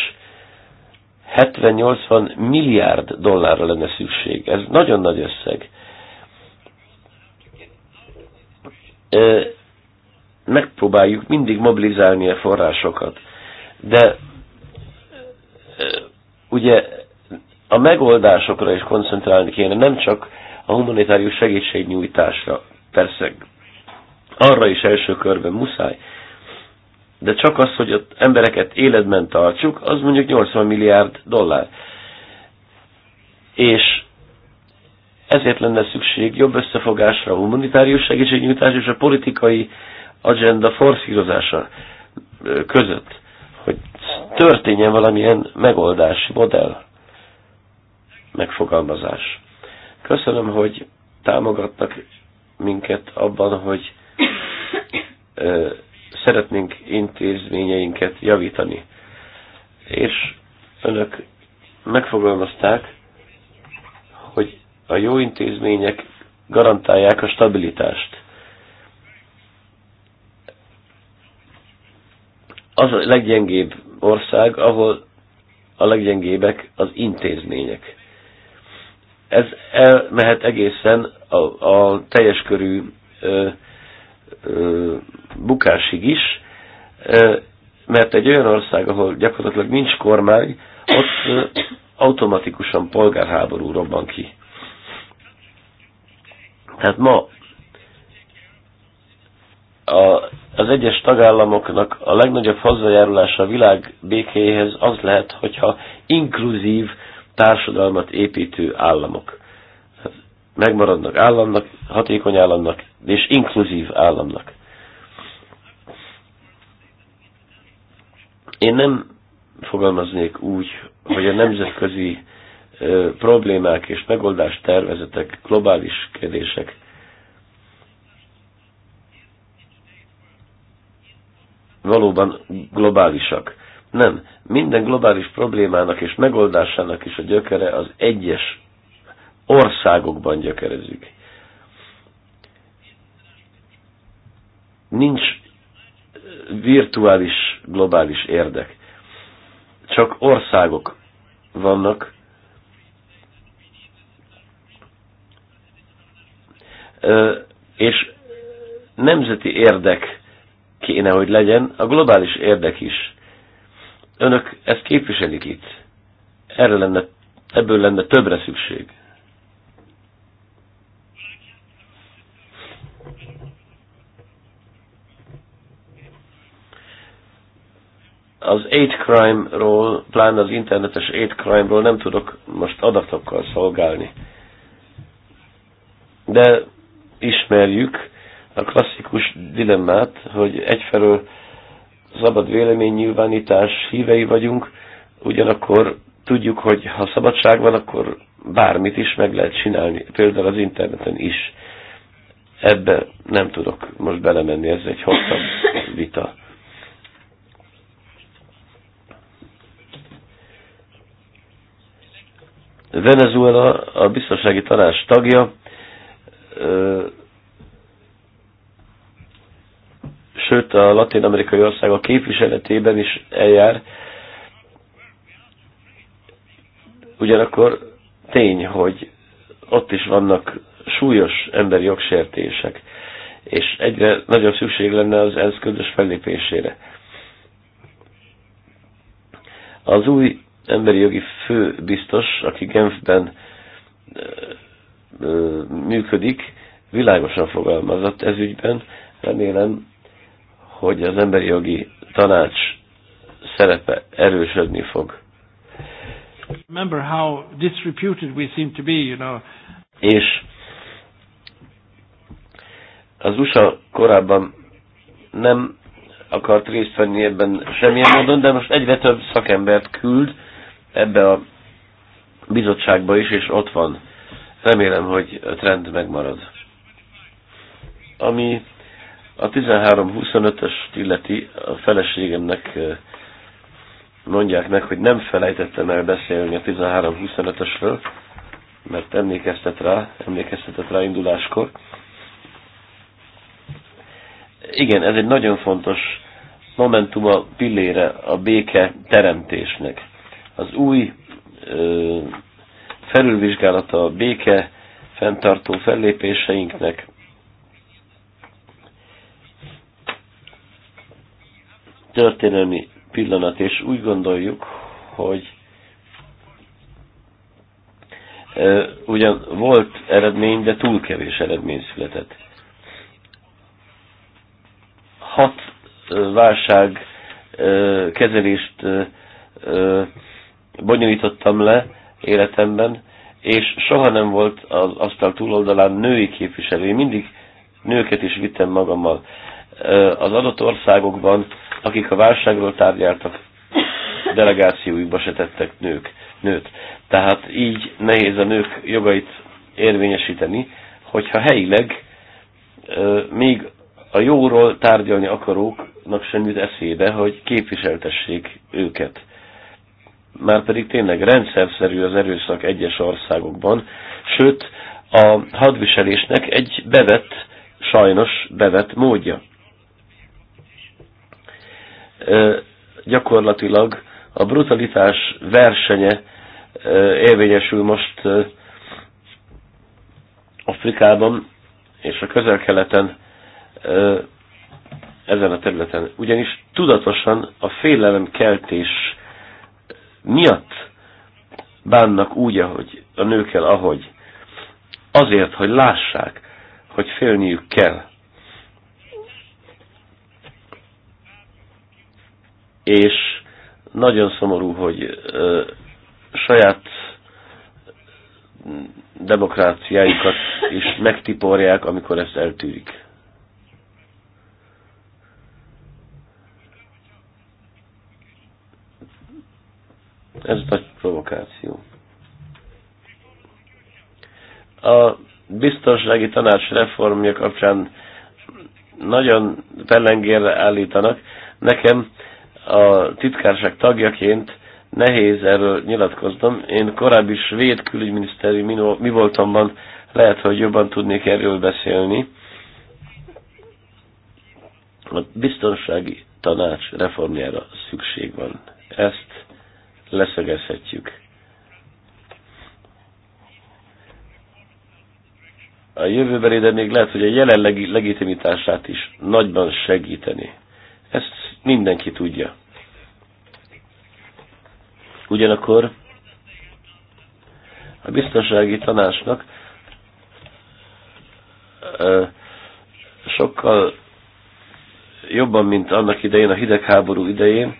70-80 milliárd dollárra lenne szükség. Ez nagyon nagy összeg. Megpróbáljuk mindig mobilizálni a forrásokat, de ugye a megoldásokra is koncentrálni kéne, nem csak a humanitárius segítségnyújtásra, persze arra is első körben muszáj, de csak az, hogy az embereket életben tartsuk, az mondjuk 80 milliárd dollár. És ezért lenne szükség jobb összefogásra, a humanitárius segítségnyújtás és a politikai agenda forszírozása között, hogy történjen valamilyen megoldási modell, megfogalmazás. Köszönöm, hogy támogattak minket abban, hogy szeretnénk intézményeinket javítani. És önök megfogalmazták, hogy a jó intézmények garantálják a stabilitást. Az a leggyengébb ország, ahol a leggyengébbek az intézmények. Ez elmehet egészen a, a teljes körű ö, bukásig is, mert egy olyan ország, ahol gyakorlatilag nincs kormány, ott automatikusan polgárháború robban ki. Tehát ma a, az egyes tagállamoknak a legnagyobb hozzájárulása a világ békéhez az lehet, hogyha inkluzív társadalmat építő államok megmaradnak államnak, hatékony államnak és inkluzív államnak. Én nem fogalmaznék úgy, hogy a nemzetközi ö, problémák és megoldás tervezetek, globális kérdések valóban globálisak. Nem. Minden globális problémának és megoldásának is a gyökere az egyes országokban gyökerezik. Nincs virtuális, globális érdek. Csak országok vannak. És nemzeti érdek kéne, hogy legyen, a globális érdek is. Önök ezt képviselik itt. Erre lenne, ebből lenne többre szükség. Az hate crime-ról, pláne az internetes hate crime-ról nem tudok most adatokkal szolgálni. De ismerjük a klasszikus dilemmát, hogy egyfelől szabad véleménynyilvánítás hívei vagyunk, ugyanakkor tudjuk, hogy ha szabadság van, akkor bármit is meg lehet csinálni, például az interneten is. Ebbe nem tudok most belemenni, ez egy hosszabb vita. Venezuela a biztonsági tanács tagja, sőt a latin-amerikai országok képviseletében is eljár. Ugyanakkor tény, hogy ott is vannak súlyos emberi jogsértések, és egyre nagyobb szükség lenne az ENSZ közös fellépésére. Az új emberi jogi főbiztos, aki Genfben működik, világosan fogalmazott ez ügyben. Remélem, hogy az emberi jogi tanács szerepe erősödni fog. Remember how disreputed we seem to be, you know. És az USA korábban nem akart részt venni ebben semmilyen módon, de most egyre több szakembert küld, ebbe a bizottságba is, és ott van. Remélem, hogy a trend megmarad. Ami a 13-25-öst illeti a feleségemnek mondják meg, hogy nem felejtettem el beszélni a 13-25-ösről, mert emlékeztet rá, emlékeztetett rá induláskor. Igen, ez egy nagyon fontos momentum a pillére, a béke teremtésnek. Az új ö, felülvizsgálata a béke fenntartó fellépéseinknek. Történelmi pillanat, és úgy gondoljuk, hogy ö, ugyan volt eredmény, de túl kevés eredmény született. Hat válság kezelést bonyolítottam le életemben, és soha nem volt az asztal túloldalán női képviselő. Én mindig nőket is vittem magammal. Az adott országokban, akik a válságról tárgyaltak, delegációjukba se tettek nők, nőt. Tehát így nehéz a nők jogait érvényesíteni, hogyha helyileg még a jóról tárgyalni akaróknak sem jut eszébe, hogy képviseltessék őket már pedig tényleg rendszerszerű az erőszak egyes országokban, sőt a hadviselésnek egy bevett, sajnos bevett módja. Gyakorlatilag a brutalitás versenye érvényesül most Afrikában és a közel-keleten ezen a területen. Ugyanis tudatosan a félelem keltés miatt bánnak úgy, ahogy a nőkkel, ahogy. Azért, hogy lássák, hogy félniük kell. És nagyon szomorú, hogy ö, saját demokráciáikat is megtiporják, amikor ezt eltűrik. Ez nagy provokáció. A biztonsági tanács reformja kapcsán nagyon pellengérre állítanak. Nekem a titkárság tagjaként nehéz erről nyilatkoznom. Én korábbi svéd külügyminiszteri mi voltamban lehet, hogy jobban tudnék erről beszélni. A biztonsági tanács reformjára szükség van. Ezt leszögezhetjük. A jövőbeli, de még lehet, hogy a jelenlegi legitimitását is nagyban segíteni. Ezt mindenki tudja. Ugyanakkor a biztonsági tanácsnak sokkal jobban, mint annak idején, a hidegháború idején,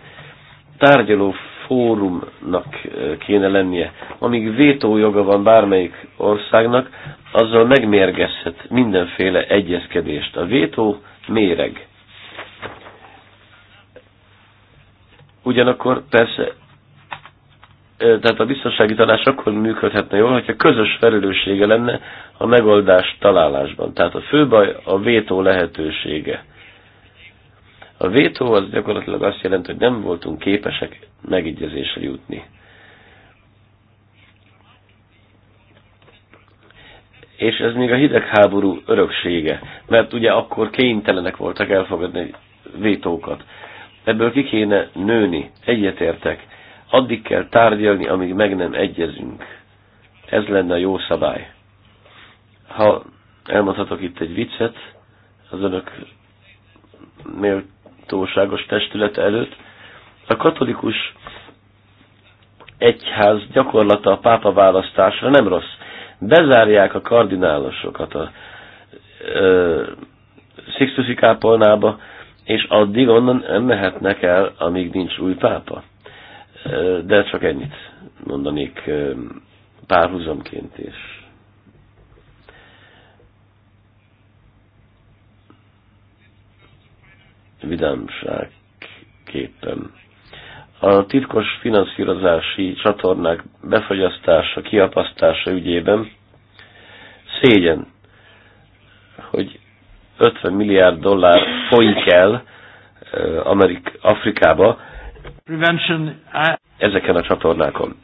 tárgyaló fórumnak eh, kéne lennie. Amíg vétójoga van bármelyik országnak, azzal megmérgezhet mindenféle egyezkedést. A vétó méreg. Ugyanakkor persze, eh, tehát a biztonsági tanács akkor működhetne jól, hogyha közös felelőssége lenne a megoldás találásban. Tehát a fő baj a vétó lehetősége. A vétó az gyakorlatilag azt jelenti, hogy nem voltunk képesek megegyezésre jutni. És ez még a hidegháború öröksége, mert ugye akkor kénytelenek voltak elfogadni vétókat. Ebből ki kéne nőni, egyetértek. Addig kell tárgyalni, amíg meg nem egyezünk. Ez lenne a jó szabály. Ha elmondhatok itt egy viccet, az önök túlságos testület előtt. A katolikus egyház gyakorlata a pápa választásra nem rossz. Bezárják a kardinálosokat a Sixtusi kápolnába, és addig onnan nem mehetnek el, amíg nincs új pápa. De csak ennyit mondanék párhuzamként és vidámságképpen. A titkos finanszírozási csatornák befagyasztása, kiapasztása ügyében szégyen, hogy 50 milliárd dollár folyik el eh, Amerik, Afrikába ezeken a csatornákon.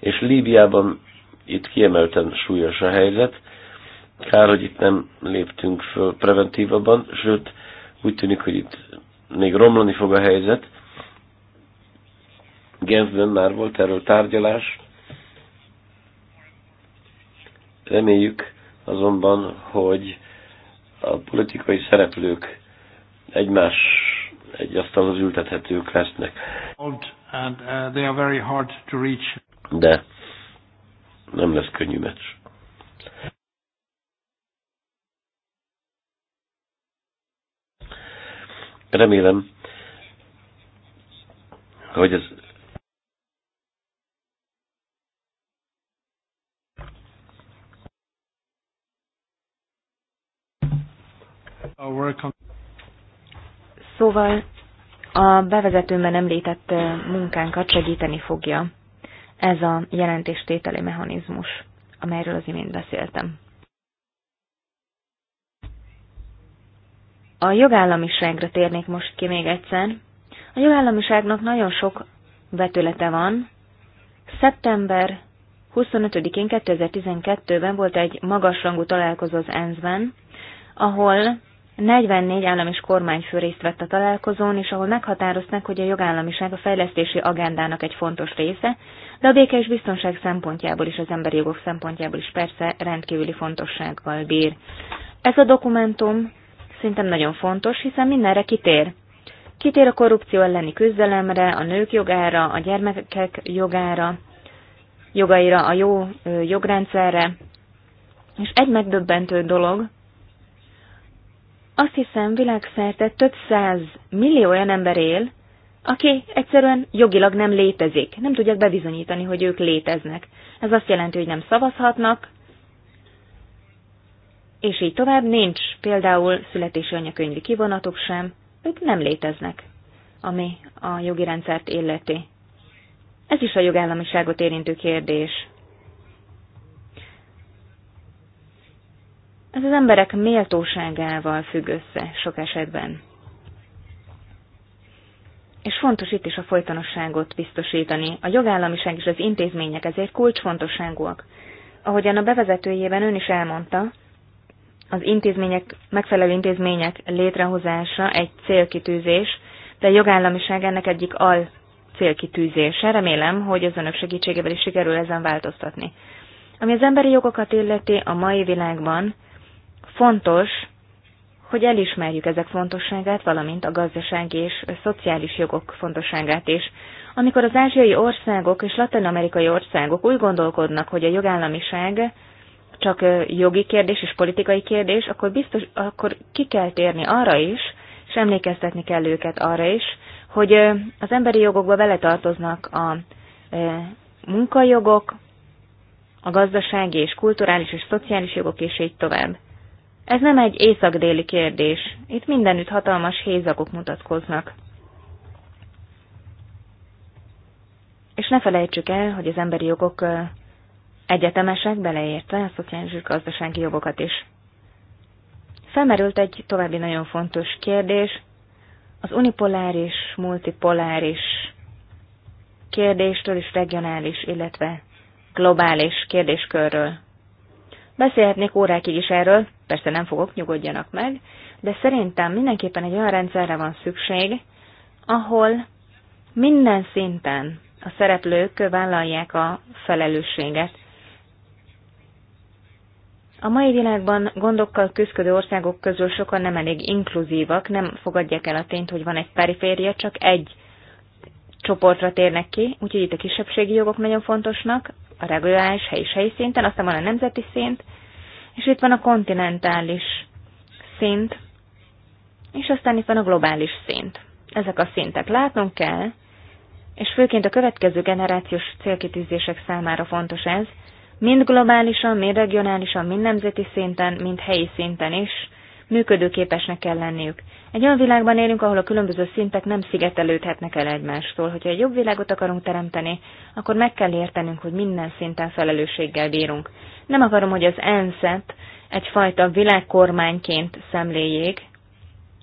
És Líbiában itt kiemelten súlyos a helyzet. Kár, hogy itt nem léptünk föl preventívabban, sőt, úgy tűnik, hogy itt még romlani fog a helyzet. Genfben már volt erről tárgyalás. Reméljük azonban, hogy a politikai szereplők egymás egy asztalhoz ültethetők lesznek. Uh, De nem lesz könnyű meccs. Remélem, hogy ez Szóval a bevezetőmben említett eh, munkánkat segíteni fogja ez a jelentéstételi mechanizmus, amelyről az imént beszéltem. A jogállamiságra térnék most ki még egyszer. A jogállamiságnak nagyon sok vetülete van. Szeptember 25-én 2012-ben volt egy magasrangú találkozó az ENSZ-ben, ahol 44 állam és kormányfő részt vett a találkozón, és ahol meghatározták, hogy a jogállamiság a fejlesztési agendának egy fontos része, de a béke és biztonság szempontjából is, az emberi jogok szempontjából is persze rendkívüli fontossággal bír. Ez a dokumentum szerintem nagyon fontos, hiszen mindenre kitér. Kitér a korrupció elleni küzdelemre, a nők jogára, a gyermekek jogára, jogaira, a jó jogrendszerre. És egy megdöbbentő dolog, azt hiszem világszerte több száz millió olyan ember él, aki egyszerűen jogilag nem létezik, nem tudják bebizonyítani, hogy ők léteznek. Ez azt jelenti, hogy nem szavazhatnak, és így tovább nincs például születési anyakönyvi kivonatok sem, ők nem léteznek, ami a jogi rendszert illeti. Ez is a jogállamiságot érintő kérdés. Ez az emberek méltóságával függ össze sok esetben. És fontos itt is a folytonosságot biztosítani. A jogállamiság és az intézmények ezért kulcsfontosságúak. Ahogyan a bevezetőjében ön is elmondta, az intézmények, megfelelő intézmények létrehozása egy célkitűzés, de a jogállamiság ennek egyik al célkitűzése. Remélem, hogy az önök segítségével is sikerül ezen változtatni. Ami az emberi jogokat illeti a mai világban, fontos, hogy elismerjük ezek fontosságát, valamint a gazdasági és a szociális jogok fontosságát is. Amikor az ázsiai országok és latin-amerikai országok úgy gondolkodnak, hogy a jogállamiság csak jogi kérdés és politikai kérdés, akkor biztos, akkor ki kell térni arra is, és emlékeztetni kell őket arra is, hogy az emberi jogokba beletartoznak a munkajogok, a gazdasági és kulturális és szociális jogok, és így tovább. Ez nem egy észak-déli kérdés. Itt mindenütt hatalmas hézagok mutatkoznak. És ne felejtsük el, hogy az emberi jogok egyetemesek, beleértve a szociális és gazdasági jogokat is. Felmerült egy további nagyon fontos kérdés, az unipoláris, multipoláris kérdéstől is regionális, illetve globális kérdéskörről. Beszélhetnék órákig is erről, persze nem fogok, nyugodjanak meg, de szerintem mindenképpen egy olyan rendszerre van szükség, ahol minden szinten a szereplők vállalják a felelősséget a mai világban gondokkal küzdő országok közül sokan nem elég inkluzívak, nem fogadják el a tényt, hogy van egy periféria, csak egy csoportra térnek ki, úgyhogy itt a kisebbségi jogok nagyon fontosnak, a regulális helyi és helyi szinten, aztán van a nemzeti szint, és itt van a kontinentális szint, és aztán itt van a globális szint. Ezek a szintek látnunk kell, és főként a következő generációs célkitűzések számára fontos ez, mind globálisan, mind regionálisan, mind nemzeti szinten, mind helyi szinten is működőképesnek kell lenniük. Egy olyan világban élünk, ahol a különböző szintek nem szigetelődhetnek el egymástól. Hogyha egy jobb világot akarunk teremteni, akkor meg kell értenünk, hogy minden szinten felelősséggel bírunk. Nem akarom, hogy az ensz egyfajta világkormányként szemléljék.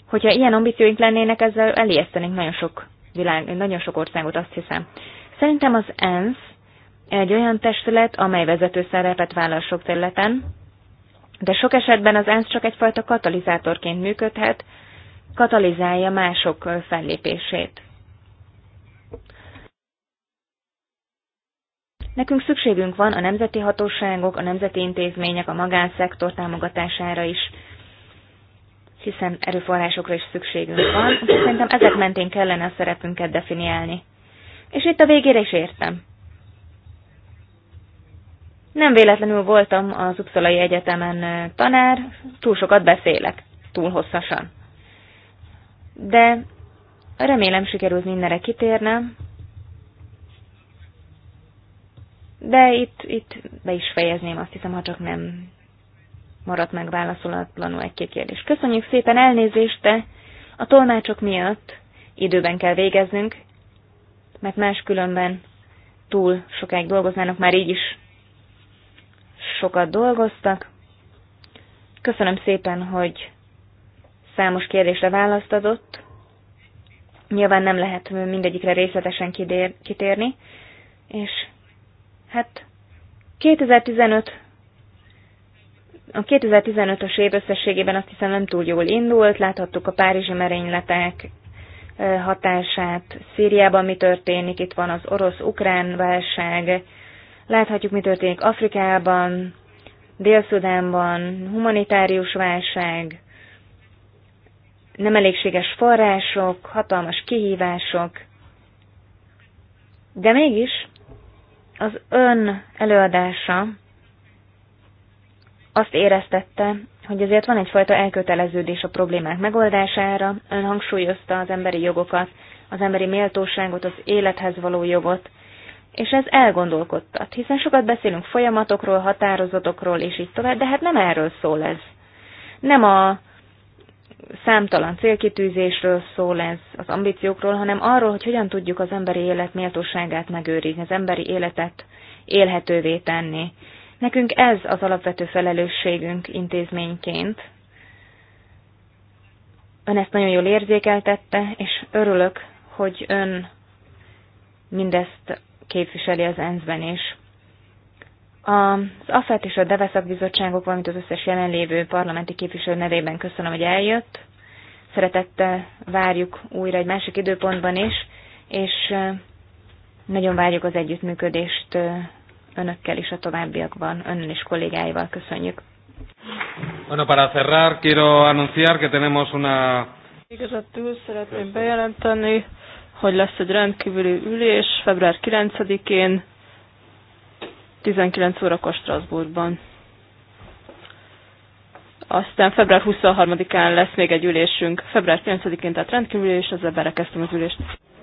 Hogyha ilyen ambícióink lennének, ezzel elijesztenénk nagyon sok, világ, nagyon sok országot, azt hiszem. Szerintem az ENSZ egy olyan testület, amely vezető szerepet vállal sok területen, de sok esetben az ENSZ csak egyfajta katalizátorként működhet, katalizálja mások fellépését. Nekünk szükségünk van a nemzeti hatóságok, a nemzeti intézmények, a magánszektor támogatására is, hiszen erőforrásokra is szükségünk van, úgyhogy szerintem ezek mentén kellene a szerepünket definiálni. És itt a végére is értem. Nem véletlenül voltam az Uppsalai Egyetemen tanár, túl sokat beszélek, túl hosszasan. De remélem sikerült mindenre kitérnem. De itt, itt be is fejezném, azt hiszem, ha csak nem maradt meg válaszolatlanul egy-két kérdés. Köszönjük szépen elnézést, de a tolmácsok miatt időben kell végeznünk, mert máskülönben túl sokáig dolgoznának, már így is sokat dolgoztak. Köszönöm szépen, hogy számos kérdésre választ adott. Nyilván nem lehet mindegyikre részletesen kidér, kitérni, és hát 2015 a 2015-ös év összességében azt hiszem nem túl jól indult, láthattuk a párizsi merényletek eh, hatását, Szíriában mi történik, itt van az orosz-ukrán válság, Láthatjuk, mi történik Afrikában, Dél-Szudánban, humanitárius válság, nem elégséges források, hatalmas kihívások, de mégis az ön előadása azt éreztette, hogy azért van egyfajta elköteleződés a problémák megoldására, ön hangsúlyozta az emberi jogokat, az emberi méltóságot, az élethez való jogot, és ez elgondolkodtat, hiszen sokat beszélünk folyamatokról, határozatokról, és így tovább, de hát nem erről szól ez. Nem a számtalan célkitűzésről szól ez, az ambíciókról, hanem arról, hogy hogyan tudjuk az emberi élet méltóságát megőrizni, az emberi életet élhetővé tenni. Nekünk ez az alapvető felelősségünk intézményként. Ön ezt nagyon jól érzékeltette, és örülök, hogy ön mindezt képviseli az ENSZ-ben is. Az AFET és a Deveszak bizottságok, valamint az összes jelenlévő parlamenti képviselő nevében köszönöm, hogy eljött. Szeretettel várjuk újra egy másik időpontban is, és nagyon várjuk az együttműködést önökkel is a továbbiakban, önnel és kollégáival. Köszönjük. Bueno, para cerrar, quiero anunciar que tenemos una... Igazatúl szeretném bejelenteni, hogy lesz egy rendkívüli ülés február 9-én 19 órakor Strasbourgban. Aztán február 23-án lesz még egy ülésünk. Február 9-én, tehát rendkívüli ülés, ezzel berekeztem az ülést.